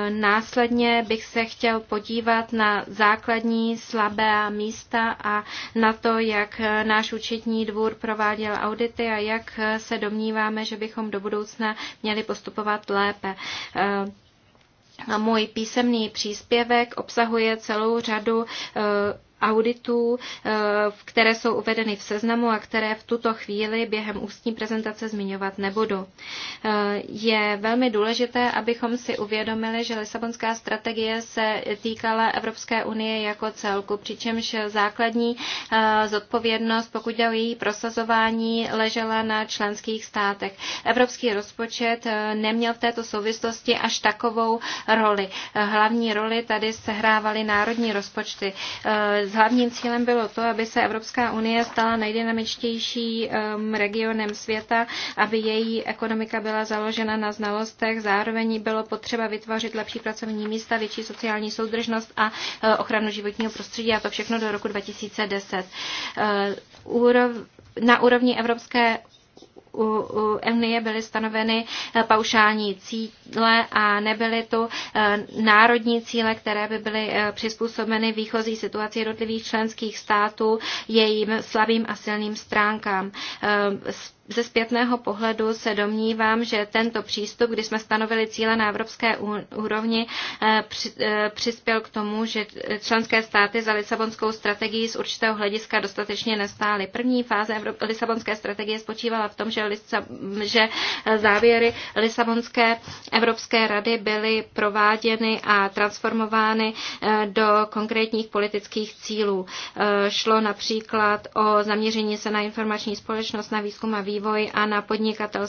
následně bych se chtěl podívat na základní slabé místa a na to, jak náš účetní dvůr prováděl audity a jak se domníváme, že bychom do budoucna měli postupovat lépe. A můj písemný příspěvek obsahuje celou řadu eh, auditů, eh, které jsou uvedeny v seznamu a které v tuto chvíli během ústní prezentace zmiňovat nebudu. Eh, je velmi důležité, abychom si uvědomili, že Lisabonská strategie se týkala Evropské unie jako celku, přičemž základní eh, zodpovědnost, pokud jde o její prosazování, ležela na členských státech. Evropský rozpočet neměl v této souvislosti až takovou roli. Hlavní roli tady sehrávaly národní rozpočty hlavním cílem bylo to, aby se Evropská unie stala nejdynamičtějším um, regionem světa, aby její ekonomika byla založena na znalostech. Zároveň bylo potřeba vytvořit lepší pracovní místa, větší sociální soudržnost a uh, ochranu životního prostředí a to všechno do roku 2010. Uh, na úrovni Evropské Unie byly stanoveny eh, paušální cíle a nebyly to eh, národní cíle, které by byly eh, přizpůsobeny výchozí situaci jednotlivých členských států, jejím slabým a silným stránkám ze zpětného pohledu se domnívám, že tento přístup, kdy jsme stanovili cíle na evropské úrovni, eh, eh, přispěl k tomu, že členské státy za Lisabonskou strategii z určitého hlediska dostatečně nestály. První fáze Lisabonské strategie spočívala v tom, že, Lisa, že eh, závěry Lisabonské Evropské rady byly prováděny a transformovány do konkrétních politických cílů. Šlo například o zaměření se na informační společnost, na výzkum a vývoj, vývoj a na podnikatel,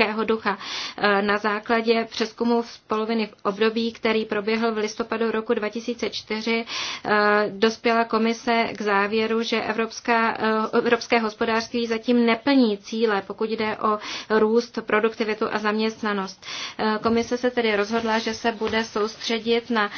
lidského ducha. E, na základě přeskumu z poloviny v období, který proběhl v listopadu roku 2004, e, dospěla komise k závěru, že evropská, e, evropské hospodářství zatím neplní cíle, pokud jde o růst, produktivitu a zaměstnanost. Komise se tedy rozhodla, že se bude soustředit na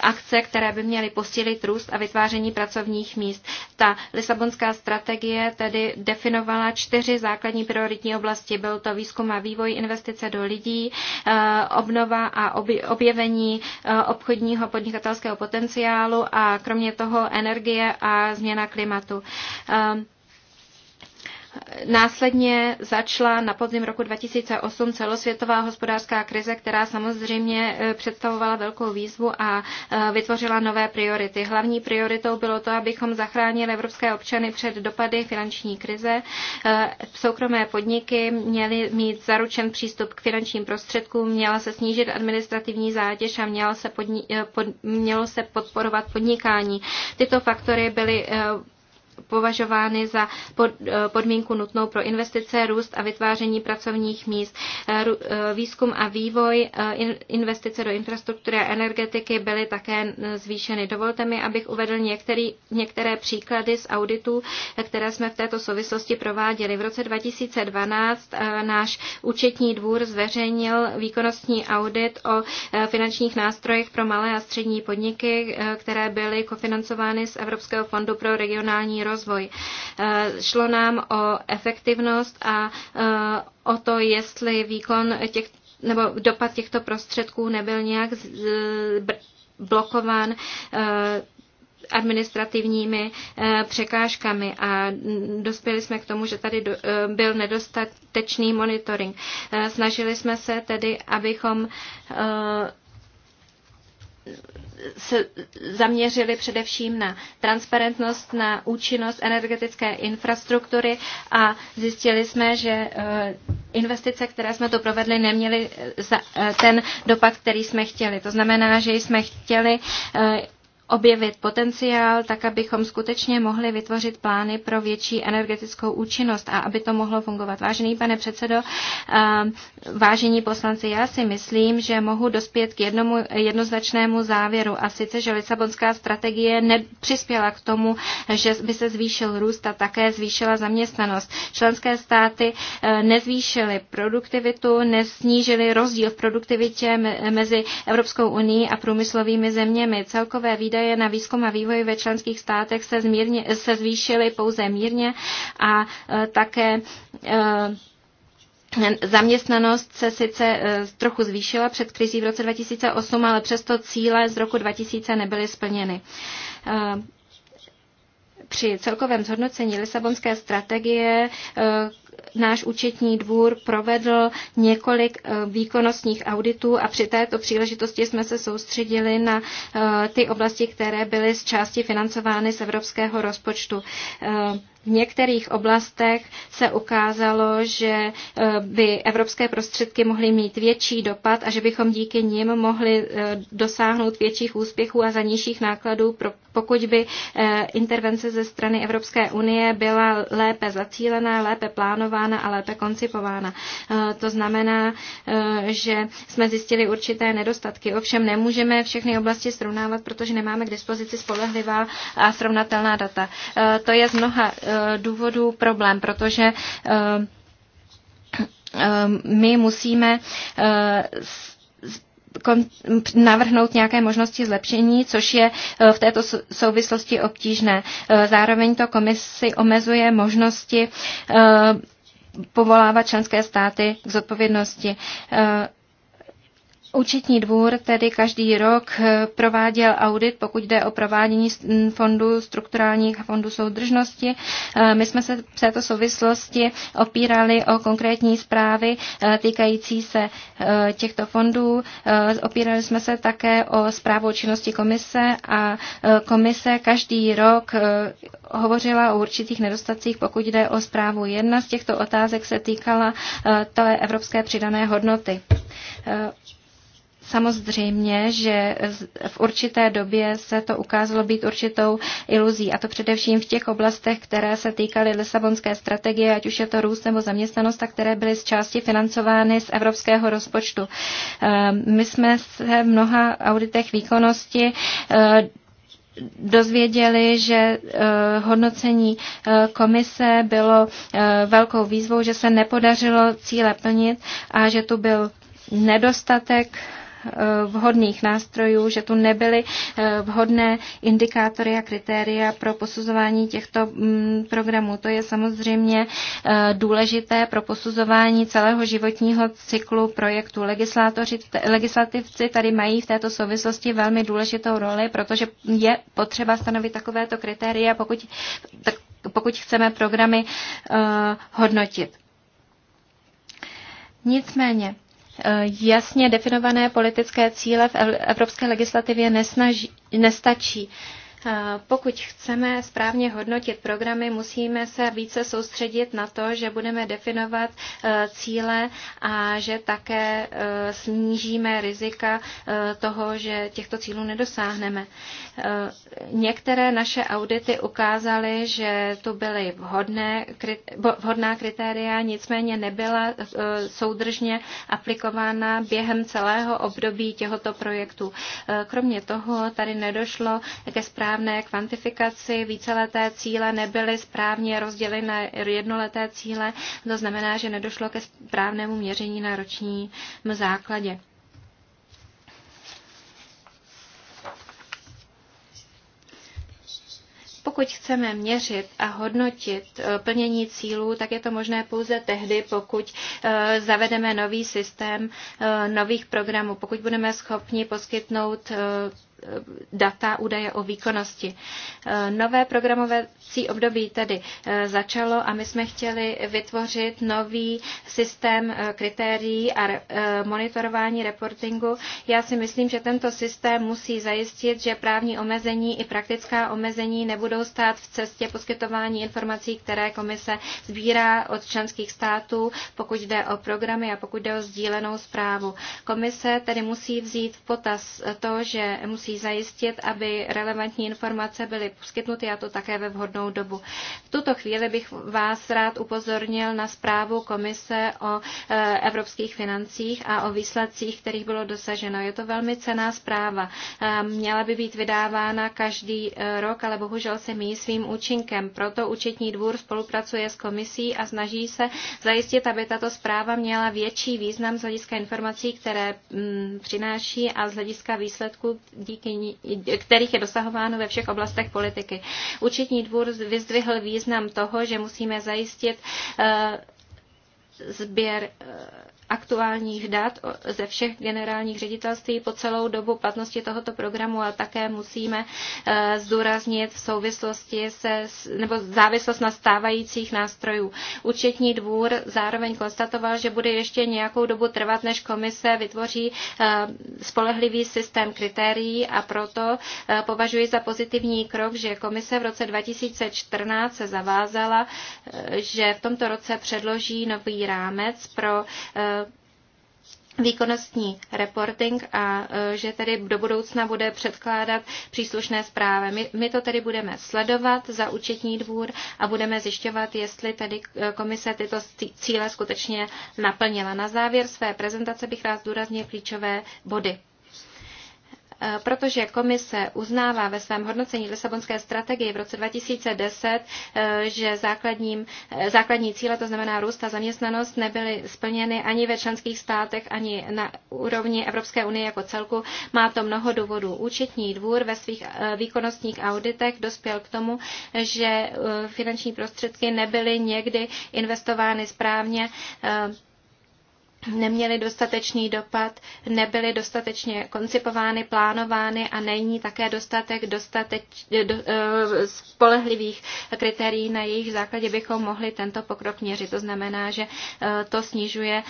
akce, které by měly posílit růst a vytváření pracovních míst. Ta Lisabonská strategie tedy definovala čtyři základní prioritní oblasti. Byl to výzkum a vývoj, investice do lidí, eh, obnova a objevení eh, obchodního podnikatelského potenciálu a kromě toho energie a změna klimatu. Ehm, Následně začala na podzim roku 2008 celosvětová hospodářská krize, která samozřejmě eh, představovala velkou výzvu a eh, vytvořila nové priority. Hlavní prioritou bylo to, abychom zachránili evropské občany před dopady finanční krize. Eh, soukromé podniky měly mít zaručen přístup k finančním prostředkům, měla se snížit administrativní zátěž a mělo se, podni- pod- mělo se podporovat podnikání. Tyto faktory byly považovány za eh, podmínku nutnou pro investice, růst a vytváření pracovních míst. Eh, eh, výzkum a vývoj, investice do infrastruktury a energetiky byly také zvýšeny. Dovolte mi, abych uvedl některý, některé příklady z auditů, které jsme v této souvislosti prováděli. V roce 2012 náš účetní dvůr zveřejnil výkonnostní audit o finančních nástrojích pro malé a střední podniky, které byly kofinancovány z Evropského fondu pro regionální rozvoj. Eh, šlo nám o efektivnost a eh, o to, jestli výkon těch, nebo dopad těchto prostředků nebyl nějak blokován eh, administrativními překážkami a dospěli jsme k tomu, že tady byl nedostatečný monitoring. Snažili jsme se tedy, abychom se zaměřili především na transparentnost, na účinnost energetické infrastruktury a zjistili jsme, že eh, investice, které jsme to provedli, neměly eh, eh, ten dopad, který jsme chtěli. To znamená, že jsme chtěli objevit potenciál, tak abychom skutečně mohli vytvořit plány pro větší energetickou účinnost a aby to mohlo fungovat. Vážený pane předsedo, ehm, vážení poslanci, já si myslím, že mohu dospět k jednomu jednoznačnému závěru a sice, že Lisabonská strategie nepřispěla k tomu, že by se zvýšil růst a také zvýšila zaměstnanost. Členské státy eh, nezvýšily produktivitu, nesnížily rozdíl v produktivitě mezi Evropskou unii a průmyslovými zeměmi. Celkové výdaje výdaje na výzkum a vývoj ve členských státech se, zmírně, se zvýšily pouze mírně a e, také e, Zaměstnanost se sice e, trochu zvýšila před krizí v roce 2008, ale přesto cíle z roku 2000 nebyly splněny. Při celkovém zhodnocení Lisabonské strategie náš účetní dvůr provedl několik eh, výkonnostních auditů a při této příležitosti jsme se soustředili na eh, ty oblasti, které byly z části financovány z evropského rozpočtu. Eh, v některých oblastech se ukázalo, že by evropské prostředky mohly mít větší dopad a že bychom díky nim mohli dosáhnout větších úspěchů a za nižších nákladů, pokud by intervence ze strany Evropské unie byla lépe zacílená, lépe plánovaná plánována a lépe koncipována. Eh, to znamená, eh, že jsme zjistili určité nedostatky. Ovšem nemůžeme všechny oblasti srovnávat, protože nemáme k dispozici spolehlivá a srovnatelná data. Eh, to je z mnoha důvodů problém, protože my musíme navrhnout nějaké možnosti zlepšení, což je v této souvislosti obtížné. Zároveň to komisi omezuje možnosti povolávat členské státy k zodpovědnosti. Eh, Účetní dvůr tedy každý rok eh, prováděl audit, pokud jde o provádění fondů strukturálních a fondů soudržnosti. Eh, my jsme se v této souvislosti opírali o konkrétní zprávy eh, týkající se těchto fondů. Opírali jsme se také o zprávu o činnosti komise a komise každý rok hovořila o určitých nedostacích, pokud jde o zprávu. Jedna z těchto otázek se týkala té evropské přidané hodnoty. Samozřejmě, že v určité době se to ukázalo být určitou iluzí, a to především v těch oblastech, které se týkaly Lisabonské strategie, ať už je to růst nebo zaměstnanost, a které byly z části financovány z evropského rozpočtu. Eh, my jsme se v mnoha auditech výkonnosti eh, dozvěděli, že eh, hodnocení komise bylo velkou výzvou, že se nepodařilo cíle plnit a že tu byl nedostatek Eh, vhodných nástrojů, že tu nebyly eh, vhodné indikátory a kritéria pro posuzování těchto mm, programů. To je samozřejmě eh, důležité pro posuzování celého životního cyklu projektu. Legislativci tady mají v této souvislosti velmi důležitou roli, protože je potřeba stanovit takovéto kritéria, pokud, tak, pokud chceme programy uh, hodnotit. Nicméně, Eh, jasně definované politické cíle v evropské legislativě nesnaží, nestačí. Pokud chceme správně hodnotit programy, musíme se více soustředit na to, že budeme definovat e, cíle a že také e, snížíme rizika e, toho, že těchto cílů nedosáhneme. Některé naše audity ukázaly, že tu byly vhodné, vhodná kritéria, nicméně nebyla soudržně aplikována během celého období těchto projektů. Kromě toho tady nedošlo ke správě správné kvantifikaci, víceleté cíle nebyly správně rozděleny na jednoleté cíle, to znamená, že nedošlo ke správnému měření na ročním základě. pokud chceme měřit a hodnotit eh, plnění cílů, tak je to možné pouze tehdy, pokud eh, zavedeme nový systém eh, nových programů, pokud budeme schopni poskytnout Eh, data, údaje o výkonnosti. Eh, nové programovací období tedy eh, začalo a my jsme chtěli vytvořit nový systém kritérií a monitorování reportingu. Já si myslím, že tento systém musí zajistit, že právní omezení i praktická omezení nebudou stát v cestě poskytování informací, které komise sbírá od členských států, pokud jde o programy a pokud jde o sdílenou zprávu. Komise tedy musí vzít v potaz to, že musí musí zajistit, aby relevantní informace byly poskytnuty a to také ve vhodnou dobu. V tuto chvíli bych vás rád upozornil na zprávu Komise o e, evropských financích a o výsledcích, kterých bylo dosaženo. Je to velmi cená zpráva. E, měla by být vydávána každý e, rok, ale bohužel se míjí svým účinkem. Proto účetní dvůr spolupracuje s komisí a snaží se zajistit, aby tato zpráva měla větší význam z hlediska informací, které mm, přináší a z hlediska výsledků, díky, kterých je dosahováno ve všech oblastech politiky. Účetní dvůr vyzdvihl význam toho, že musíme zajistit eh, sběr eh, aktuálních dat ze všech generálních ředitelství po celou dobu platnosti tohoto programu a také musíme eh, zdůraznit v souvislosti se, nebo závislost na stávajících nástrojů. Účetní dvůr zároveň konstatoval, že bude ještě nějakou dobu trvat, než komise vytvoří eh, spolehlivý systém kritérií a proto eh, považuji za pozitivní krok, že komise v roce 2014 se zavázala, že v tomto roce předloží nový rámec pro výkonnostní reporting a e, že tedy do budoucna bude předkládat příslušné zprávy. My, my to tedy budeme sledovat za účetní dvůr a budeme zjišťovat, jestli tedy e, komise tyto cíle skutečně naplnila. Na závěr své prezentace bych rád zdůraznil klíčové body. Eh, protože komise uznává ve svém hodnocení Lisabonské strategie v roce 2010, eh, že základním, eh, základní cíle, to znamená růst a zaměstnanost, nebyly splněny ani ve členských státech, ani na úrovni Evropské unie jako celku. Má to mnoho důvodů. Účetní dvůr ve svých výkonnostních auditech dospěl k tomu, že finanční prostředky nebyly někdy investovány správně neměly dostatečný dopad, nebyly dostatečně koncipovány, plánovány a není také dostatek dostateč, eh, do, eh, spolehlivých kritérií, na jejich základě bychom mohli tento pokrok měřit. To znamená, že eh, to snižuje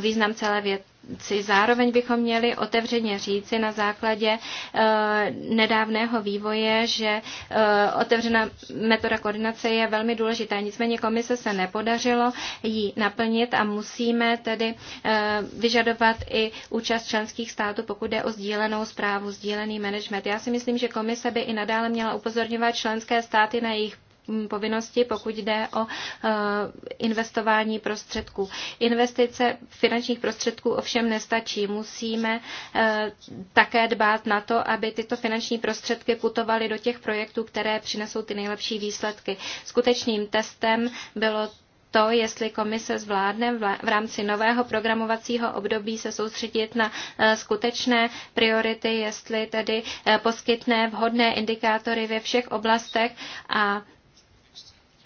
význam celé věc, si zároveň bychom měli otevřeně říci na základě eh, nedávného vývoje, že eh, otevřená metoda koordinace je velmi důležitá. Nicméně komise se nepodařilo ji naplnit a musíme tedy eh, vyžadovat i účast členských států, pokud jde o sdílenou zprávu, sdílený management. Já si myslím, že komise by i nadále měla upozorňovat členské státy na jejich Mm, povinnosti, pokud jde o eh, investování prostředků. Investice finančních prostředků ovšem nestačí. Musíme eh, také dbát na to, aby tyto finanční prostředky putovaly do těch projektů, které přinesou ty nejlepší výsledky. Skutečným testem bylo to, jestli komise zvládne v rámci nového programovacího období se soustředit na eh, skutečné priority, jestli tedy poskytne vhodné indikátory ve všech oblastech a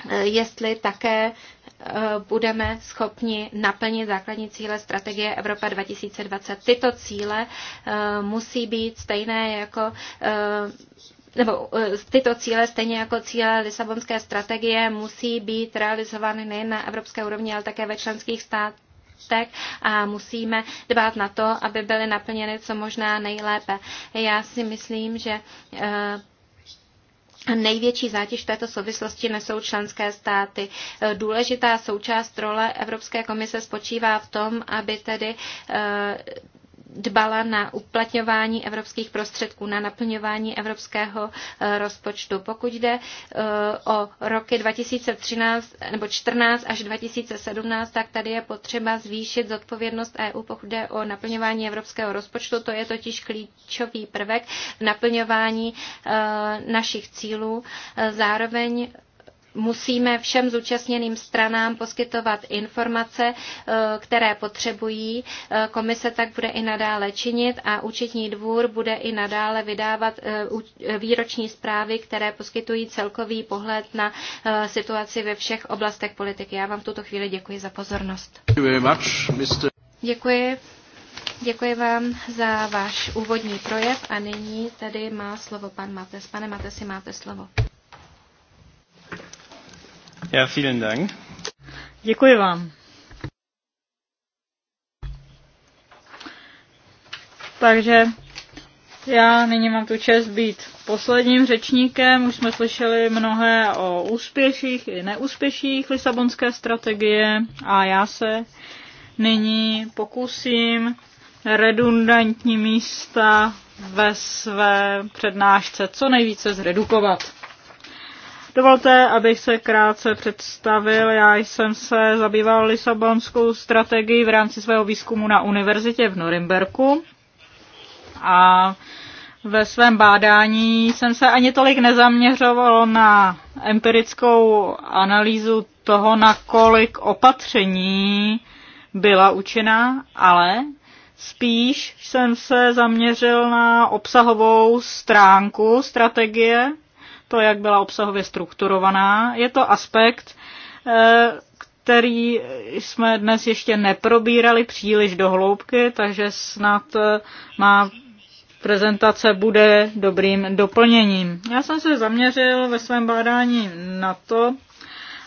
Eh, jestli také eh, budeme schopni naplnit základní cíle strategie Evropa 2020. Tyto cíle eh, musí být stejné jako nebo tyto cíle, stejně jako cíle Lisabonské strategie, musí být realizovány nejen na evropské úrovni, ale také ve členských státech a musíme dbát na to, aby byly naplněny co možná nejlépe. Já si myslím, že Největší zátěž v této souvislosti nesou členské státy. Eh, důležitá součást role Evropské komise spočívá v tom, aby tedy eh, dbala na uplatňování evropských prostředků, na naplňování evropského eh, rozpočtu. Pokud jde eh, o roky 2013 nebo 14 až 2017, tak tady je potřeba zvýšit zodpovědnost EU, pokud jde o naplňování evropského rozpočtu. To je totiž klíčový prvek v naplňování eh, našich cílů. Zároveň musíme všem zúčastněným stranám poskytovat informace, eh, které potřebují. Eh, komise tak bude i nadále činit a účetní dvůr bude i nadále vydávat eh, výroční zprávy, které poskytují celkový pohled na situaci ve všech oblastech politiky. Já vám v tuto chvíli děkuji za pozornost. Děkuji. Děkuji vám za váš úvodní projev a nyní tedy má slovo pan Mates. Pane Matesi, máte slovo. Ja, vielen Dank. Děkuji vám. Takže já nyní mám tu čest být posledním řečníkem. Už jsme slyšeli mnohé o úspěších i neúspěších Lisabonské strategie a já se nyní pokusím redundantní místa ve své přednášce co nejvíce zredukovat. Dovolte, abych se krátce představil. Já jsem se zabýval Lisabonskou strategií v rámci svého výzkumu na univerzitě v Norimberku a ve svém bádání jsem se ani tolik nezaměřoval na empirickou analýzu toho, na kolik opatření byla učena, ale spíš jsem se zaměřil na obsahovou stránku strategie to, jak byla obsahově strukturovaná. Je to aspekt, eh, který jsme dnes ještě neprobírali příliš do hloubky, takže snad eh, má prezentace bude dobrým doplněním. Já jsem se zaměřil ve svém bádání na to,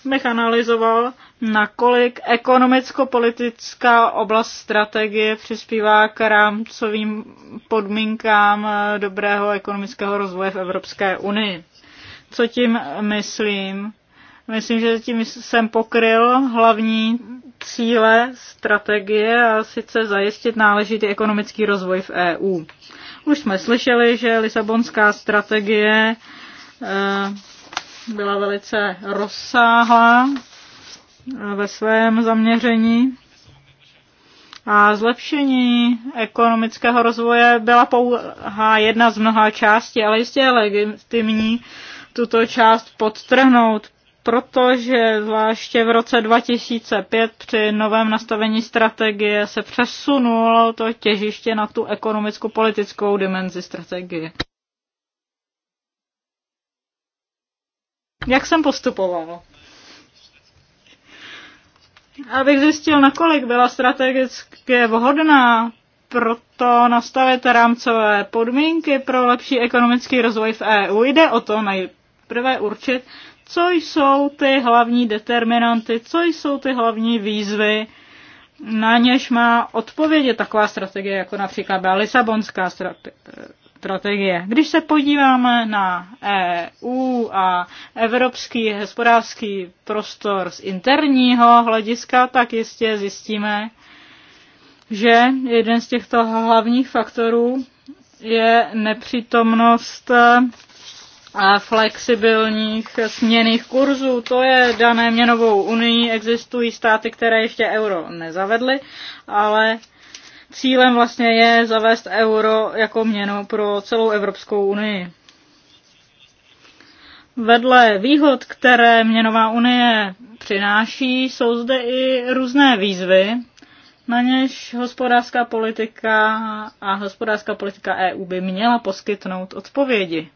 bych analyzoval, nakolik ekonomicko-politická oblast strategie přispívá k rámcovým podmínkám eh, dobrého ekonomického rozvoje v Evropské unii co tím myslím. Myslím, že tím jsem pokryl hlavní cíle strategie a sice zajistit náležitý ekonomický rozvoj v EU. Už jsme slyšeli, že Lisabonská strategie eh, byla velice rozsáhlá eh, ve svém zaměření a zlepšení ekonomického rozvoje byla pouhá jedna z mnoha částí, ale jistě je legitimní tuto část podtrhnout, protože zvláště v roce 2005 při novém nastavení strategie se přesunulo to těžiště na tu ekonomicko-politickou dimenzi strategie. Jak jsem postupoval? Abych zjistil, nakolik byla strategicky vhodná, proto nastavit rámcové podmínky pro lepší ekonomický rozvoj v EU. Jde o to teprve určit, co jsou ty hlavní determinanty, co jsou ty hlavní výzvy, na něž má odpovědět taková strategie, jako například byla Lisabonská strategie. Když se podíváme na EU a evropský hospodářský prostor z interního hlediska, tak jistě zjistíme, že jeden z těchto hlavních faktorů je nepřítomnost a flexibilních směných kurzů. To je dané měnovou unii. Existují státy, které ještě euro nezavedly, ale cílem vlastně je zavést euro jako měnu pro celou Evropskou unii. Vedle výhod, které měnová unie přináší, jsou zde i různé výzvy, na něž hospodářská politika a hospodářská politika EU by měla poskytnout odpovědi.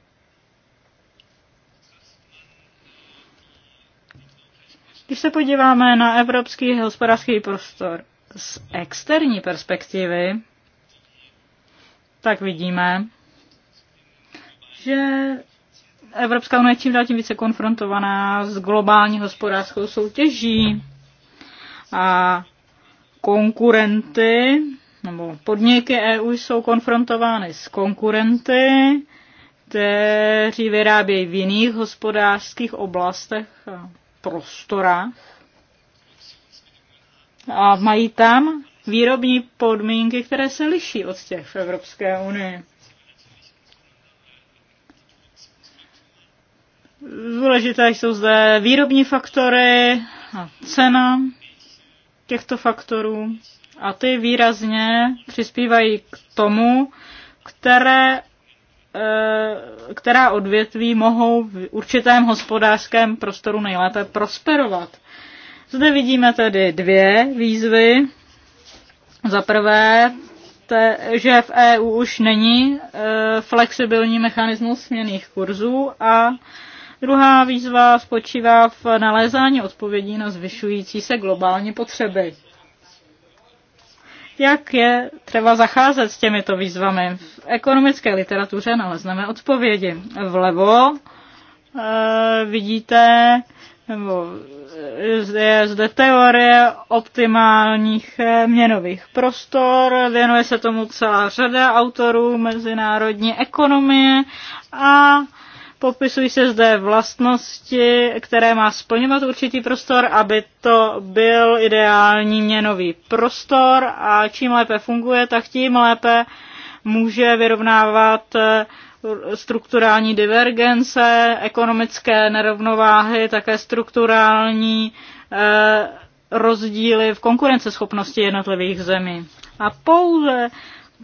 Když se podíváme na evropský hospodářský prostor z externí perspektivy, tak vidíme, že Evropská unie je čím dál tím více konfrontovaná s globální hospodářskou soutěží a konkurenty nebo podniky EU jsou konfrontovány s konkurenty, kteří vyrábějí v jiných hospodářských oblastech a prostorách a mají tam výrobní podmínky, které se liší od těch v Evropské unii. Důležité jsou zde výrobní faktory a cena těchto faktorů a ty výrazně přispívají k tomu, které Eh, která odvětví mohou v určitém hospodářském prostoru nejlépe prosperovat. Zde vidíme tedy dvě výzvy. Za prvé, te, že v EU už není eh, flexibilní mechanismus směných kurzů a druhá výzva spočívá v nalézání odpovědí na zvyšující se globální potřeby jak je třeba zacházet s těmito výzvami. V ekonomické literatuře nalezneme odpovědi. Vlevo e, vidíte, nebo eh, je zde teorie optimálních eh, měnových prostor, věnuje se tomu celá řada autorů mezinárodní ekonomie a popisují se zde vlastnosti, které má splňovat určitý prostor, aby to byl ideální měnový prostor a čím lépe funguje, tak tím lépe může vyrovnávat eh, strukturální divergence, ekonomické nerovnováhy, také strukturální eh, rozdíly v konkurenceschopnosti jednotlivých zemí. A pouze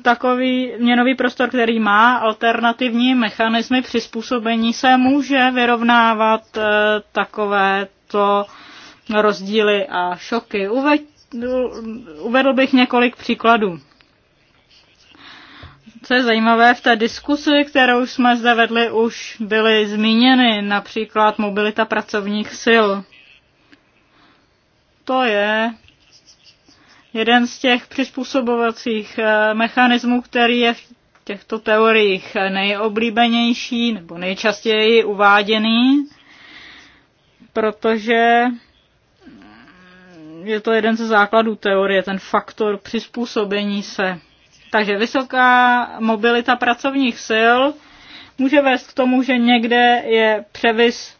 takový měnový prostor, který má alternativní mechanismy přizpůsobení, se může vyrovnávat eh, takovéto rozdíly a šoky. uvedl bych několik příkladů. Co je zajímavé, v té diskusi, kterou jsme zde vedli, už byly zmíněny například mobilita pracovních sil. To je jeden z těch přizpůsobovacích eh, mechanismů, který je v těchto teoriích nejoblíbenější nebo nejčastěji uváděný, protože je to jeden ze základů teorie, ten faktor přizpůsobení se. Takže vysoká mobilita pracovních sil může vést k tomu, že někde je převis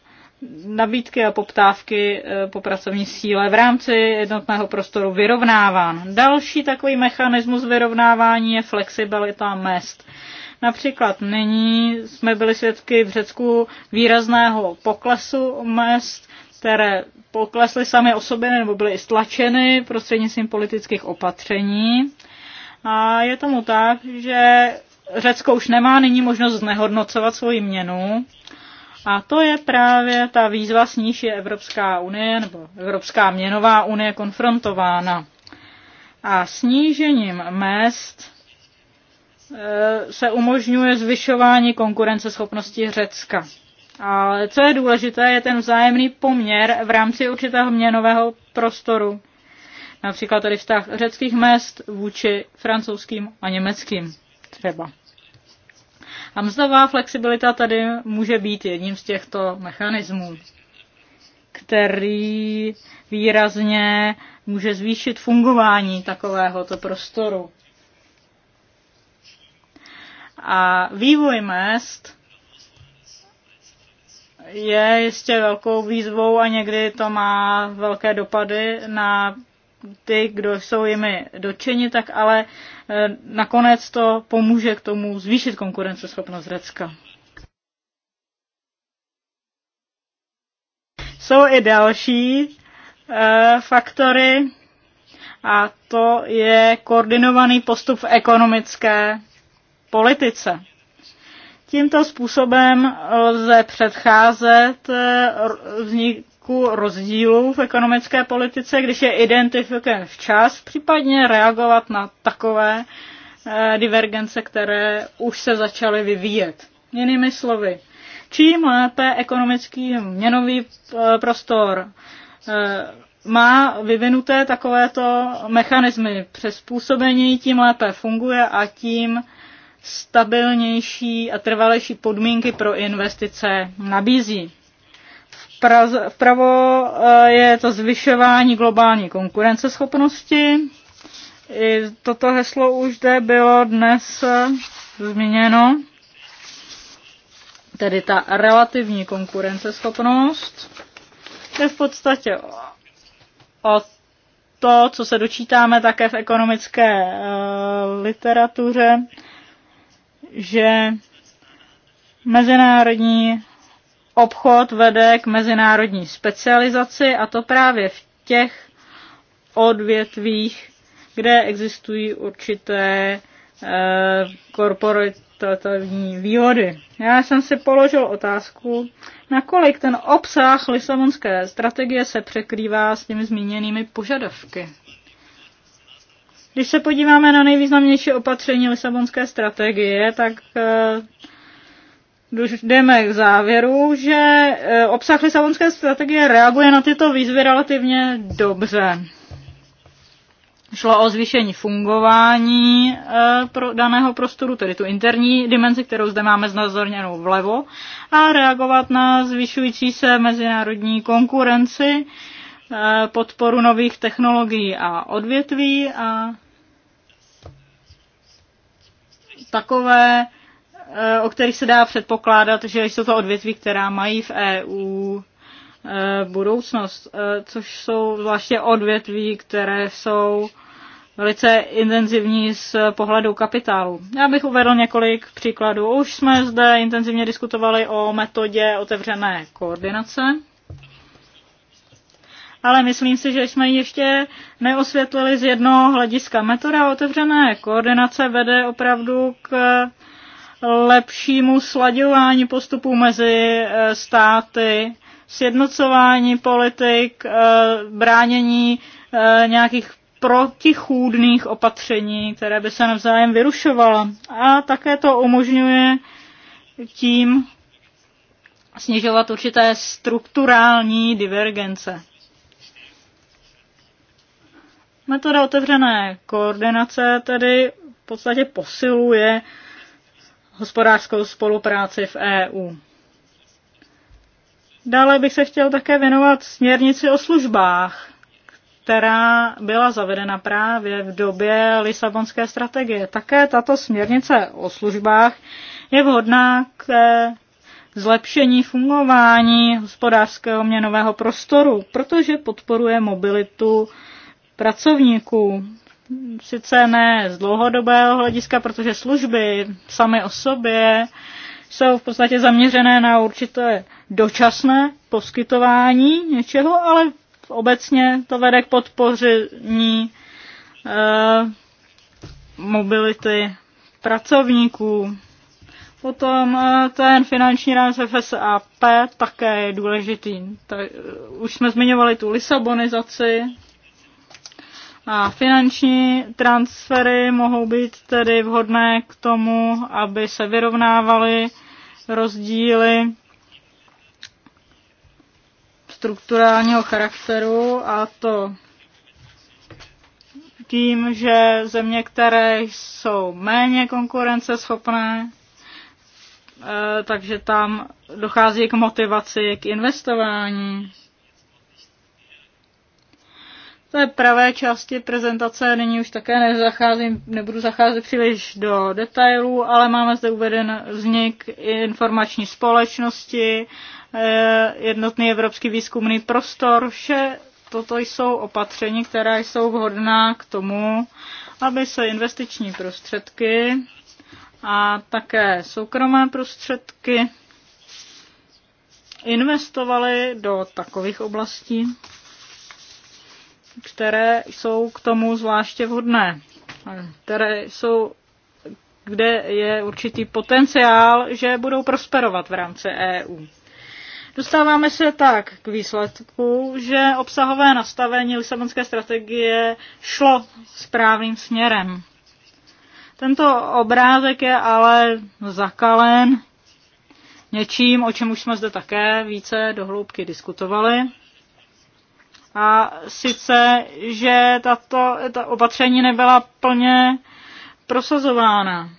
nabídky a poptávky eh, po pracovní síle v rámci jednotného prostoru vyrovnáván. Další takový mechanismus vyrovnávání je flexibilita mest. Například nyní jsme byli svědky v Řecku výrazného poklesu mest, které poklesly sami o sobě nebo byly stlačeny prostřednictvím politických opatření. A je tomu tak, že Řecko už nemá nyní možnost znehodnocovat svoji měnu a to je právě ta výzva, s níž je Evropská unie nebo Evropská měnová unie konfrontována. A snížením mest e, se umožňuje zvyšování konkurenceschopnosti Řecka. Ale co je důležité, je ten vzájemný poměr v rámci určitého měnového prostoru. Například tedy vztah řeckých mest vůči francouzským a německým třeba. A mzdová flexibilita tady může být jedním z těchto mechanismů, který výrazně může zvýšit fungování takovéhoto prostoru. A vývoj mest je jistě velkou výzvou a někdy to má velké dopady na ty, kdo jsou jimi dočeni, tak ale eh, nakonec to pomůže k tomu zvýšit konkurenceschopnost Řecka. Jsou i další eh, faktory a to je koordinovaný postup v ekonomické politice. Tímto způsobem lze předcházet eh, vznik, otázku rozdílů v ekonomické politice, když je identifikujeme včas, případně reagovat na takové eh, divergence, které už se začaly vyvíjet. Jinými slovy, čím lépe ekonomický měnový eh, prostor eh, má vyvinuté takovéto mechanismy přizpůsobení, tím lépe funguje a tím stabilnější a trvalejší podmínky pro investice nabízí. Vpravo eh, je to zvyšování globální konkurenceschopnosti. I toto heslo už zde bylo dnes eh, změněno. Tedy ta relativní konkurenceschopnost je v podstatě o to, co se dočítáme také v ekonomické e, literatuře, že mezinárodní obchod vede k mezinárodní specializaci a to právě v těch odvětvích, kde existují určité eh, korporativní výhody. Já jsem si položil otázku, nakolik ten obsah Lisabonské strategie se překrývá s těmi zmíněnými požadavky. Když se podíváme na nejvýznamnější opatření Lisabonské strategie, tak eh, jdeme k závěru, že e, obsah Lisabonské strategie reaguje na tyto výzvy relativně dobře. Šlo o zvýšení fungování e, pro daného prostoru, tedy tu interní dimenzi, kterou zde máme znázorněnou vlevo, a reagovat na zvyšující se mezinárodní konkurenci, e, podporu nových technologií a odvětví a takové Eh, o kterých se dá předpokládat, že jsou to odvětví, která mají v EU eh, budoucnost, eh, což jsou zvláště odvětví, které jsou velice intenzivní z pohledu kapitálu. Já bych uvedl několik příkladů. Už jsme zde intenzivně diskutovali o metodě otevřené koordinace, ale myslím si, že jsme ji ještě neosvětlili z jednoho hlediska. Metoda otevřené koordinace vede opravdu k lepšímu slaďování postupů mezi e, státy, sjednocování politik, e, bránění e, nějakých protichůdných opatření, které by se navzájem vyrušovala. A také to umožňuje tím snižovat určité strukturální divergence. Metoda otevřené koordinace tedy v podstatě posiluje hospodářskou spolupráci v EU. Dále bych se chtěl také věnovat směrnici o službách, která byla zavedena právě v době Lisabonské strategie. Také tato směrnice o službách je vhodná k zlepšení fungování hospodářského měnového prostoru, protože podporuje mobilitu pracovníků sice ne z dlouhodobého hlediska, protože služby samy o sobě jsou v podstatě zaměřené na určité dočasné poskytování něčeho, ale obecně to vede k podpoření e, mobility pracovníků. Potom eh, ten finanční rámec FSAP také je důležitý. Tak, eh, už jsme zmiňovali tu Lisabonizaci, a finanční transfery mohou být tedy vhodné k tomu, aby se vyrovnávaly rozdíly strukturálního charakteru a to tím, že země, které jsou méně konkurenceschopné, eh, takže tam dochází k motivaci, k investování té pravé části prezentace nyní už také nezacházím, nebudu zacházet příliš do detailů, ale máme zde uveden vznik informační společnosti, eh, jednotný evropský výzkumný prostor, vše toto jsou opatření, která jsou vhodná k tomu, aby se investiční prostředky a také soukromé prostředky investovaly do takových oblastí, které jsou k tomu zvláště vhodné, které jsou, kde je určitý potenciál, že budou prosperovat v rámci EU. Dostáváme se tak k výsledku, že obsahové nastavení Lisabonské strategie šlo správným směrem. Tento obrázek je ale zakalen něčím, o čem už jsme zde také více dohloubky diskutovali. A sice, že tato ta opatření nebyla plně prosazována.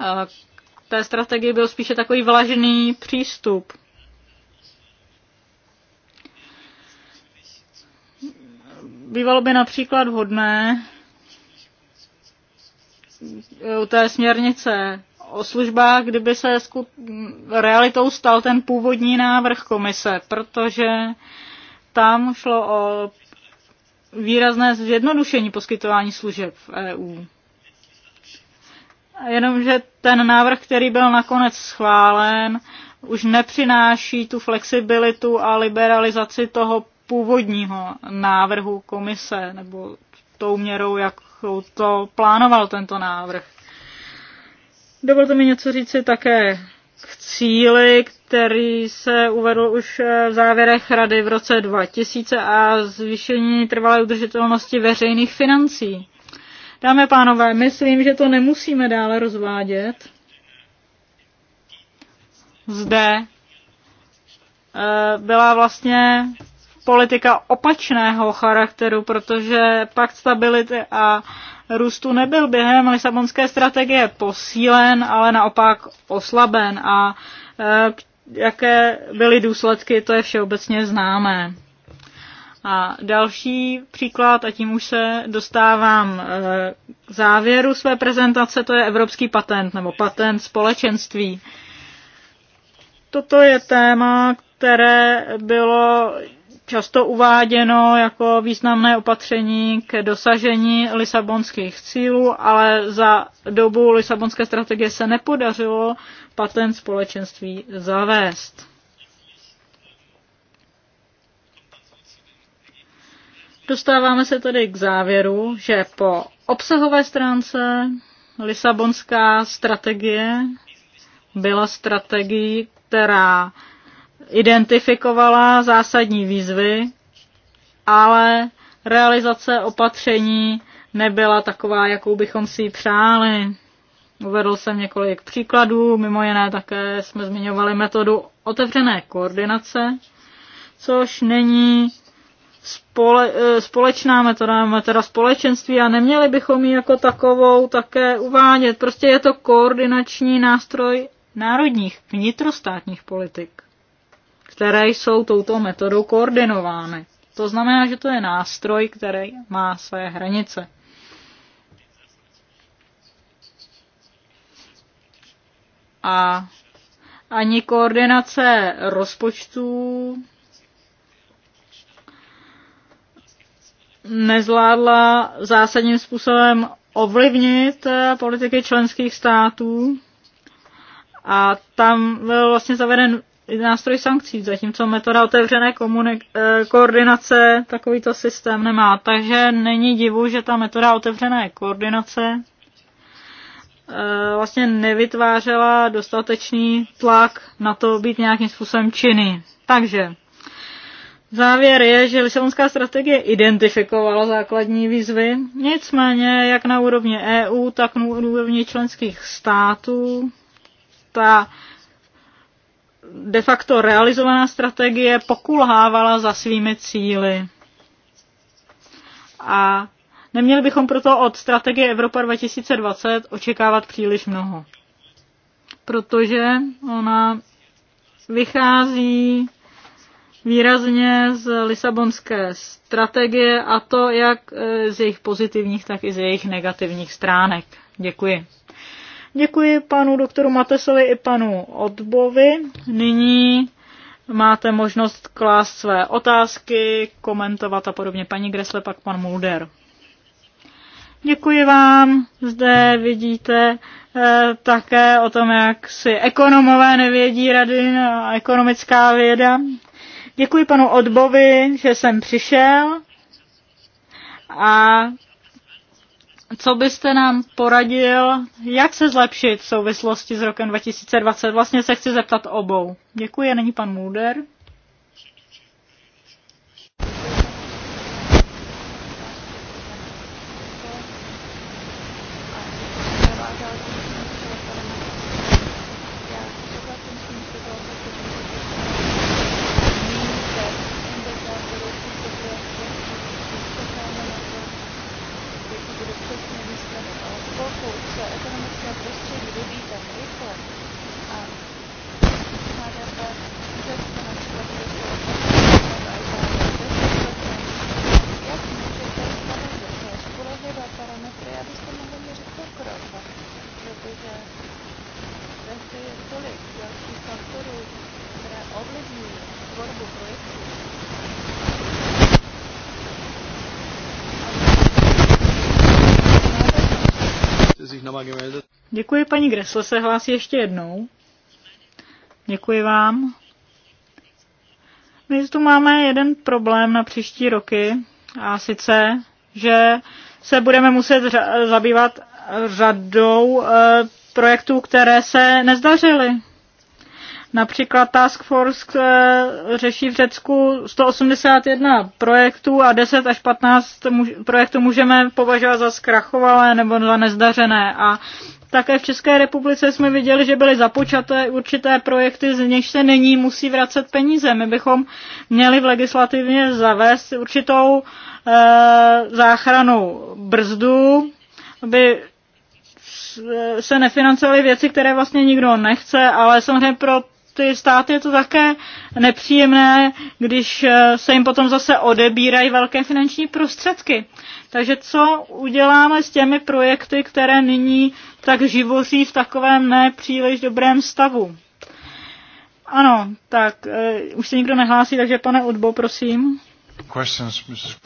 A k té strategii byl spíše takový vlažný přístup. Bývalo by například vhodné u té směrnice o službách, kdyby se realitou stal ten původní návrh komise, protože tam šlo o výrazné zjednodušení poskytování služeb v EU. Jenomže ten návrh, který byl nakonec schválen, už nepřináší tu flexibilitu a liberalizaci toho původního návrhu komise, nebo tou měrou, jakou to plánoval tento návrh. Dovolte mi něco říci také k cíli, který se uvedl už eh, v závěrech rady v roce 2000 a zvýšení trvalé udržitelnosti veřejných financí. Dámy a pánové, myslím, že to nemusíme dále rozvádět. Zde eh, byla vlastně politika opačného charakteru, protože pakt stability a růstu nebyl během Lisabonské strategie posílen, ale naopak oslaben a k eh, jaké byly důsledky, to je všeobecně známé. A další příklad, a tím už se dostávám eh, k závěru své prezentace, to je evropský patent nebo patent společenství. Toto je téma, které bylo často uváděno jako významné opatření k dosažení lisabonských cílů, ale za dobu lisabonské strategie se nepodařilo patent společenství zavést. Dostáváme se tedy k závěru, že po obsahové stránce Lisabonská strategie byla strategií, která identifikovala zásadní výzvy, ale realizace opatření nebyla taková, jakou bychom si ji přáli. Uvedl jsem několik příkladů, mimo jiné také jsme zmiňovali metodu otevřené koordinace, což není spole, eh, společná metoda, metoda společenství a neměli bychom ji jako takovou také uvádět. Prostě je to koordinační nástroj národních vnitrostátních politik, které jsou touto metodou koordinovány. To znamená, že to je nástroj, který má své hranice. a ani koordinace rozpočtů nezvládla zásadním způsobem ovlivnit eh, politiky členských států a tam byl vlastně zaveden nástroj sankcí, zatímco metoda otevřené eh, koordinace takovýto systém nemá. Takže není divu, že ta metoda otevřené koordinace Eh, vlastně nevytvářela dostatečný tlak na to být nějakým způsobem činný. Takže závěr je, že Lisabonská strategie identifikovala základní výzvy, nicméně jak na úrovni EU, tak na úrovni členských států ta de facto realizovaná strategie pokulhávala za svými cíly. A Neměli bychom proto od strategie Evropa 2020 očekávat příliš mnoho, protože ona vychází výrazně z Lisabonské strategie a to jak e, z jejich pozitivních, tak i z jejich negativních stránek. Děkuji. Děkuji panu doktoru Matesovi i panu Odbovi. Nyní máte možnost klást své otázky, komentovat a podobně. Paní Gresle, pak pan Mulder. Děkuji vám. Zde vidíte eh, také o tom, jak si ekonomové nevědí rady a ekonomická věda. Děkuji panu Odbovi, že jsem přišel. A co byste nám poradil, jak se zlepšit v souvislosti s rokem 2020? Vlastně se chci zeptat obou. Děkuji, není pan můder. Děkuji, paní Gressle se hlásí ještě jednou. Děkuji vám. My tu máme jeden problém na příští roky a sice, že se budeme muset zabývat řadou e, projektů, které se nezdařily. Například Task Force eh, řeší v Řecku 181 projektů a 10 až 15 projektů můžeme považovat za zkrachovalé nebo za nezdařené. A také v České republice jsme viděli, že byly započaté určité projekty, z nichž se nyní musí vracet peníze. My bychom měli v legislativně zavést určitou e, záchranu brzdu, aby se nefinancovaly věci, které vlastně nikdo nechce, ale samozřejmě pro ty státy je to také nepříjemné, když eh, se jim potom zase odebírají velké finanční prostředky. Takže co uděláme s těmi projekty, které nyní tak živoří v takovém nepříliš dobrém stavu? Ano, tak e, už se nikdo nehlásí, takže pane Udbo, prosím. Questions, Mrs.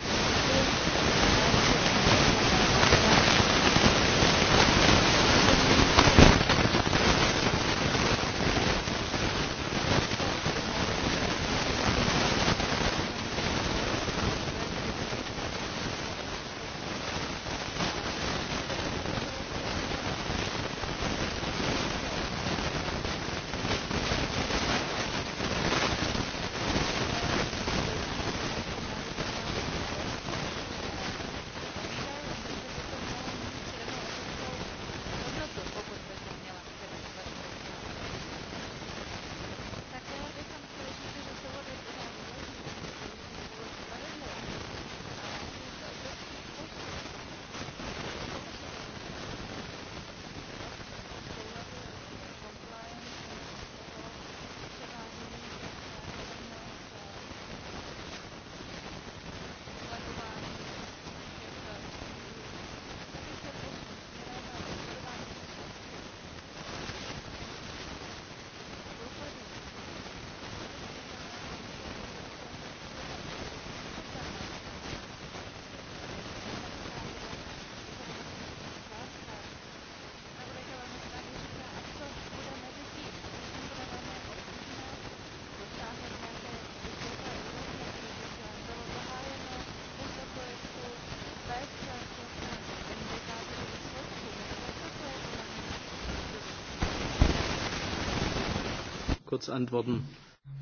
kurz antworten.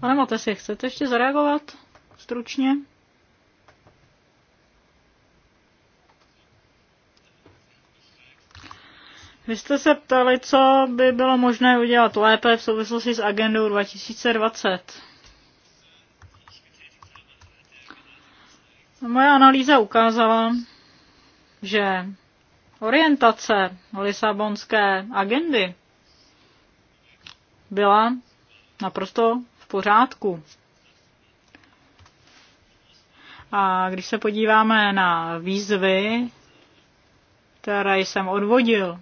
Pane Matesi, chcete ještě zareagovat stručně? Vy jste se ptali, co by bylo možné udělat lépe v souvislosti s agendou 2020. Moje analýza ukázala, že orientace Lisabonské agendy byla naprosto v pořádku. A když se podíváme na výzvy, které jsem odvodil,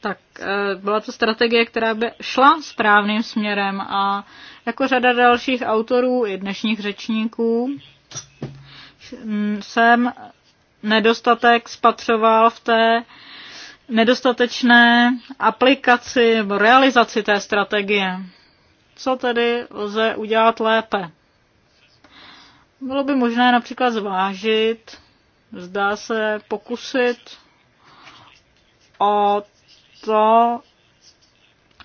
tak eh, byla to strategie, která by šla správným směrem a jako řada dalších autorů i dnešních řečníků jsem nedostatek spatřoval v té nedostatečné aplikaci nebo realizaci té strategie. Co tedy lze udělat lépe? Bylo by možné například zvážit, zdá se pokusit o to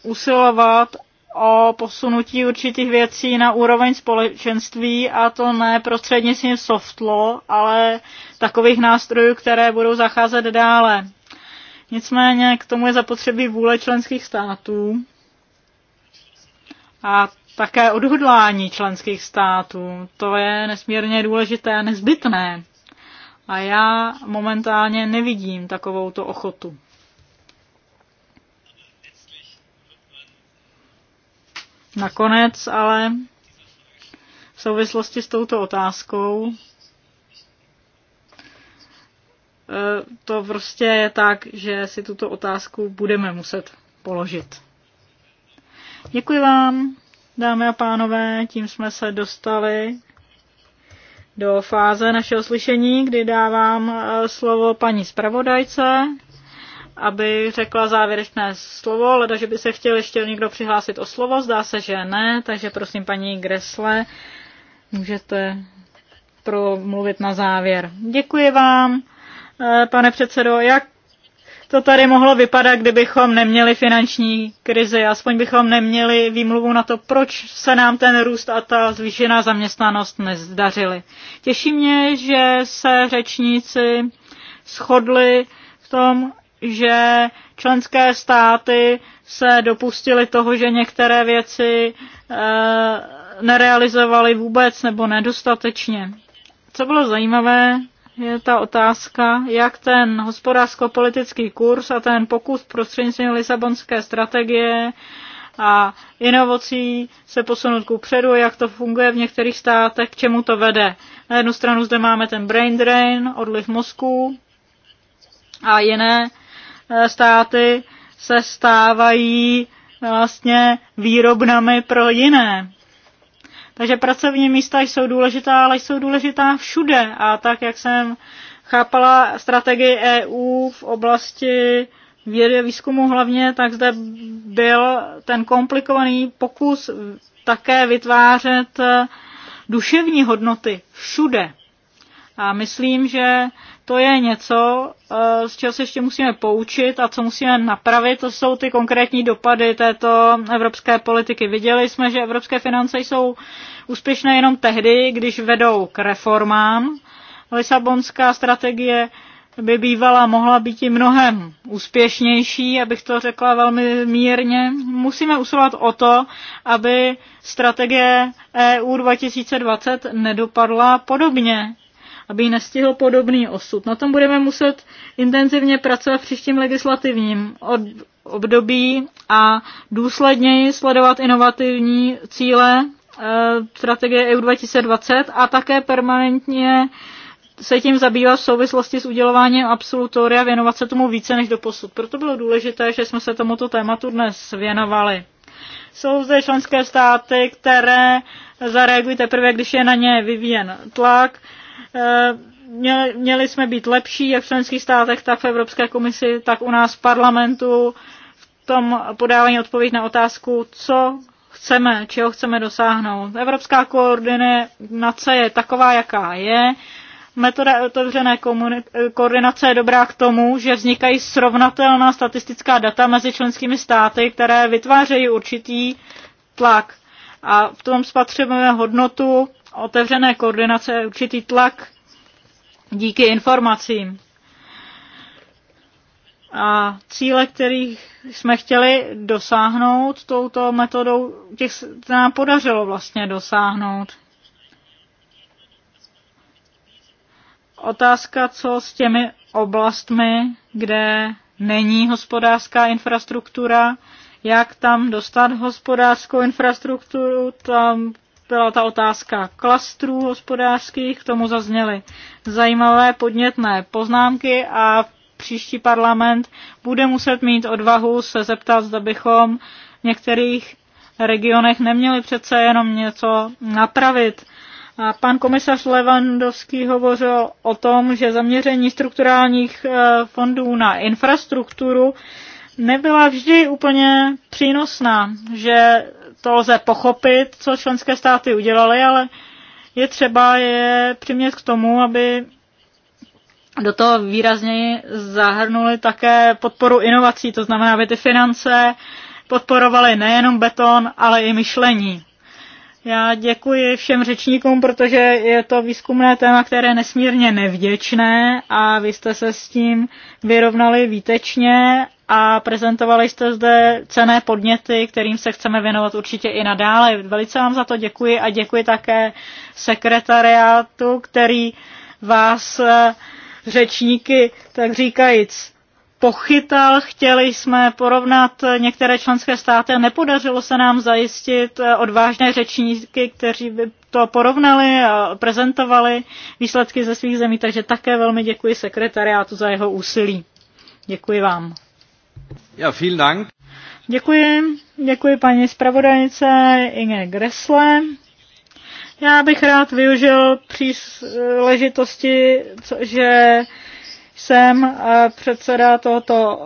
usilovat o posunutí určitých věcí na úroveň společenství a to ne prostřednictvím softlo, ale takových nástrojů, které budou zacházet dále. Nicméně k tomu je zapotřebí vůle členských států a také odhodlání členských států. To je nesmírně důležité a nezbytné. A já momentálně nevidím takovou to ochotu. Nakonec ale v souvislosti s touto otázkou E, to prostě je tak, že si tuto otázku budeme muset položit. Děkuji vám, dámy a pánové, tím jsme se dostali do fáze našeho slyšení, kdy dávám e, slovo paní zpravodajce, aby řekla závěrečné slovo, leda, že by se chtěl ještě někdo přihlásit o slovo, zdá se, že ne, takže prosím paní Gresle, můžete promluvit na závěr. Děkuji vám. Eh, pane předsedo, jak to tady mohlo vypadat, kdybychom neměli finanční krizi, aspoň bychom neměli výmluvu na to, proč se nám ten růst a ta zvýšená zaměstnanost nezdařily. Těší mě, že se řečníci shodli v tom, že členské státy se dopustily toho, že některé věci e, nerealizovaly vůbec nebo nedostatečně. Co bylo zajímavé, je ta otázka, jak ten hospodářsko-politický kurz a ten pokus prostřednictvím Lisabonské strategie a inovací se posunout ku předu, jak to funguje v některých státech, k čemu to vede. Na jednu stranu zde máme ten brain drain, odliv mozků a jiné eh, státy se stávají eh, vlastně výrobnami pro jiné. Takže pracovní místa jsou důležitá, ale jsou důležitá všude. A tak, jak jsem chápala strategii EU v oblasti vědy a výzkumu hlavně, tak zde byl ten komplikovaný pokus také vytvářet duševní hodnoty všude. A myslím, že to je něco, eh, z čeho se ještě musíme poučit a co musíme napravit, to jsou ty konkrétní dopady této evropské politiky. Viděli jsme, že evropské finance jsou úspěšné jenom tehdy, když vedou k reformám. Lisabonská strategie by bývala mohla být i mnohem úspěšnější, abych to řekla velmi mírně. Musíme usilovat o to, aby strategie EU 2020 nedopadla podobně aby ji nestihl podobný osud. Na tom budeme muset intenzivně pracovat v příštím legislativním období a důsledněji sledovat inovativní cíle eh, strategie EU 2020 a také permanentně se tím zabývat v souvislosti s udělováním absolutoria, věnovat se tomu více než do posud. Proto bylo důležité, že jsme se tomuto tématu dnes věnovali. Jsou zde členské státy, které zareagují teprve, když je na ně vyvíjen tlak. Eh, měli jsme být lepší jak v členských státech, tak v Evropské komisi, tak u nás v parlamentu v tom podávání odpověď na otázku, co chceme, čeho chceme dosáhnout. Evropská koordinace je taková, jaká je. Metoda otevřené koordinace je dobrá k tomu, že vznikají srovnatelná statistická data mezi členskými státy, které vytvářejí určitý tlak. A v tom spatřujeme hodnotu otevřené koordinace určitý tlak díky informacím. A cíle, kterých jsme chtěli dosáhnout touto metodou, těch se nám podařilo vlastně dosáhnout. Otázka, co s těmi oblastmi, kde není hospodářská infrastruktura, jak tam dostat hospodářskou infrastrukturu, tam byla ta otázka klastrů hospodářských, k tomu zazněly zajímavé podnětné poznámky a příští parlament bude muset mít odvahu se zeptat, zda bychom v některých regionech neměli přece jenom něco napravit. A pan komisař Levandovský hovořil o tom, že zaměření strukturálních eh, fondů na infrastrukturu nebyla vždy úplně přínosná, že to lze pochopit, co členské státy udělaly, ale je třeba je přimět k tomu, aby do toho výrazněji zahrnuli také podporu inovací, to znamená, aby ty finance podporovaly nejenom beton, ale i myšlení. Já děkuji všem řečníkům, protože je to výzkumné téma, které je nesmírně nevděčné a vy jste se s tím vyrovnali výtečně a prezentovali jste zde cené podněty, kterým se chceme věnovat určitě i nadále. Velice vám za to děkuji a děkuji také sekretariátu, který vás eh, řečníky, tak říkajíc, pochytal. Chtěli jsme porovnat některé členské státy a nepodařilo se nám zajistit eh, odvážné řečníky, kteří by to porovnali a prezentovali výsledky ze svých zemí, takže také velmi děkuji sekretariátu za jeho úsilí. Děkuji vám. Ja, vielen Dank. Děkuji, děkuji paní zpravodajce Inge Gressle. Já bych rád využil příležitosti, že jsem eh, předseda tohoto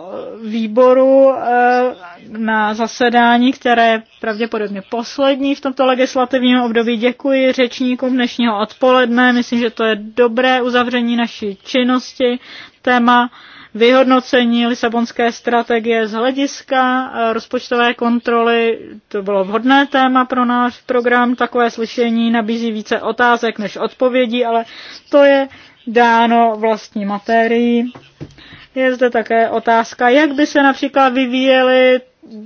výboru eh, na zasedání, které je pravděpodobně poslední v tomto legislativním období. Děkuji řečníkům dnešního odpoledne. Myslím, že to je dobré uzavření naší činnosti. Téma vyhodnocení Lisabonské strategie z hlediska eh, rozpočtové kontroly. To bylo vhodné téma pro náš program. Takové slyšení nabízí více otázek než odpovědí, ale to je dáno vlastní materií. Je zde také otázka, jak by se například vyvíjely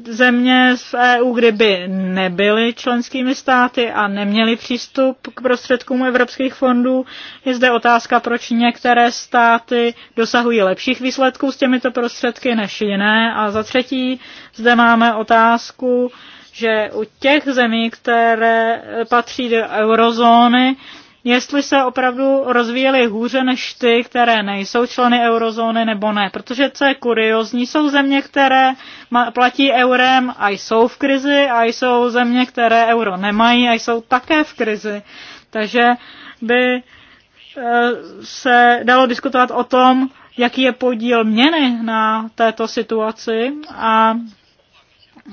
země z EU, kdyby nebyly členskými státy a neměly přístup k prostředkům evropských fondů. Je zde otázka, proč některé státy dosahují lepších výsledků s těmito prostředky než jiné. A za třetí, zde máme otázku, že u těch zemí, které patří do eurozóny, jestli se opravdu rozvíjely hůře než ty, které nejsou členy eurozóny nebo ne. Protože co je kuriozní, jsou země, které platí eurem a jsou v krizi a jsou země, které euro nemají a jsou také v krizi. Takže by e, se dalo diskutovat o tom, jaký je podíl měny na této situaci a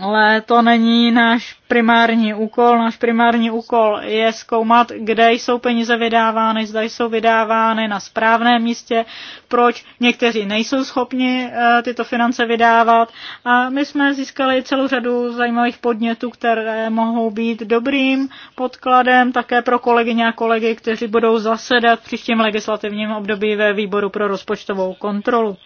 ale to není náš primární úkol. Náš primární úkol je zkoumat, kde jsou peníze vydávány, zda jsou vydávány na správném místě, proč někteří nejsou schopni eh, tyto finance vydávat. A my jsme získali celou řadu zajímavých podnětů, které mohou být dobrým podkladem také pro kolegyně a kolegy, kteří budou zasedat v příštím legislativním období ve výboru pro rozpočtovou kontrolu.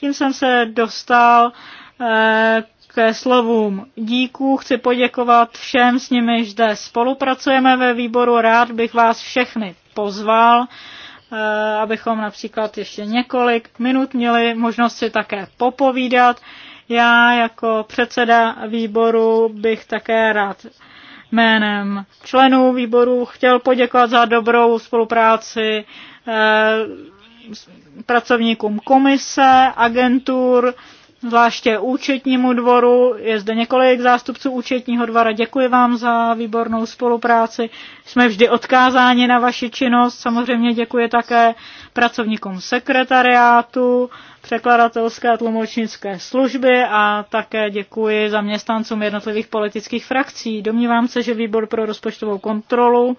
Tím jsem se dostal eh, ke slovům díků. Chci poděkovat všem, s nimi zde spolupracujeme ve výboru. Rád bych vás všechny pozval, eh, abychom například ještě několik minut měli možnost si také popovídat. Já jako předseda výboru bych také rád jménem členů výboru chtěl poděkovat za dobrou spolupráci eh, pracovníkům komise, agentur, zvláště účetnímu dvoru. Je zde několik zástupců účetního dvora. Děkuji vám za výbornou spolupráci. Jsme vždy odkázáni na vaši činnost. Samozřejmě děkuji také pracovníkům sekretariátu, překladatelské a tlumočnické služby a také děkuji zaměstnancům jednotlivých politických frakcí. Domnívám se, že výbor pro rozpočtovou kontrolu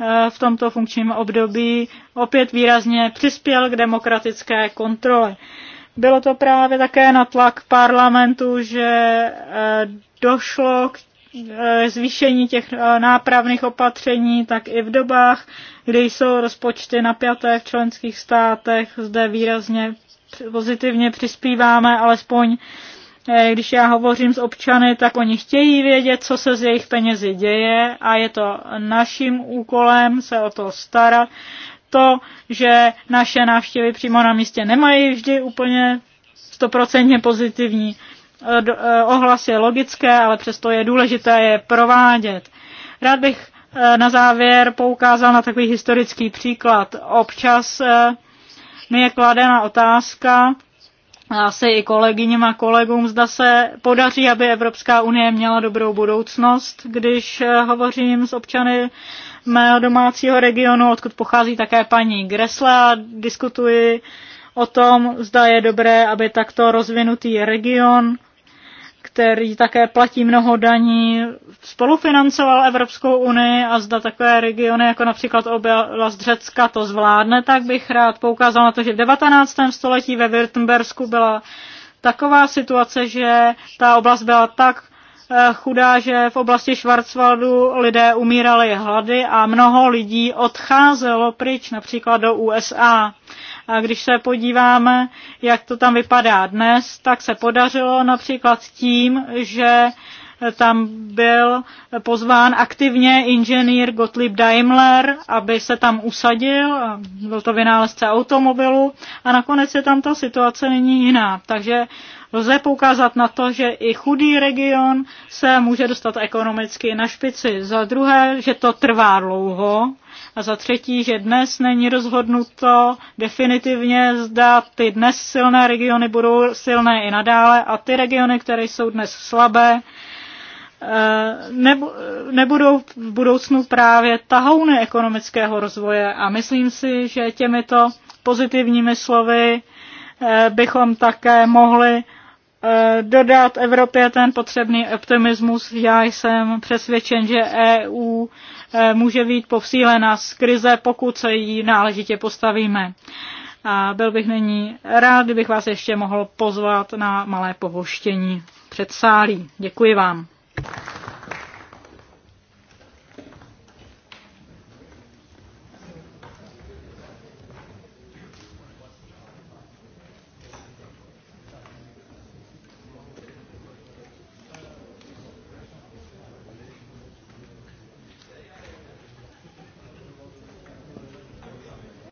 eh, v tomto funkčním období opět výrazně přispěl k demokratické kontrole. Bylo to právě také na tlak parlamentu, že eh, došlo k eh, zvýšení těch eh, nápravných opatření, tak i v dobách, kdy jsou rozpočty napjaté v členských státech, zde výrazně pozitivně přispíváme, alespoň když já hovořím s občany, tak oni chtějí vědět, co se z jejich penězi děje a je to naším úkolem se o to starat to, že naše návštěvy přímo na místě nemají vždy úplně stoprocentně pozitivní eh, eh, ohlas je logické, ale přesto je důležité je provádět. Rád bych eh, na závěr poukázal na takový historický příklad. Občas mi je kladena otázka, asi i kolegyním a kolegům, zda se podaří, aby Evropská unie měla dobrou budoucnost, když hovořím s občany mého domácího regionu, odkud pochází také paní Gresle a diskutuji o tom, zda je dobré, aby takto rozvinutý region, který také platí mnoho daní, spolufinancoval Evropskou unii a zda takové regiony, jako například oblast Řecka, to zvládne, tak bych rád poukázal na to, že v 19. století ve Württembersku byla taková situace, že ta oblast byla tak Eh, chudá, že v oblasti Schwarzwaldu lidé umírali hlady a mnoho lidí odcházelo pryč, například do USA. A když se podíváme, jak to tam vypadá dnes, tak se podařilo například tím, že tam byl pozván aktivně inženýr Gottlieb Daimler, aby se tam usadil, byl to vynálezce automobilu a nakonec je tam ta situace není jiná. Takže Lze poukázat na to, že i chudý region se může dostat ekonomicky na špici. Za druhé, že to trvá dlouho. A za třetí, že dnes není rozhodnuto definitivně, zda ty dnes silné regiony budou silné i nadále a ty regiony, které jsou dnes slabé, eh, nebudou v budoucnu právě tahouny ekonomického rozvoje a myslím si, že těmito pozitivními slovy eh, bychom také mohli Eh, dodat Evropě ten potřebný optimismus. Já jsem přesvědčen, že EU eh, může být povsílena z krize, pokud se jí náležitě postavíme. A byl bych nyní rád, kdybych vás ještě mohl pozvat na malé pohoštění před sálí. Děkuji vám.